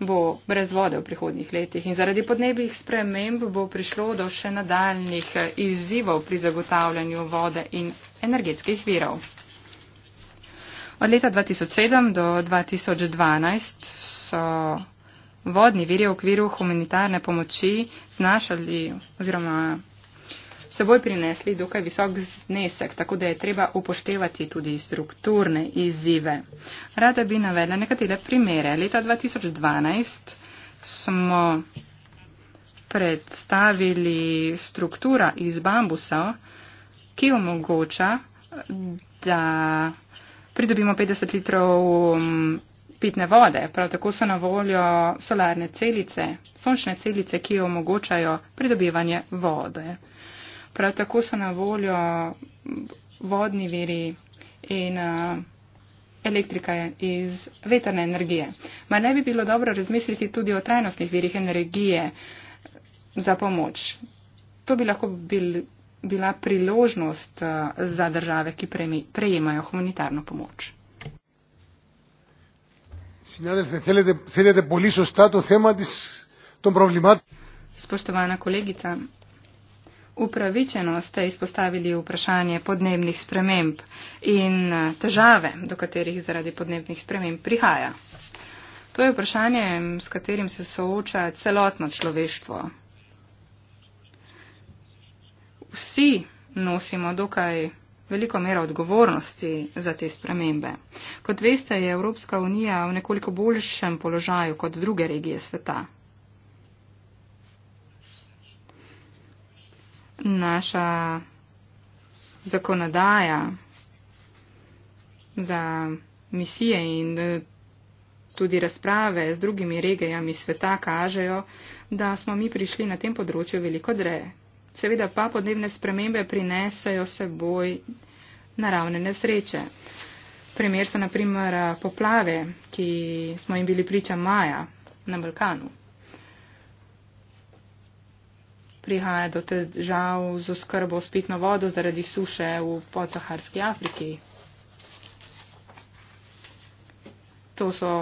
bo brez vode v prihodnih letih in zaradi podnebnih sprememb bo prišlo do še nadaljnih eh, izzivov pri zagotavljanju vode in energetskih virov. Od leta 2007 do 2012 so vodni viri v okviru humanitarne pomoči znašali oziroma seboj prinesli dokaj visok znesek, tako da je treba upoštevati tudi strukturne izzive. Rada bi navedla nekatere primere. Leta 2012 smo predstavili struktura iz bambusa, ki omogoča, da pridobimo 50 litrov pitne vode, prav tako so na voljo solarne celice, sončne celice, ki omogočajo pridobivanje vode. Prav tako so na voljo vodni viri in elektrika iz veterne energije. Mar ne bi bilo dobro razmisliti tudi o trajnostnih virih energije za pomoč? To bi lahko bil, bila priložnost za države, ki prejemajo humanitarno pomoč. Συνάδελφε, θέλετε, θέλετε πολύ σωστά το θέμα της, των προβλημάτων. Σποστοβάνα κολέγητα, Upravičeno ste izpostavili vprašanje podnebnih sprememb in težave, do katerih zaradi podnebnih sprememb prihaja. To je vprašanje, s katerim se sooča celotno človeštvo. Vsi nosimo dokaj veliko mera odgovornosti za te spremembe. Kot veste, je Evropska unija v nekoliko boljšem položaju kot druge regije sveta. Naša zakonodaja za misije in eh, tudi razprave z drugimi regijami sveta kažejo, da smo mi prišli na tem področju veliko dreje. Seveda pa podnebne spremembe prinesajo seboj naravne nesreče. Primer so naprimer poplave, ki smo jim bili priča maja na Balkanu. Prihaja do težav z oskrbo s pitno vodo zaradi suše v podsaharski Afriki. To so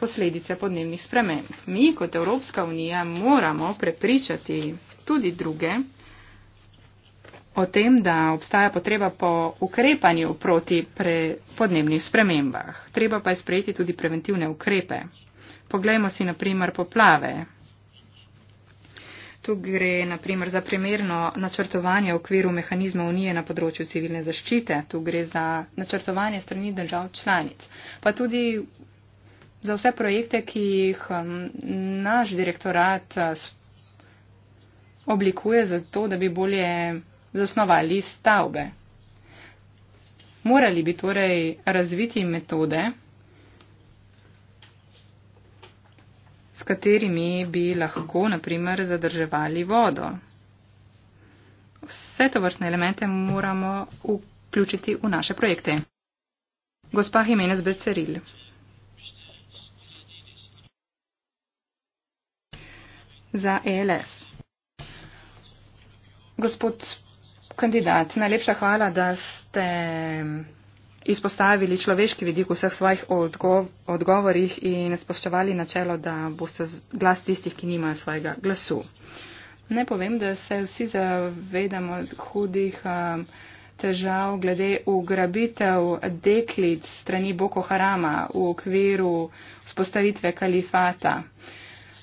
posledice podnebnih sprememb. Mi kot Evropska unija moramo prepričati tudi druge, o tem, da obstaja potreba po ukrepanju proti pre podnebnih spremembah. Treba pa je sprejeti tudi preventivne ukrepe. Poglejmo si naprimer poplave. Tu gre naprimer za primerno načrtovanje v okviru mehanizma Unije na področju civilne zaščite. Tu gre za načrtovanje strani držav članic. Pa tudi za vse projekte, ki jih hm, naš direktorat eh, oblikuje zato, da bi bolje zasnovali stavbe. Morali bi torej razviti metode, s katerimi bi lahko, naprimer, zadrževali vodo. Vse to vrstne elemente moramo vključiti v naše projekte. Gospa Jimenez Beceril. Za ELS. Gospod kandidat, najlepša hvala, da ste izpostavili človeški vidik vseh svojih odgo odgovorih in spoščevali načelo, da boste glas tistih, ki nimajo svojega glasu. Ne povem, da se vsi zavedamo hudih um, težav glede ugrabitev deklic strani Boko Harama v okviru vzpostavitve kalifata.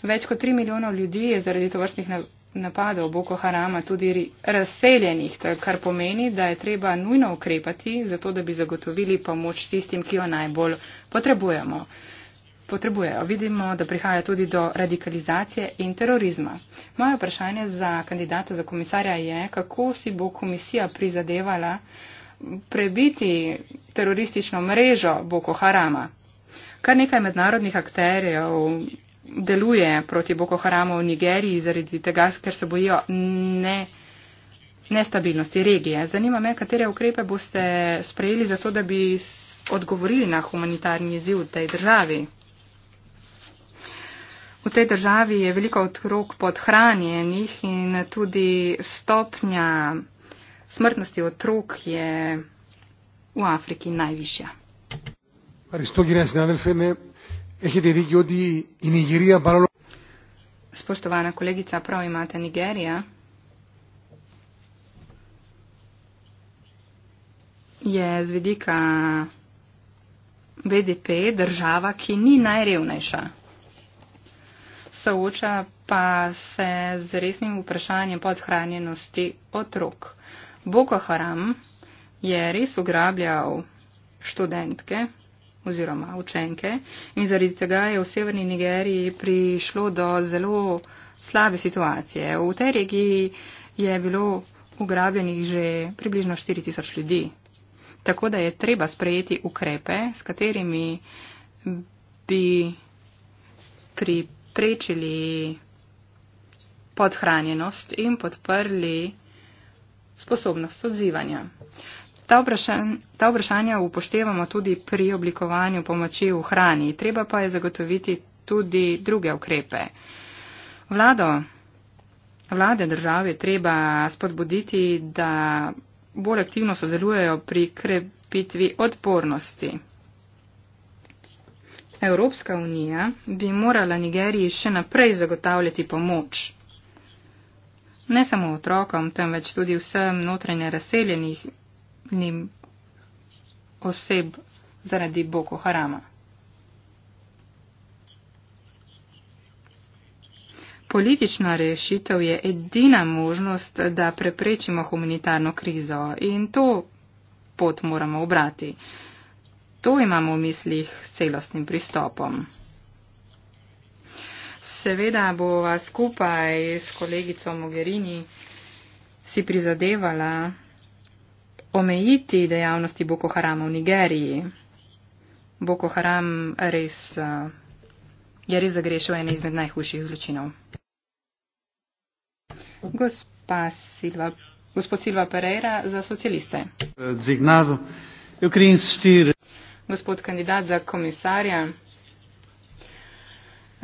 Več kot tri milijonov ljudi je zaradi tovrstnih napak napadov Boko Harama tudi razseljenih, kar pomeni, da je treba nujno ukrepati, zato da bi zagotovili pomoč tistim, ki jo najbolj potrebujemo. Potrebujejo. Vidimo, da prihaja tudi do radikalizacije in terorizma. Moje vprašanje za kandidata za komisarja je, kako si bo komisija prizadevala prebiti teroristično mrežo Boko Harama. Kar nekaj mednarodnih akterjev deluje proti Boko Haramu v Nigeriji zaradi tega, ker se bojijo ne, nestabilnosti regije. Zanima me, katere ukrepe boste sprejeli za to, da bi odgovorili na humanitarni izziv v tej državi. V tej državi je veliko otrok podhranjenih in tudi stopnja smrtnosti otrok je v Afriki najvišja. Έχετε δίκιο ότι η Νιγηρία παρόλο. Σποστοβάνα, κολέγη Τσαπρό, η Μάτα Νιγέρια. Je z vidika BDP država, ki ni najrevnejša. Sooča pa se z resnim vprašanjem podhranjenosti otrok. Boko Haram je res ugrabljal študentke, oziroma učenke in zaradi tega je v severni Nigeriji prišlo do zelo slabe situacije. V tej regiji je bilo ugrabljenih že približno 4000 ljudi. Tako da je treba sprejeti ukrepe, s katerimi bi priprečili podhranjenost in podprli sposobnost odzivanja ta, vprašan, ta vprašanja upoštevamo tudi pri oblikovanju pomoči v hrani. Treba pa je zagotoviti tudi druge ukrepe. Vlado, vlade države treba spodbuditi, da bolj aktivno sodelujejo pri krepitvi odpornosti. Evropska unija bi morala Nigeriji še naprej zagotavljati pomoč. Ne samo otrokom, temveč tudi vsem notranje razseljenih njim oseb zaradi Boko Harama. Politična rešitev je edina možnost, da preprečimo humanitarno krizo in to pot moramo obrati. To imamo v mislih s celostnim pristopom. Seveda bova skupaj s kolegico Mogherini si prizadevala, omejiti dejavnosti Boko Harama v Nigeriji. Boko Haram res, eh, je res zagrešil ene izmed najhujših zločinov. Gospa Silva, gospod Silva Pereira za socialiste. Zignado, gospod kandidat za komisarja.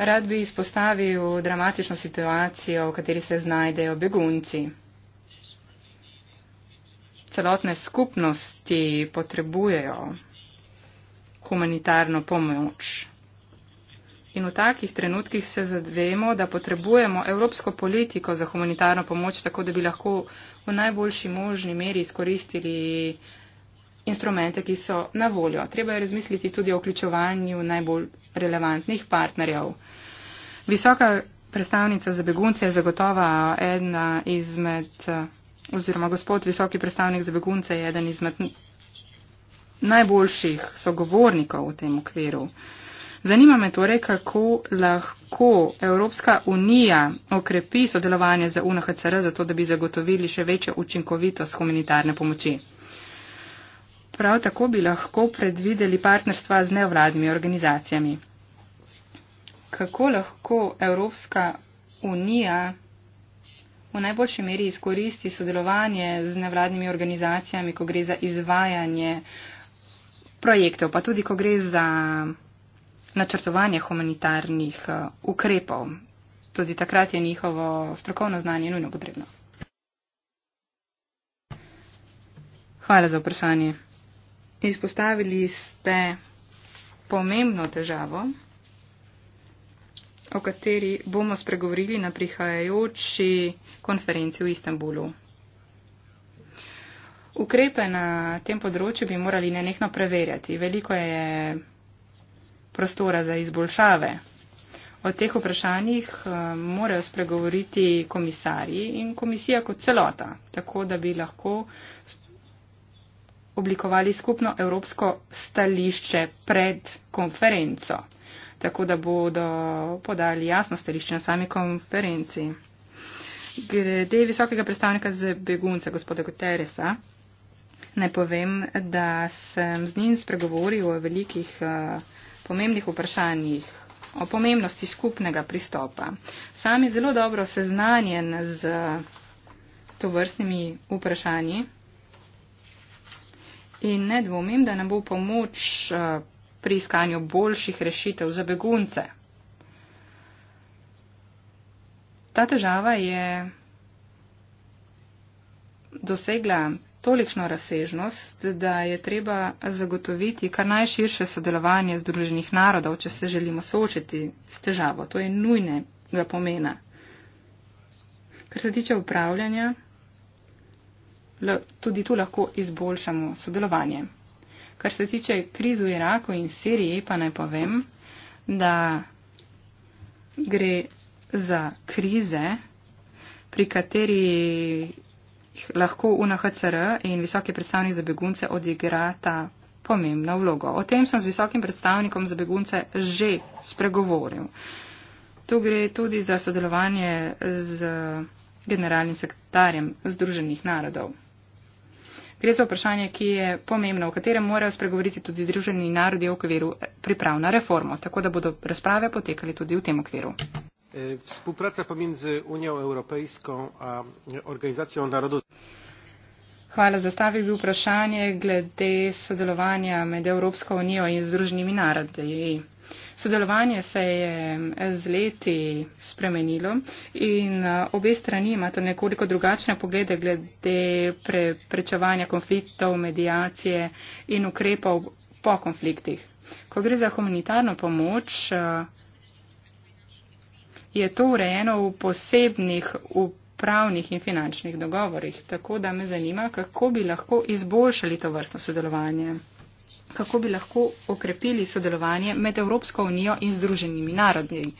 Rad bi izpostavil dramatično situacijo, v kateri se znajdejo begunci celotne skupnosti potrebujejo humanitarno pomoč. In v takih trenutkih se zavemo, da potrebujemo evropsko politiko za humanitarno pomoč, tako da bi lahko v najboljši možni meri izkoristili instrumente, ki so na voljo. Treba je razmisliti tudi o vključevanju najbolj relevantnih partnerjev. Visoka predstavnica za begunce je zagotova ena izmed oziroma gospod visoki predstavnik za begunce je eden izmed najboljših sogovornikov v tem okviru. Zanima me torej, kako lahko Evropska unija okrepi sodelovanje za UNHCR, zato da bi zagotovili še večjo učinkovitost humanitarne pomoči. Prav tako bi lahko predvideli partnerstva z nevladnimi organizacijami. Kako lahko Evropska unija v najboljši meri izkoristi sodelovanje z nevladnimi organizacijami, ko gre za izvajanje projektov, pa tudi, ko gre za načrtovanje humanitarnih eh, ukrepov. Tudi takrat je njihovo strokovno znanje nujno potrebno. Hvala za vprašanje. Izpostavili ste pomembno težavo o kateri bomo spregovorili na prihajajoči konferenci v Istanbulu. Ukrepe na tem področju bi morali nenehno preverjati. Veliko je prostora za izboljšave. O teh vprašanjih eh, morajo spregovoriti komisarji in komisija kot celota, tako da bi lahko oblikovali skupno evropsko stališče pred konferenco tako da bodo podali jasno stališče na sami konferenci. Glede visokega predstavnika za begunce, gospoda Guterresa, ne povem, da sem z njim spregovoril o velikih eh, pomembnih vprašanjih o pomembnosti skupnega pristopa. Sam je zelo dobro seznanjen z eh, to vrstnimi vprašanji in ne dvomim, da nam bo pomoč eh, pri iskanju boljših rešitev za begunce. Ta težava je dosegla tolikšno razsežnost, da je treba zagotoviti kar najširše sodelovanje Združenih narodov, če se želimo soočiti s težavo. To je nujnega pomena. Kar se tiče upravljanja, tudi tu lahko izboljšamo sodelovanje. Kar se tiče kriz v Iraku in Siriji, pa naj povem, da gre za krize, pri kateri lahko UNHCR in visoki predstavnik za begunce odigrata pomembno vlogo. O tem sem z visokim predstavnikom za begunce že spregovoril. Tu gre tudi za sodelovanje z generalnim sekretarjem Združenih narodov. Gre za vprašanje, ki je pomembno, o katerem morajo spregovoriti tudi Združeni narodi v okviru priprav na reformo, tako da bodo razprave potekali tudi v tem okviru. E, współpraca pomiędzy Unią Europejską a Organizacją Narodów Hvala za stavi bi vprašanje glede sodelovanja med Evropsko unijo in Združenimi narodi. Sodelovanje se je z leti spremenilo in eh, obe strani imata nekoliko drugačne poglede glede pre, prečevanja konfliktov, medijacije in ukrepov po konfliktih. Ko gre za humanitarno pomoč, eh, je to urejeno v posebnih upravnih in finančnih dogovorih. Tako da me zanima, kako bi lahko izboljšali to vrstno sodelovanje kako bi lahko okrepili sodelovanje med Evropsko unijo in Združenimi narodi.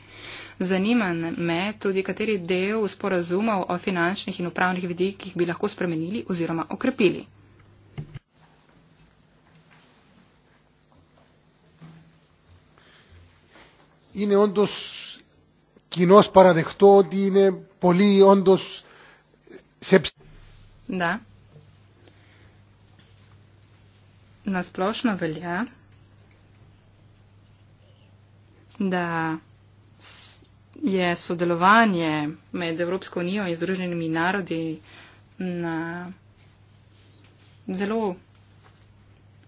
Zanima me tudi, kateri del sporazumov o finančnih in upravnih vidikih bi lahko spremenili oziroma okrepili. Ine ondos kinos paradehto, ine poli ondos sepsi. Da. nasplošno velja, da je sodelovanje med Evropsko unijo in Združenimi narodi na zelo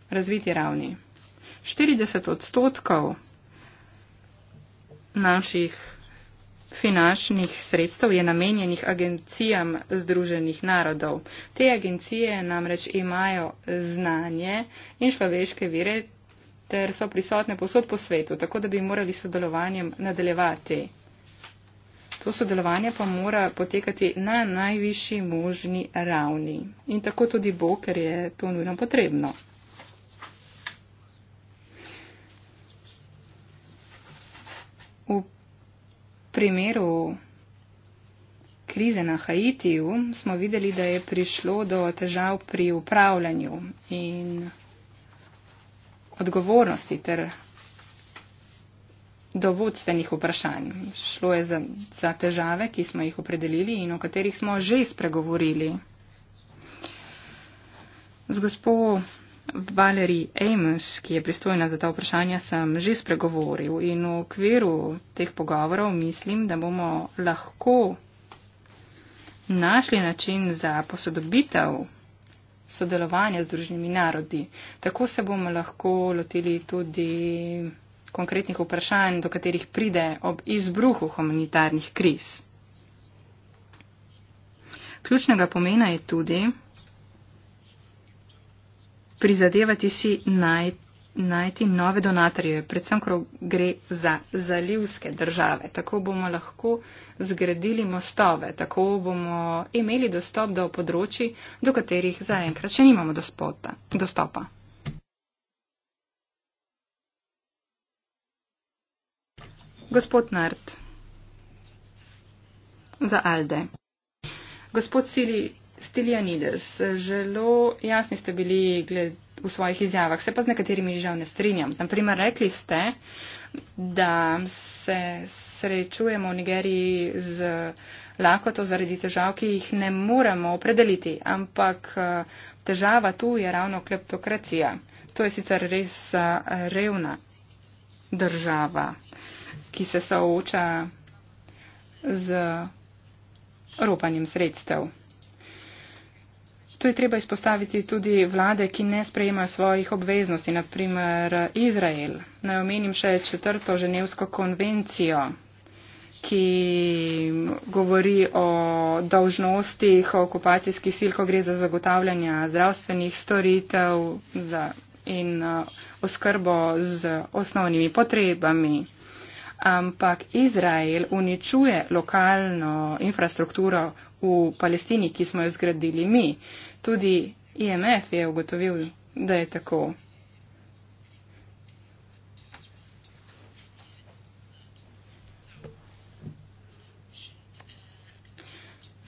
razviti ravni. 40 odstotkov naših finančnih sredstev je namenjenih agencijam Združenih narodov. Te agencije namreč imajo znanje in človeške vire, ter so prisotne posod po svetu, tako da bi morali sodelovanjem nadaljevati. To sodelovanje pa mora potekati na najvišji možni ravni. In tako tudi bo, ker je to nujno potrebno. V primeru krize na Haitiju smo videli, da je prišlo do težav pri upravljanju in odgovornosti ter do vodstvenih vprašanj. Šlo je za, za težave, ki smo jih opredelili in o katerih smo že spregovorili. Z gospodom Valeri Amos, ki je pristojna za ta vprašanja, sem že spregovoril in v okviru teh pogovorov mislim, da bomo lahko našli način za posodobitev sodelovanja z družnimi narodi. Tako se bomo lahko lotili tudi konkretnih vprašanj, do katerih pride ob izbruhu humanitarnih kriz. Ključnega pomena je tudi, prizadevati si naj, najti nove donatorje, predvsem, ko gre za zalivske države. Tako bomo lahko zgradili mostove, tako bomo imeli dostop do področji, do katerih zaenkrat še nimamo dospota, dostopa. Gospod Nart, za Alde. Gospod Sili, Stilianides, zelo jasni ste bili gled, v svojih izjavah, se pa z nekaterimi žal ne strinjam. Naprimer, rekli ste, da se srečujemo v Nigeriji z lakoto zaradi težav, ki jih ne moremo opredeliti, ampak težava tu je ravno kleptokracija. To je sicer res revna država, ki se sooča z ropanjem sredstev. Tu je treba izpostaviti tudi vlade, ki ne sprejemajo svojih obveznosti, naprimer Izrael. Naj omenim še četrto ženevsko konvencijo, ki govori o dožnostih okupacijskih sil, ko gre za zagotavljanje zdravstvenih storitev za, in uh, oskrbo z osnovnimi potrebami. Ampak Izrael uničuje lokalno infrastrukturo v Palestini, ki smo jo zgradili mi tudi IMF je ugotovil, da je tako.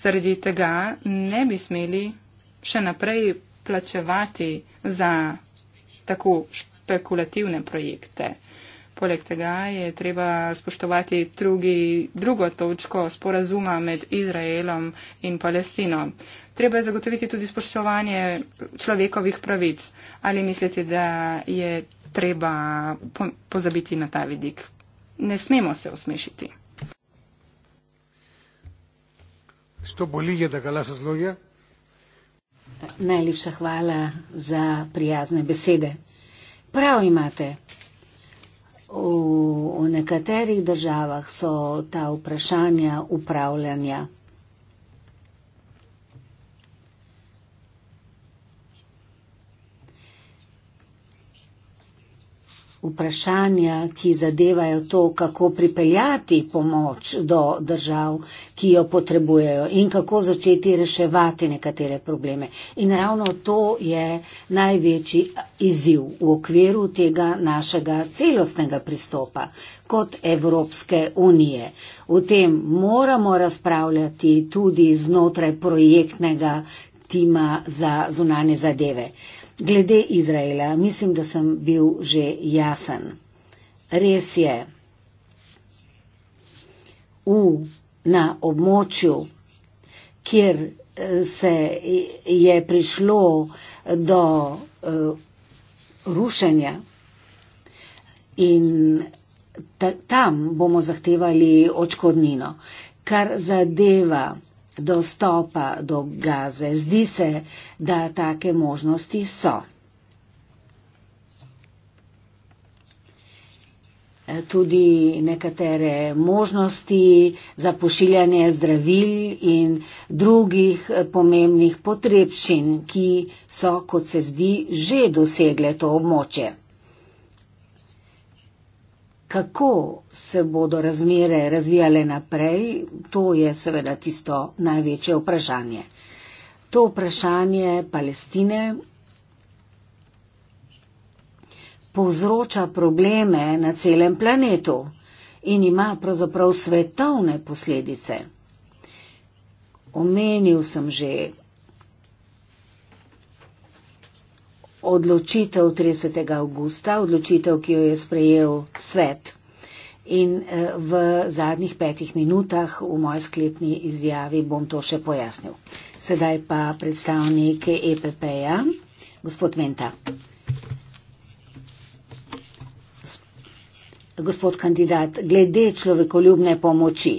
Zaradi tega ne bi smeli še naprej plačevati za tako špekulativne projekte. Poleg tega je treba spoštovati drugi, drugo točko sporazuma med Izraelom in Palestino. Treba je zagotoviti tudi spoštovanje človekovih pravic. Ali mislite, da je treba pozabiti na ta vidik? Ne smemo se osmešiti. To boli, da ga lasa zloge. Najlepša hvala za prijazne besede. Prav imate v, v nekaterih državah so ta vprašanja upravljanja vprašanja, ki zadevajo to, kako pripeljati pomoč do držav, ki jo potrebujejo in kako začeti reševati nekatere probleme. In ravno to je največji izziv v okviru tega našega celostnega pristopa kot Evropske unije. O tem moramo razpravljati tudi znotraj projektnega tima za zunanje zadeve. Glede Izraela mislim, da sem bil že jasen. Res je, U, na območju, kjer eh, se eh, je prišlo eh, do uh, rušenja in ta, tam bomo zahtevali očkodnino. Kar zadeva dostopa do gaze. Zdi se, da take možnosti so. Tudi nekatere možnosti za pošiljanje zdravil in drugih pomembnih potrebšin, ki so, kot se zdi, že dosegle to območje kako se bodo razmere razvijale naprej, to je seveda tisto največje vprašanje. To vprašanje Palestine povzroča probleme na celem planetu in ima pravzaprav svetovne posledice. Omenil sem že odločitev 30. augusta, odločitev, ki jo je sprejel svet. In eh, v zadnjih petih minutah v moji sklepni izjavi bom to še pojasnil. Sedaj pa predstavnik EPP-ja, gospod Venta. Gospod kandidat, glede človekoljubne pomoči,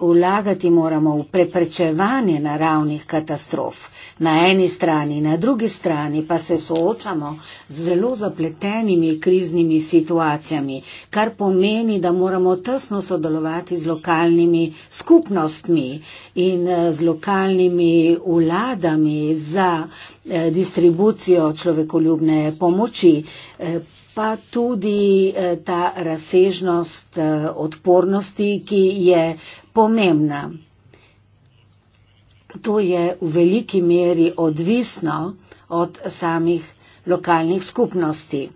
vlagati moramo v preprečevanje naravnih katastrof. Na eni strani, na drugi strani pa se soočamo z zelo zapletenimi kriznimi situacijami, kar pomeni, da moramo tesno sodelovati z lokalnimi skupnostmi in eh, z lokalnimi vladami za eh, distribucijo človekoljubne pomoči. Eh, pa tudi eh, ta razsežnost eh, odpornosti, ki je pomembna. To je v veliki meri odvisno od samih lokalnih skupnosti.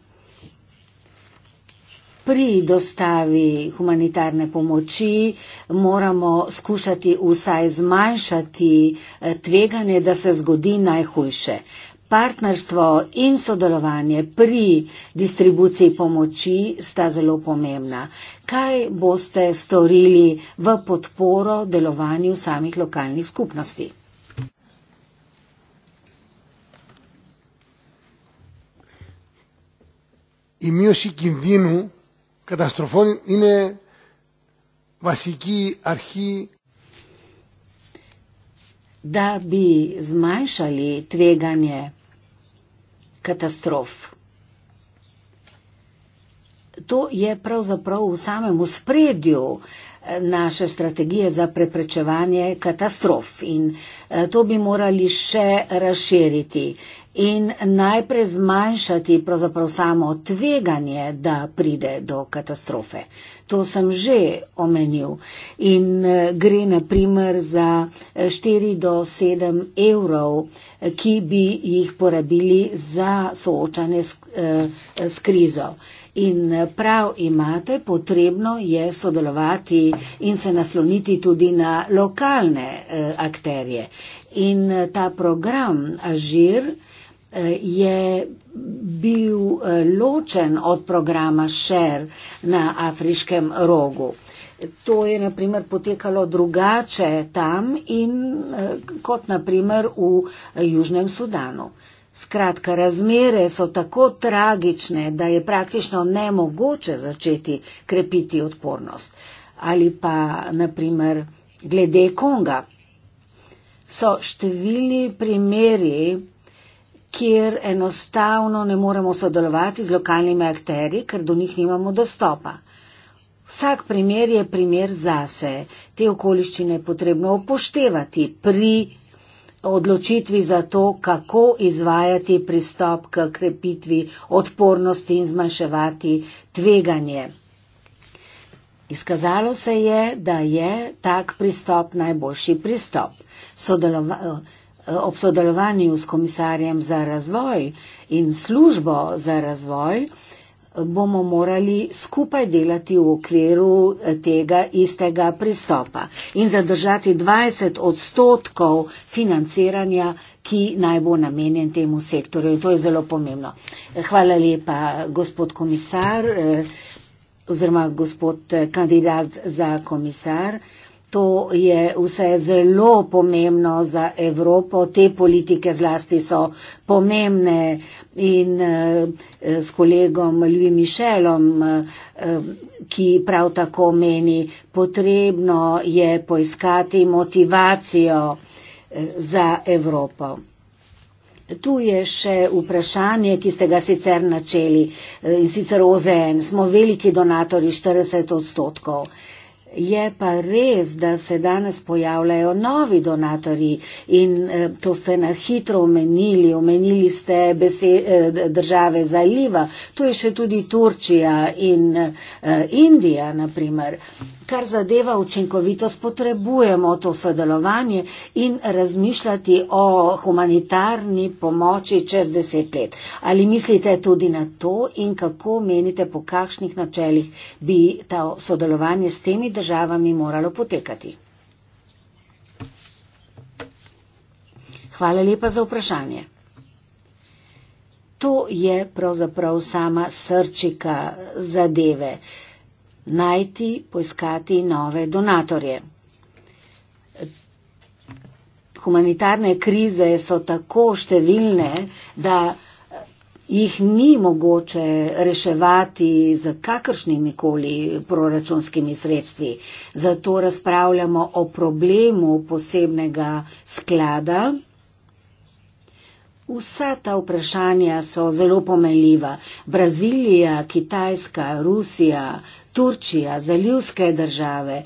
Pri dostavi humanitarne pomoči moramo skušati vsaj zmanjšati eh, tveganje, da se zgodi najhujše. Partnerstvo in sodelovanje pri distribuciji pomoči sta zelo pomembna. Kaj boste storili v podporo delovanju samih lokalnih skupnosti? Η μείωση κινδύνου καταστροφών είναι βασική αρχή. Da bi zmanjšali tveganje katastrof. To je pravzaprav v samem spredju eh, naše strategije za preprečevanje katastrof in eh, to bi morali še razširiti in najprej zmanjšati pravzaprav samo tveganje, da pride do katastrofe. To sem že omenil in eh, gre naprimer za 4 eh, do 7 evrov, eh, ki bi jih porabili za soočanje s, s krizo. In prav imate, potrebno je sodelovati in se nasloniti tudi na lokalne akterje. In ta program Azir, Eh, je bil eh, ločen od programa Šer na afriškem rogu. To je naprimer potekalo drugače tam in eh, kot naprimer v Južnem Sudanu. Skratka, razmere so tako tragične, da je praktično nemogoče začeti krepiti odpornost. Ali pa naprimer glede Konga. So številni primeri, kjer enostavno ne moremo sodelovati z lokalnimi akteri, ker do njih nimamo dostopa. Vsak primer je primer zase. Te okoliščine je potrebno upoštevati pri odločitvi za to, kako izvajati pristop k krepitvi odpornosti in zmanjševati tveganje. Izkazalo se je, da je tak pristop najboljši pristop. Sodelova ob sodelovanju s komisarjem za razvoj in službo za razvoj bomo morali skupaj delati v okviru tega istega pristopa in zadržati 20 odstotkov financiranja, ki naj bo namenjen temu sektorju. To je zelo pomembno. Hvala lepa, gospod komisar eh, oziroma gospod eh, kandidat za komisar. To je vse zelo pomembno za Evropo, te politike zlasti so pomembne in eh, s kolegom Louis Michelom, eh, ki prav tako meni, potrebno je poiskati motivacijo eh, za Evropo. Tu je še vprašanje, ki ste ga sicer načeli eh, in sicer OZN. Smo veliki donatori, 40 odstotkov. Eh, Je pa res, da se danes pojavljajo novi donatori in eh, to ste na hitro omenili. Omenili ste besed, eh, države zaliva, tu je še tudi Turčija in eh, Indija, naprimer kar zadeva učinkovitost, potrebujemo to sodelovanje in razmišljati o humanitarni pomoči čez deset let. Ali mislite tudi na to in kako menite, po kakšnih načelih bi ta sodelovanje s temi državami moralo potekati? Hvala lepa za vprašanje. To je pravzaprav sama srčika zadeve. Uh, najti, poiskati nove donatorje. Humanitarne krize so tako številne, da jih ni mogoče reševati z kakršnimi koli proračunskimi sredstvi. Zato razpravljamo o problemu posebnega sklada Vsa ta vprašanja so zelo pomenljiva. Brazilija, Kitajska, Rusija, Turčija, zalivske države,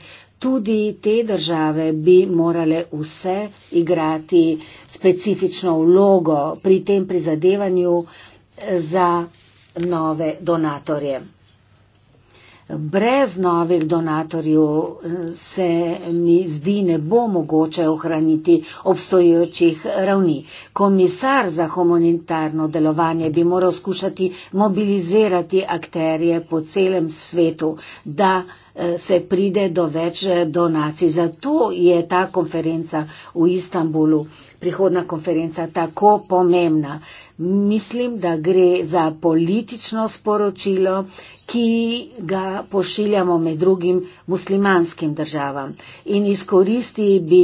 tudi te države bi morale vse igrati specifično vlogo pri tem prizadevanju za nove donatorje brez novih donatorjev eh, se mi zdi ne bo mogoče ohraniti obstoječih ravni. Komisar za humanitarno delovanje bi moral skušati mobilizirati akterje po celem svetu, da Eh, se pride do več eh, donacij. Zato je ta konferenca v Istanbulu, prihodna konferenca, tako pomembna. Mislim, da gre za politično sporočilo, ki ga pošiljamo med drugim muslimanskim državam. In izkoristi bi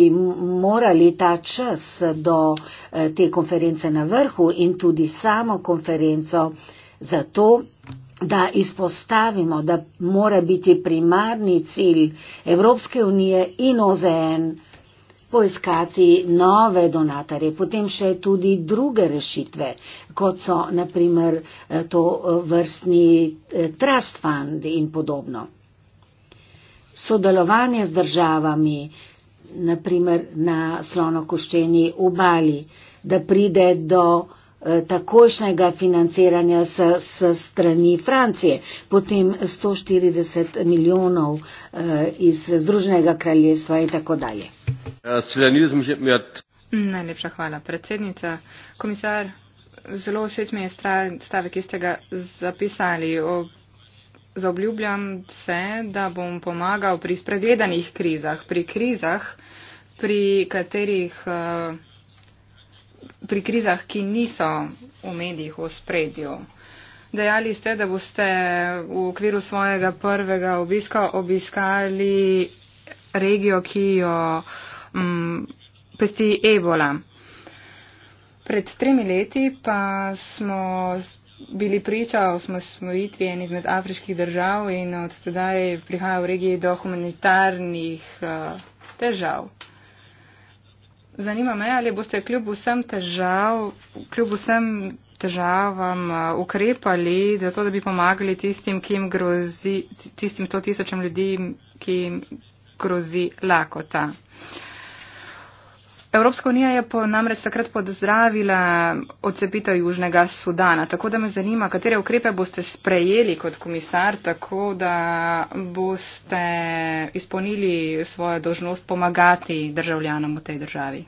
morali ta čas do eh, te konference na vrhu in tudi samo konferenco za to, da izpostavimo, da mora biti primarni cilj Evropske unije in OZN poiskati nove donatare, potem še tudi druge rešitve, kot so naprimer eh, to eh, vrstni eh, trust fund in podobno. Sodelovanje z državami, naprimer na slonokoščeni obali, da pride do Eh, takošnjega financiranja s, s strani Francije, potem 140 milijonov eh, iz Združenega kraljestva in tako dalje. Najlepša hvala, predsednica. Komisar, zelo všeč mi je stavek, ki ste ga zapisali. Zaobljubljam se, da bom pomagal pri spregledanih krizah, pri krizah, pri katerih eh, pri krizah, ki niso v medijih v spredju. Dejali ste, da boste v okviru svojega prvega obiska obiskali regijo, ki jo um, pesti ebola. Pred tremi leti pa smo bili priča o smojitvi en izmed afriških držav in od tedaj prihaja v regiji do humanitarnih uh, težav. Zanima me, ali boste kljub vsem, težav, kljub vsem težavam eh, ukrepali za to, da bi pomagali tistim, ki jim grozi, tistim 100 tisočem ljudi, ki jim grozi lakota. Uh, Evropska unija je po, namreč takrat podzdravila odcepitev Južnega Sudana, tako da me zanima, katere ukrepe boste sprejeli kot komisar, tako da boste izpolnili svojo dožnost pomagati državljanom v tej državi.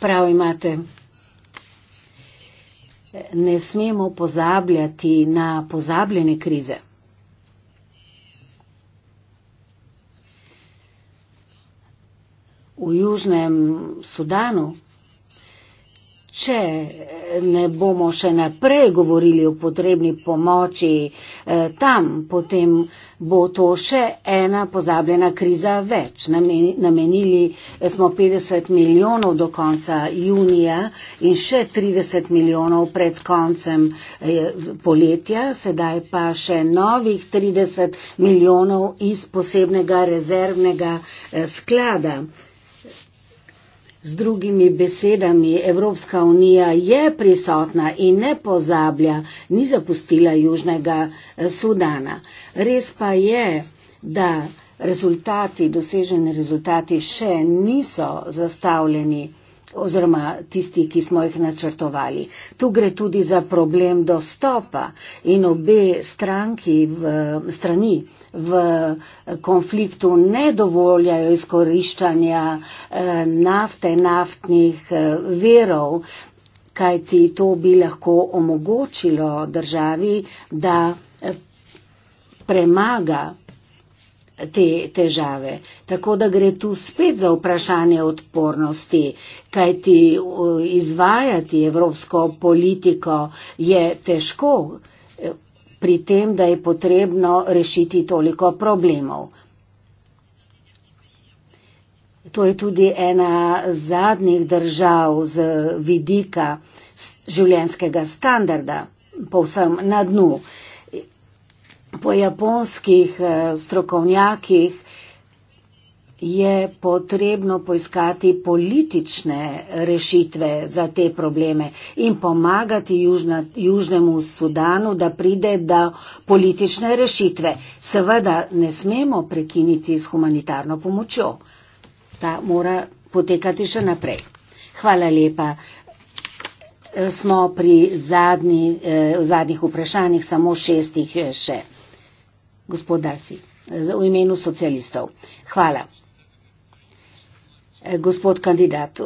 Prav imate. Ne smemo pozabljati na pozabljene krize. v Južnem Sudanu. Če ne bomo še naprej govorili o potrebni pomoči eh, tam, potem bo to še ena pozabljena kriza več. Namenili eh, smo 50 milijonov do konca junija in še 30 milijonov pred koncem eh, poletja, sedaj pa še novih 30 milijonov iz posebnega rezervnega eh, sklada. Eh, Z drugimi besedami, Evropska unija je prisotna in ne pozablja, ni zapustila Južnega eh, Sudana. Res pa je, da rezultati, doseženi rezultati še niso zastavljeni oziroma tisti, ki smo jih načrtovali. Tu gre tudi za problem dostopa in obe stranki v strani v konfliktu ne dovoljajo izkoriščanja eh, nafte, naftnih eh, verov, kajti to bi lahko omogočilo državi, da eh, premaga te težave. Tako da gre tu spet za vprašanje odpornosti, kajti izvajati evropsko politiko je težko pri tem, da je potrebno rešiti toliko problemov. To je tudi ena zadnjih držav z vidika življenskega standarda, povsem na dnu. Po japonskih eh, strokovnjakih je potrebno poiskati politične rešitve za te probleme in pomagati južna, Južnemu Sudanu, da pride do politične rešitve. Seveda ne smemo prekiniti s humanitarno pomočjo. Ta mora potekati še naprej. Hvala lepa. Eh, smo pri zadnji, eh, zadnjih vprašanjih, samo šestih eh, še. Gospod Darsi, eh, v imenu socialistov. Hvala. Eh, gospod kandidat,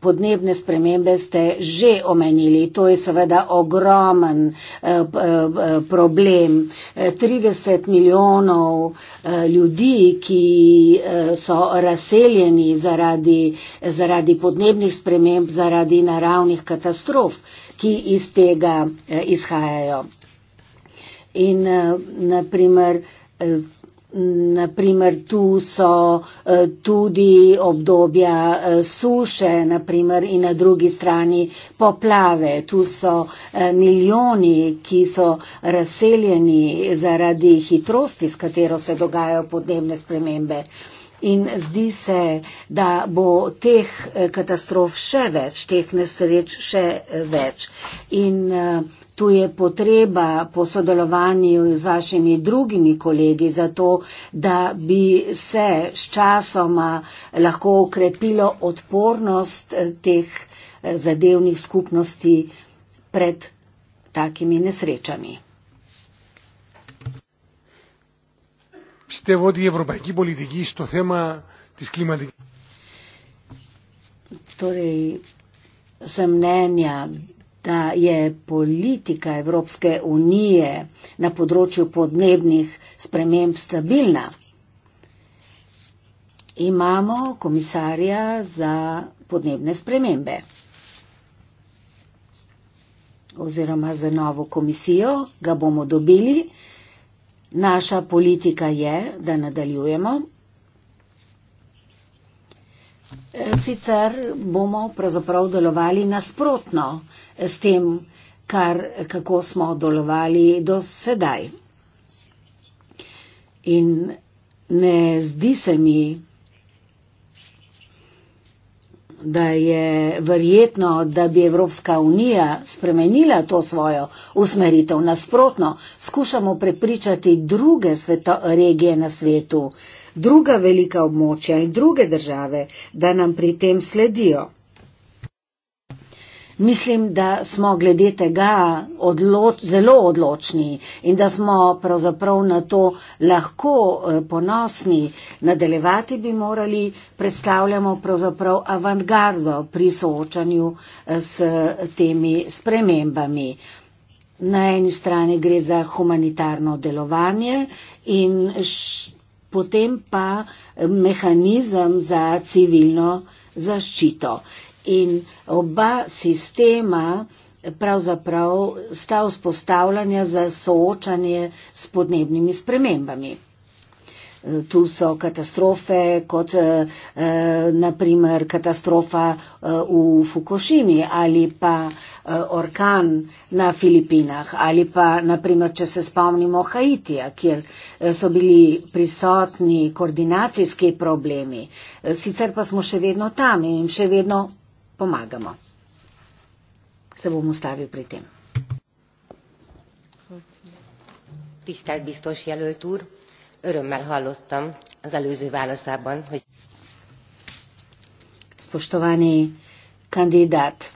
podnebne spremembe ste že omenili, to je seveda ogromen eh, eh, problem. 30 milijonov ljudi, ki so razseljeni zaradi, zaradi podnebnih sprememb, zaradi naravnih katastrof, ki iz tega izhajajo. In, naprimer, Naprimer, tu so eh, tudi obdobja eh, suše naprimer, in na drugi strani poplave. Tu so eh, milijoni, ki so razseljeni zaradi hitrosti, s katero se dogajajo podnebne spremembe in zdi se, da bo teh eh, katastrof še več, teh nesreč še eh, več. In eh, tu je potreba po sodelovanju z vašimi drugimi kolegi za to, da bi se s časoma lahko ukrepilo odpornost teh zadevnih skupnosti pred takimi nesrečami. πιστεύω ότι η ευρωπαϊκή πολιτική στο θέμα της κλιματικής... Τώρα, σε μνένια, da je politika Evropske unije na področju podnebnih sprememb stabilna. Imamo komisarja za podnebne spremembe oziroma za novo komisijo, ga bomo dobili. Naša politika je, da nadaljujemo. E, sicer bomo pravzaprav delovali nasprotno s tem, kar, kako smo delovali do sedaj. In ne zdi se mi, da je verjetno, da bi Evropska unija spremenila to svojo usmeritev. Nasprotno, skušamo prepričati druge sveto, regije na svetu, druga velika območja in druge države, da nam pri tem sledijo. Mislim, da smo glede tega odloč, zelo odločni in da smo pravzaprav na to lahko eh, ponosni. Nadaljevati bi morali, predstavljamo pravzaprav avantgardo pri soočanju eh, s temi spremembami. Na eni strani gre za humanitarno delovanje in š, potem pa eh, mehanizem za civilno zaščito in oba sistema pravzaprav sta vzpostavljanja za soočanje s podnebnimi spremembami. Tu so katastrofe, kot eh, eh, naprimer katastrofa eh, v Fukushimi ali pa orkan na Filipinah ali pa naprimer, če se spomnimo Haitija, kjer so bili prisotni koordinacijski problemi. Sicer pa smo še vedno tam in še vedno pomagamo. Se bom ustavil pri tem. Tisztelt biztos jelölt úr, örömmel hallottam az előző válaszában, hogy... Spostovani kandidát,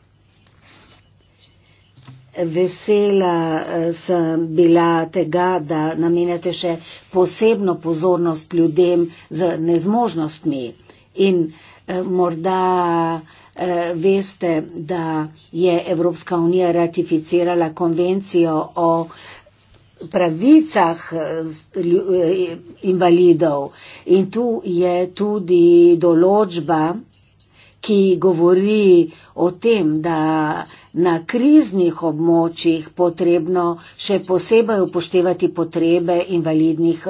vesela eh, sem bila tega, da namenjate še posebno pozornost ljudem z nezmožnostmi in eh, morda Eh, veste, da je Evropska unija ratificirala konvencijo o pravicah eh, eh, invalidov in tu je tudi določba, ki govori o tem, da na kriznih območjih potrebno še posebej upoštevati potrebe invalidnih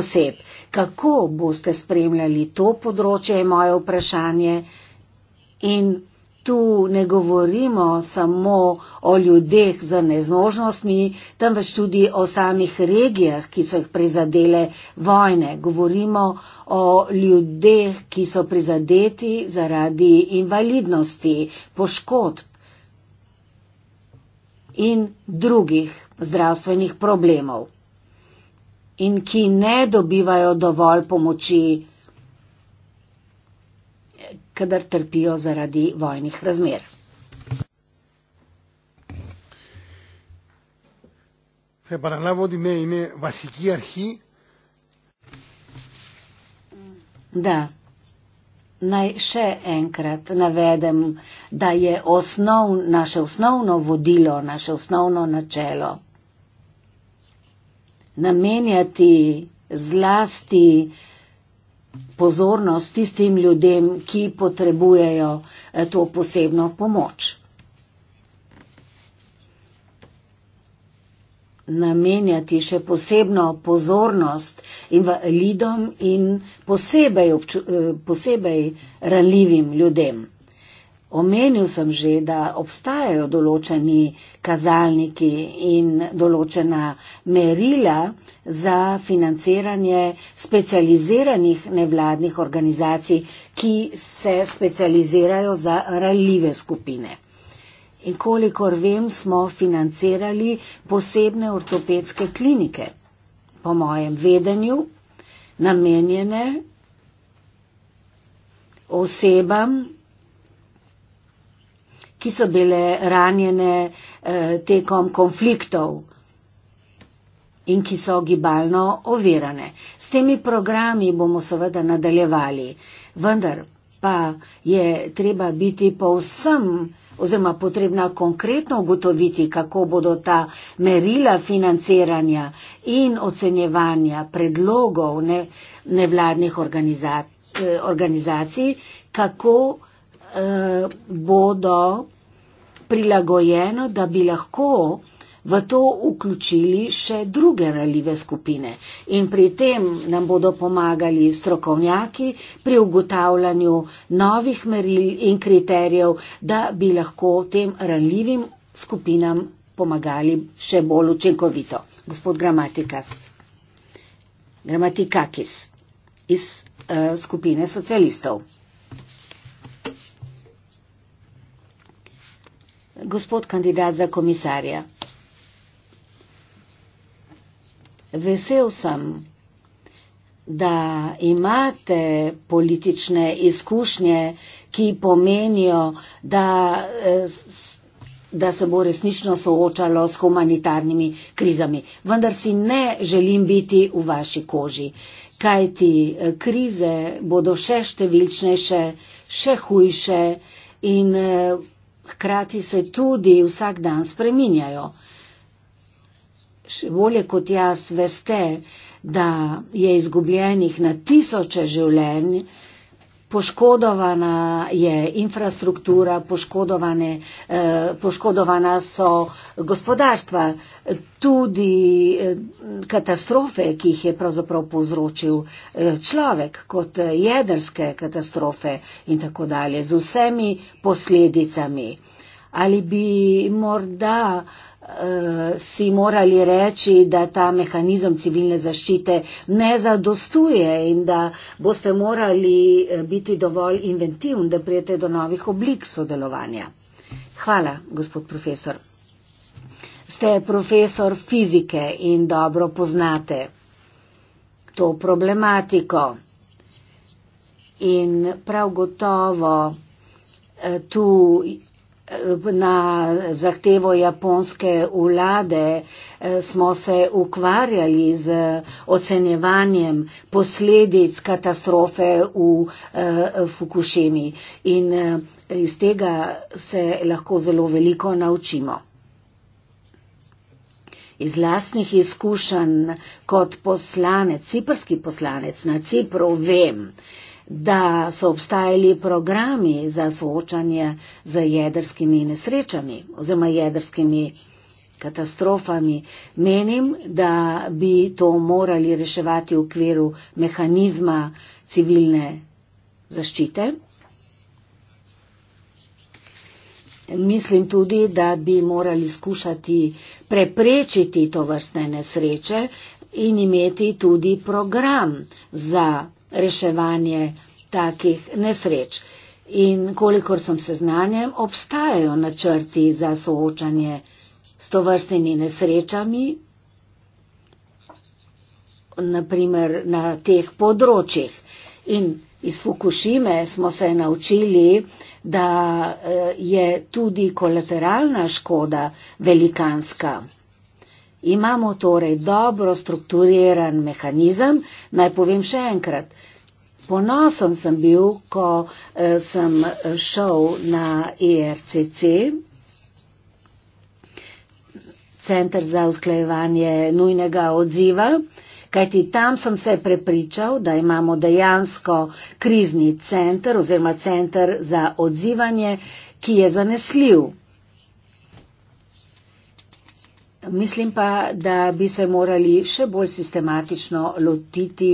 oseb. Kako boste spremljali to področje, je moje vprašanje. In tu ne govorimo samo o ljudeh z neznožnostmi, temveč tudi o samih regijah, ki so jih prizadele vojne. Govorimo o ljudeh, ki so prizadeti zaradi invalidnosti, poškodb in drugih zdravstvenih problemov in ki ne dobivajo dovolj pomoči kadar trpijo zaradi vojnih razmer. Da, naj še enkrat navedem, da je osnov, naše osnovno vodilo, naše osnovno načelo namenjati zlasti uh, pozornost tistim ljudem, ki potrebujejo eh, to posebno pomoč. Namenjati še posebno pozornost in v lidom in posebej, eh, posebej ranljivim ljudem. Omenil sem že, da obstajajo določeni kazalniki in določena merila za financiranje specializiranih nevladnih organizacij, ki se specializirajo za ranljive skupine. In kolikor vem, smo financirali posebne ortopedske klinike, po mojem vedenju, namenjene osebam, ki so bile ranjene eh, tekom konfliktov in ki so gibalno ovirane. S temi programi bomo seveda nadaljevali, vendar pa je treba biti povsem oziroma potrebna konkretno ugotoviti, kako bodo ta merila financiranja in ocenjevanja predlogov ne, nevladnih organizacij, eh, organizacij kako eh, bodo prilagojeno, da bi lahko v to vključili še druge ranljive skupine. In pri tem nam bodo pomagali strokovnjaki pri ugotavljanju novih meril in kriterijev, da bi lahko tem ranljivim skupinam pomagali še bolj učinkovito. Gospod Gramatikas, Gramatikakis iz uh, skupine socialistov. gospod kandidat za komisarja. Vesel sem, da imate politične izkušnje, ki pomenijo, da, eh, da se bo resnično soočalo s humanitarnimi krizami. Vendar si ne želim biti v vaši koži, kajti eh, krize bodo še številčnejše, še hujše in eh, hkrati se tudi vsak dan spreminjajo. Še bolje kot jaz veste, da je izgubljenih na tisoče življenj, Poškodovana je infrastruktura, poškodovane, eh, poškodovana so gospodarstva, tudi eh, katastrofe, ki jih je pravzaprav povzročil eh, človek, kot jedrske katastrofe in tako dalje, z vsemi posledicami. Ali bi morda uh, si morali reči, da ta mehanizem civilne zaščite ne zadostuje in da boste morali eh, biti dovolj inventivni, da prijete do novih oblik sodelovanja. Hvala, gospod profesor. Ste profesor fizike in dobro poznate to problematiko. In prav gotovo eh, tu Eh, na zahtevo japonske vlade eh, smo se ukvarjali z ocenjevanjem posledic katastrofe v eh, Fukushimi in iz tega se lahko zelo veliko naučimo. Iz lastnih izkušenj kot poslanec, ciprski poslanec na Cipru, vem, da so obstajali programi za soočanje z jedrskimi nesrečami oziroma jedrskimi katastrofami. Menim, da bi to morali reševati v okviru mehanizma civilne zaščite. Mislim tudi, da bi morali skušati preprečiti to vrstne nesreče in imeti tudi program za reševanje takih nesreč. In kolikor sem seznanjen, obstajajo načrti za soočanje s to vrstnimi nesrečami, naprimer na teh področjih. In iz Fukushime smo se naučili, da eh, je tudi kolateralna škoda velikanska. Imamo torej dobro strukturiran mehanizem. Naj povem še enkrat. Ponosen sem bil, ko eh, sem eh, šel na ERCC, Center za usklajevanje nujnega odziva, kajti tam sem se prepričal, da imamo dejansko krizni center oziroma center za odzivanje, ki je zanesljiv. Mislim pa, da bi se morali še bolj sistematično lotiti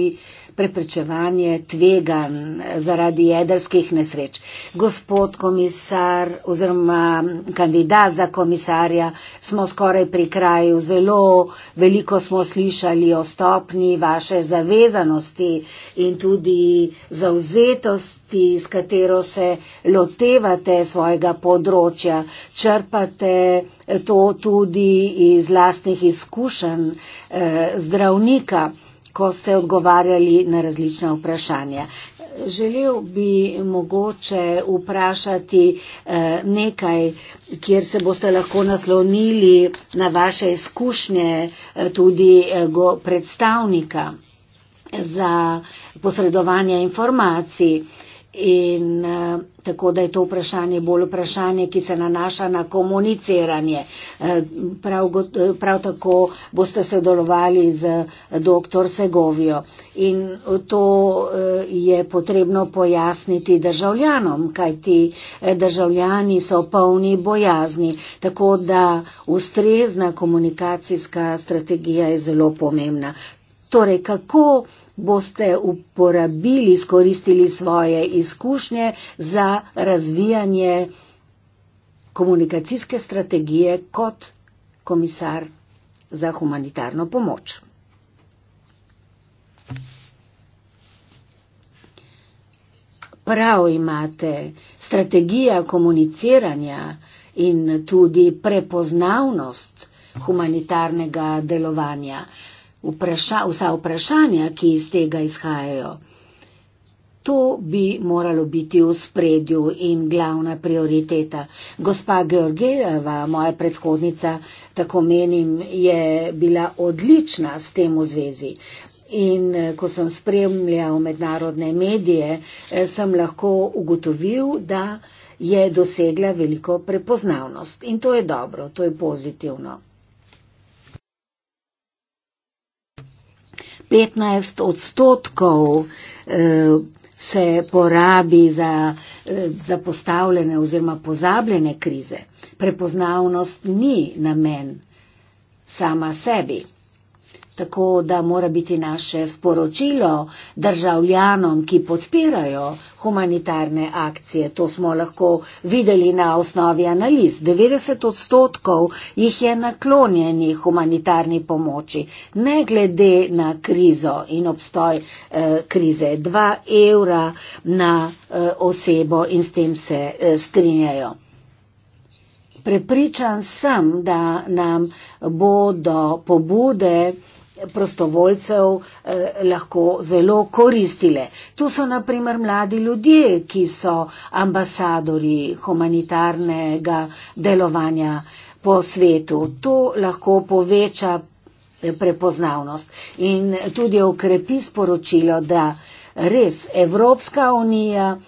preprečevanje tveganj zaradi jedrskih nesreč. Gospod komisar oziroma kandidat za komisarja, smo skoraj pri kraju. Zelo veliko smo slišali o stopni vaše zavezanosti in tudi zauzetosti znanosti, s katero se lotevate svojega področja, črpate to tudi iz lastnih izkušenj eh, zdravnika, ko ste odgovarjali na različna vprašanja. Želel bi mogoče vprašati eh, nekaj, kjer se boste lahko naslonili na vaše izkušnje eh, tudi predstavnika za posredovanje informacij. In eh, tako da je to vprašanje bolj vprašanje, ki se nanaša na komuniciranje. Eh, prav, prav tako boste sodelovali z dr. Segovijo. In to eh, je potrebno pojasniti državljanom, kajti državljani so polni bojazni. Tako da ustrezna komunikacijska strategija je zelo pomembna. Torej, kako boste uporabili, izkoristili svoje izkušnje za razvijanje komunikacijske strategije kot komisar za humanitarno pomoč. Prav imate, strategija komuniciranja in tudi prepoznavnost humanitarnega delovanja vpraša, vsa vprašanja, ki iz tega izhajajo. To bi moralo biti v spredju in glavna prioriteta. Gospa Georgijeva, moja predhodnica, tako menim, je bila odlična s tem v zvezi. In eh, ko sem spremljal mednarodne medije, eh, sem lahko ugotovil, da je dosegla veliko prepoznavnost. In to je dobro, to je pozitivno. 15 odstotkov eh, se porabi za, eh, za postavljene oziroma pozabljene krize. Prepoznavnost ni namen sama sebi. Tako da mora biti naše sporočilo državljanom, ki podpirajo humanitarne akcije, to smo lahko videli na osnovi analiz, 90 odstotkov jih je naklonjeni humanitarni pomoči, ne glede na krizo in obstoj eh, krize, 2 evra na eh, osebo in s tem se eh, strinjajo. Prepričan sem, da nam bodo pobude, prostovoljcev eh, lahko zelo koristile. Tu so naprimer mladi ljudje, ki so ambasadori humanitarnega delovanja po svetu. To lahko poveča prepoznavnost in tudi okrepi sporočilo, da res Evropska unija,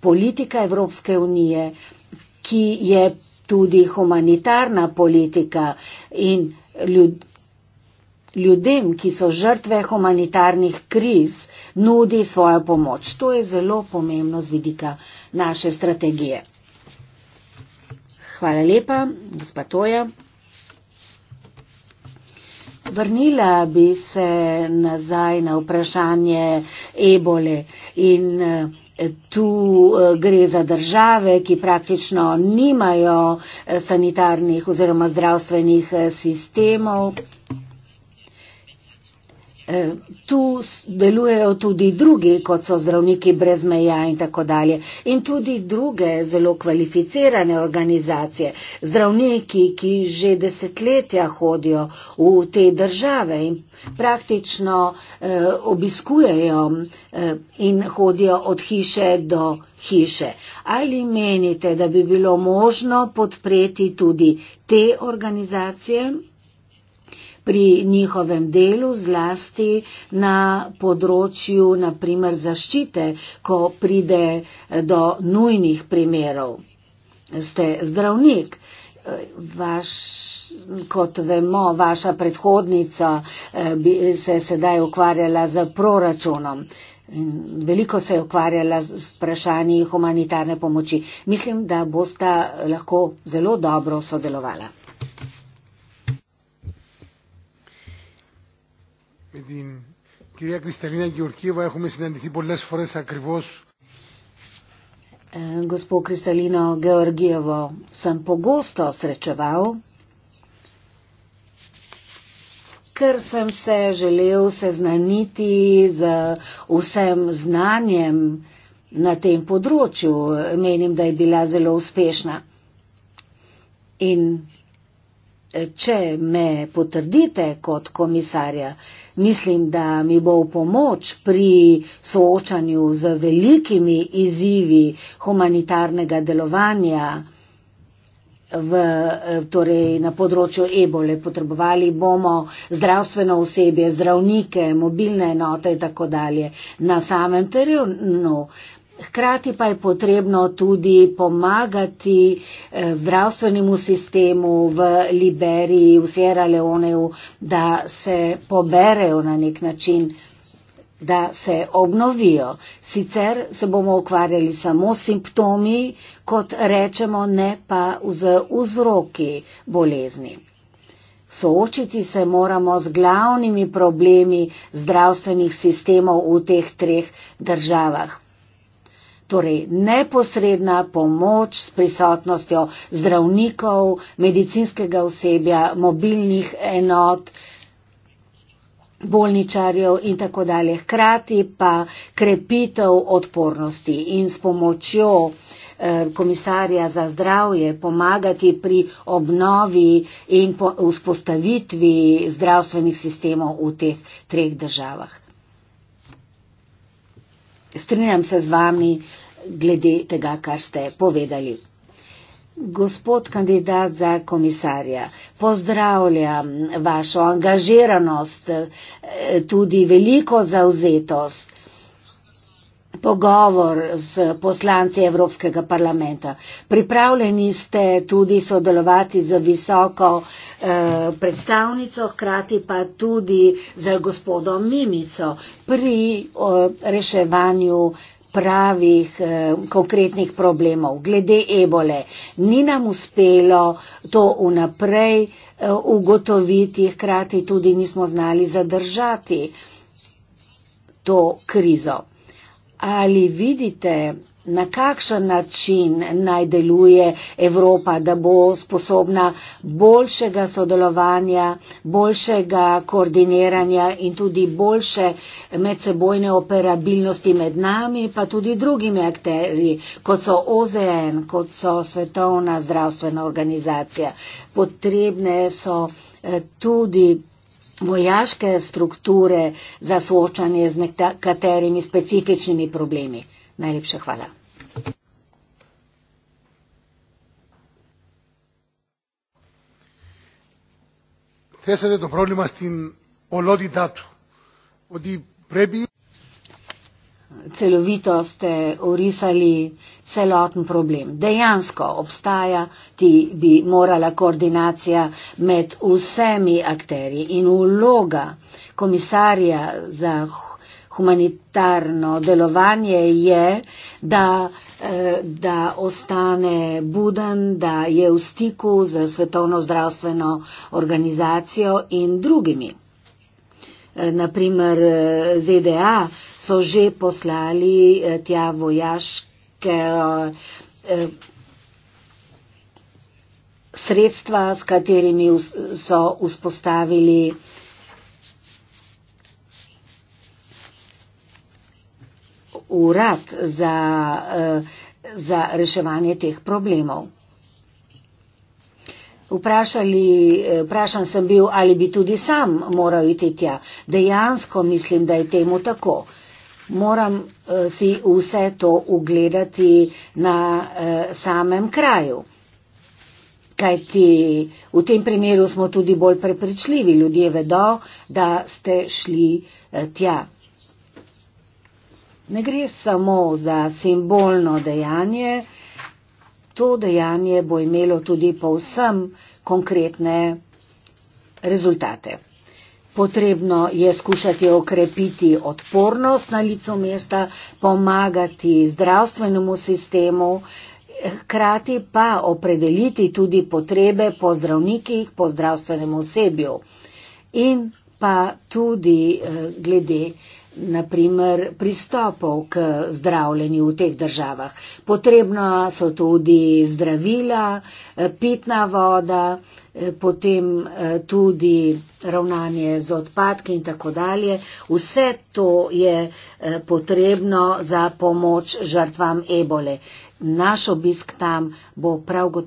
politika Evropske unije, ki je tudi humanitarna politika in ljudje, ljudem, ki so žrtve humanitarnih kriz, nudi svojo pomoč. To je zelo pomembno z vidika naše strategije. Hvala lepa, gospa Toja. Vrnila bi se nazaj na vprašanje ebole in eh, tu eh, gre za države, ki praktično nimajo eh, sanitarnih oziroma zdravstvenih sistemov. E, tu delujejo tudi drugi, kot so zdravniki brez meja in tako dalje. In tudi druge zelo kvalificirane organizacije, zdravniki, ki že desetletja hodijo v te države in praktično eh, obiskujejo eh, in hodijo od hiše do hiše. Ali menite, da bi bilo možno podpreti tudi te organizacije? pri njihovem delu, zlasti na področju naprimer zaščite, ko pride eh, do nujnih primerov. Ste zdravnik. Eh, vaš, kot vemo, vaša predhodnica eh, bi se sedaj ukvarjala z proračunom. Veliko se je ukvarjala z vprašanji humanitarne pomoči. Mislim, da boste lahko zelo dobro sodelovala. Με την κυρία Κρυσταλίνα Γεωργίβα έχουμε συναντηθεί πολλέ φορέ ακριβώ. Gospod Kristalino Georgijevo, sem pogosto srečeval, ker sem se želel seznaniti z vsem znanjem na tem področju. Menim, da je bila zelo uspešna. In Če me potrdite kot komisarja, mislim, da mi bo v pomoč pri soočanju z velikimi izzivi humanitarnega delovanja v, torej na področju ebole. Potrebovali bomo zdravstveno osebje, zdravnike, mobilne enote in tako dalje. Na samem terenu Hkrati pa je potrebno tudi pomagati eh, zdravstvenemu sistemu v Liberiji, v Sierra Leoneju, da se poberejo na nek način, da se obnovijo. Sicer se bomo ukvarjali samo s simptomi, kot rečemo, ne pa z vzroki bolezni. Soočiti se moramo z glavnimi problemi zdravstvenih sistemov v teh treh državah torej neposredna pomoč s prisotnostjo zdravnikov, medicinskega osebja, mobilnih enot bolničarjev in tako dalje. Hkrati pa krepitev odpornosti in s pomočjo eh, komisarja za zdravje pomagati pri obnovi in vzpostavitvi zdravstvenih sistemov v teh treh državah. Strinjam se z vami, glede tega, kar ste povedali. Gospod kandidat za komisarja, pozdravljam vašo angažiranost, eh, tudi veliko zauzetost. Pogovor z poslanci Evropskega parlamenta. Pripravljeni ste tudi sodelovati z visoko eh, predstavnico, hkrati pa tudi z gospodom Mimico pri eh, reševanju eh, pravih, eh, konkretnih problemov. Glede ebole, ni nam uspelo to vnaprej eh, ugotoviti, hkrati tudi nismo znali zadržati to krizo. Ali vidite na kakšen način naj deluje Evropa, da bo sposobna boljšega sodelovanja, boljšega koordiniranja in tudi boljše medsebojne operabilnosti med nami, pa tudi drugimi akteri, kot so OZN, kot so Svetovna zdravstvena organizacija. Potrebne so eh, tudi vojaške strukture za soočanje z nekaterimi specifičnimi problemi. Najlepša hvala. Θέσατε το πρόβλημα στην ολότητά του. Ότι πρέπει... Celovito ste orisali celoten problem. Dejansko obstaja, ti bi morala koordinacija med vsemi akterji in vloga komisarja za humanitarno delovanje je, da, eh, da ostane buden, da je v stiku z svetovno zdravstveno organizacijo in drugimi. Eh, Naprimer, eh, ZDA so že poslali tja vojaške sredstva, s katerimi so vzpostavili urad za, eh, za reševanje teh problemov. Vprašali, eh, vprašan sem bil, ali bi tudi sam moral iti tja. Dejansko mislim, da je temu tako. Moram eh, si vse to ugledati na samem kraju. Kajti v tem primeru smo tudi bolj prepričljivi. Ljudje vedo, da ste šli tja ne gre samo za simbolno dejanje, to dejanje bo imelo tudi povsem konkretne rezultate. Potrebno je skušati okrepiti odpornost na licu mesta, pomagati zdravstvenemu sistemu, hkrati pa opredeliti tudi potrebe po zdravnikih, po zdravstvenem osebju in pa tudi eh, glede naprimer pristopov k zdravljenju v teh državah. Potrebna so tudi zdravila, eh, pitna voda, eh, potem eh, tudi ravnanje z odpadki in tako dalje. Vse to je potrebno za pomoč žrtvam ebole. Naš obisk tam bo prav gotovo.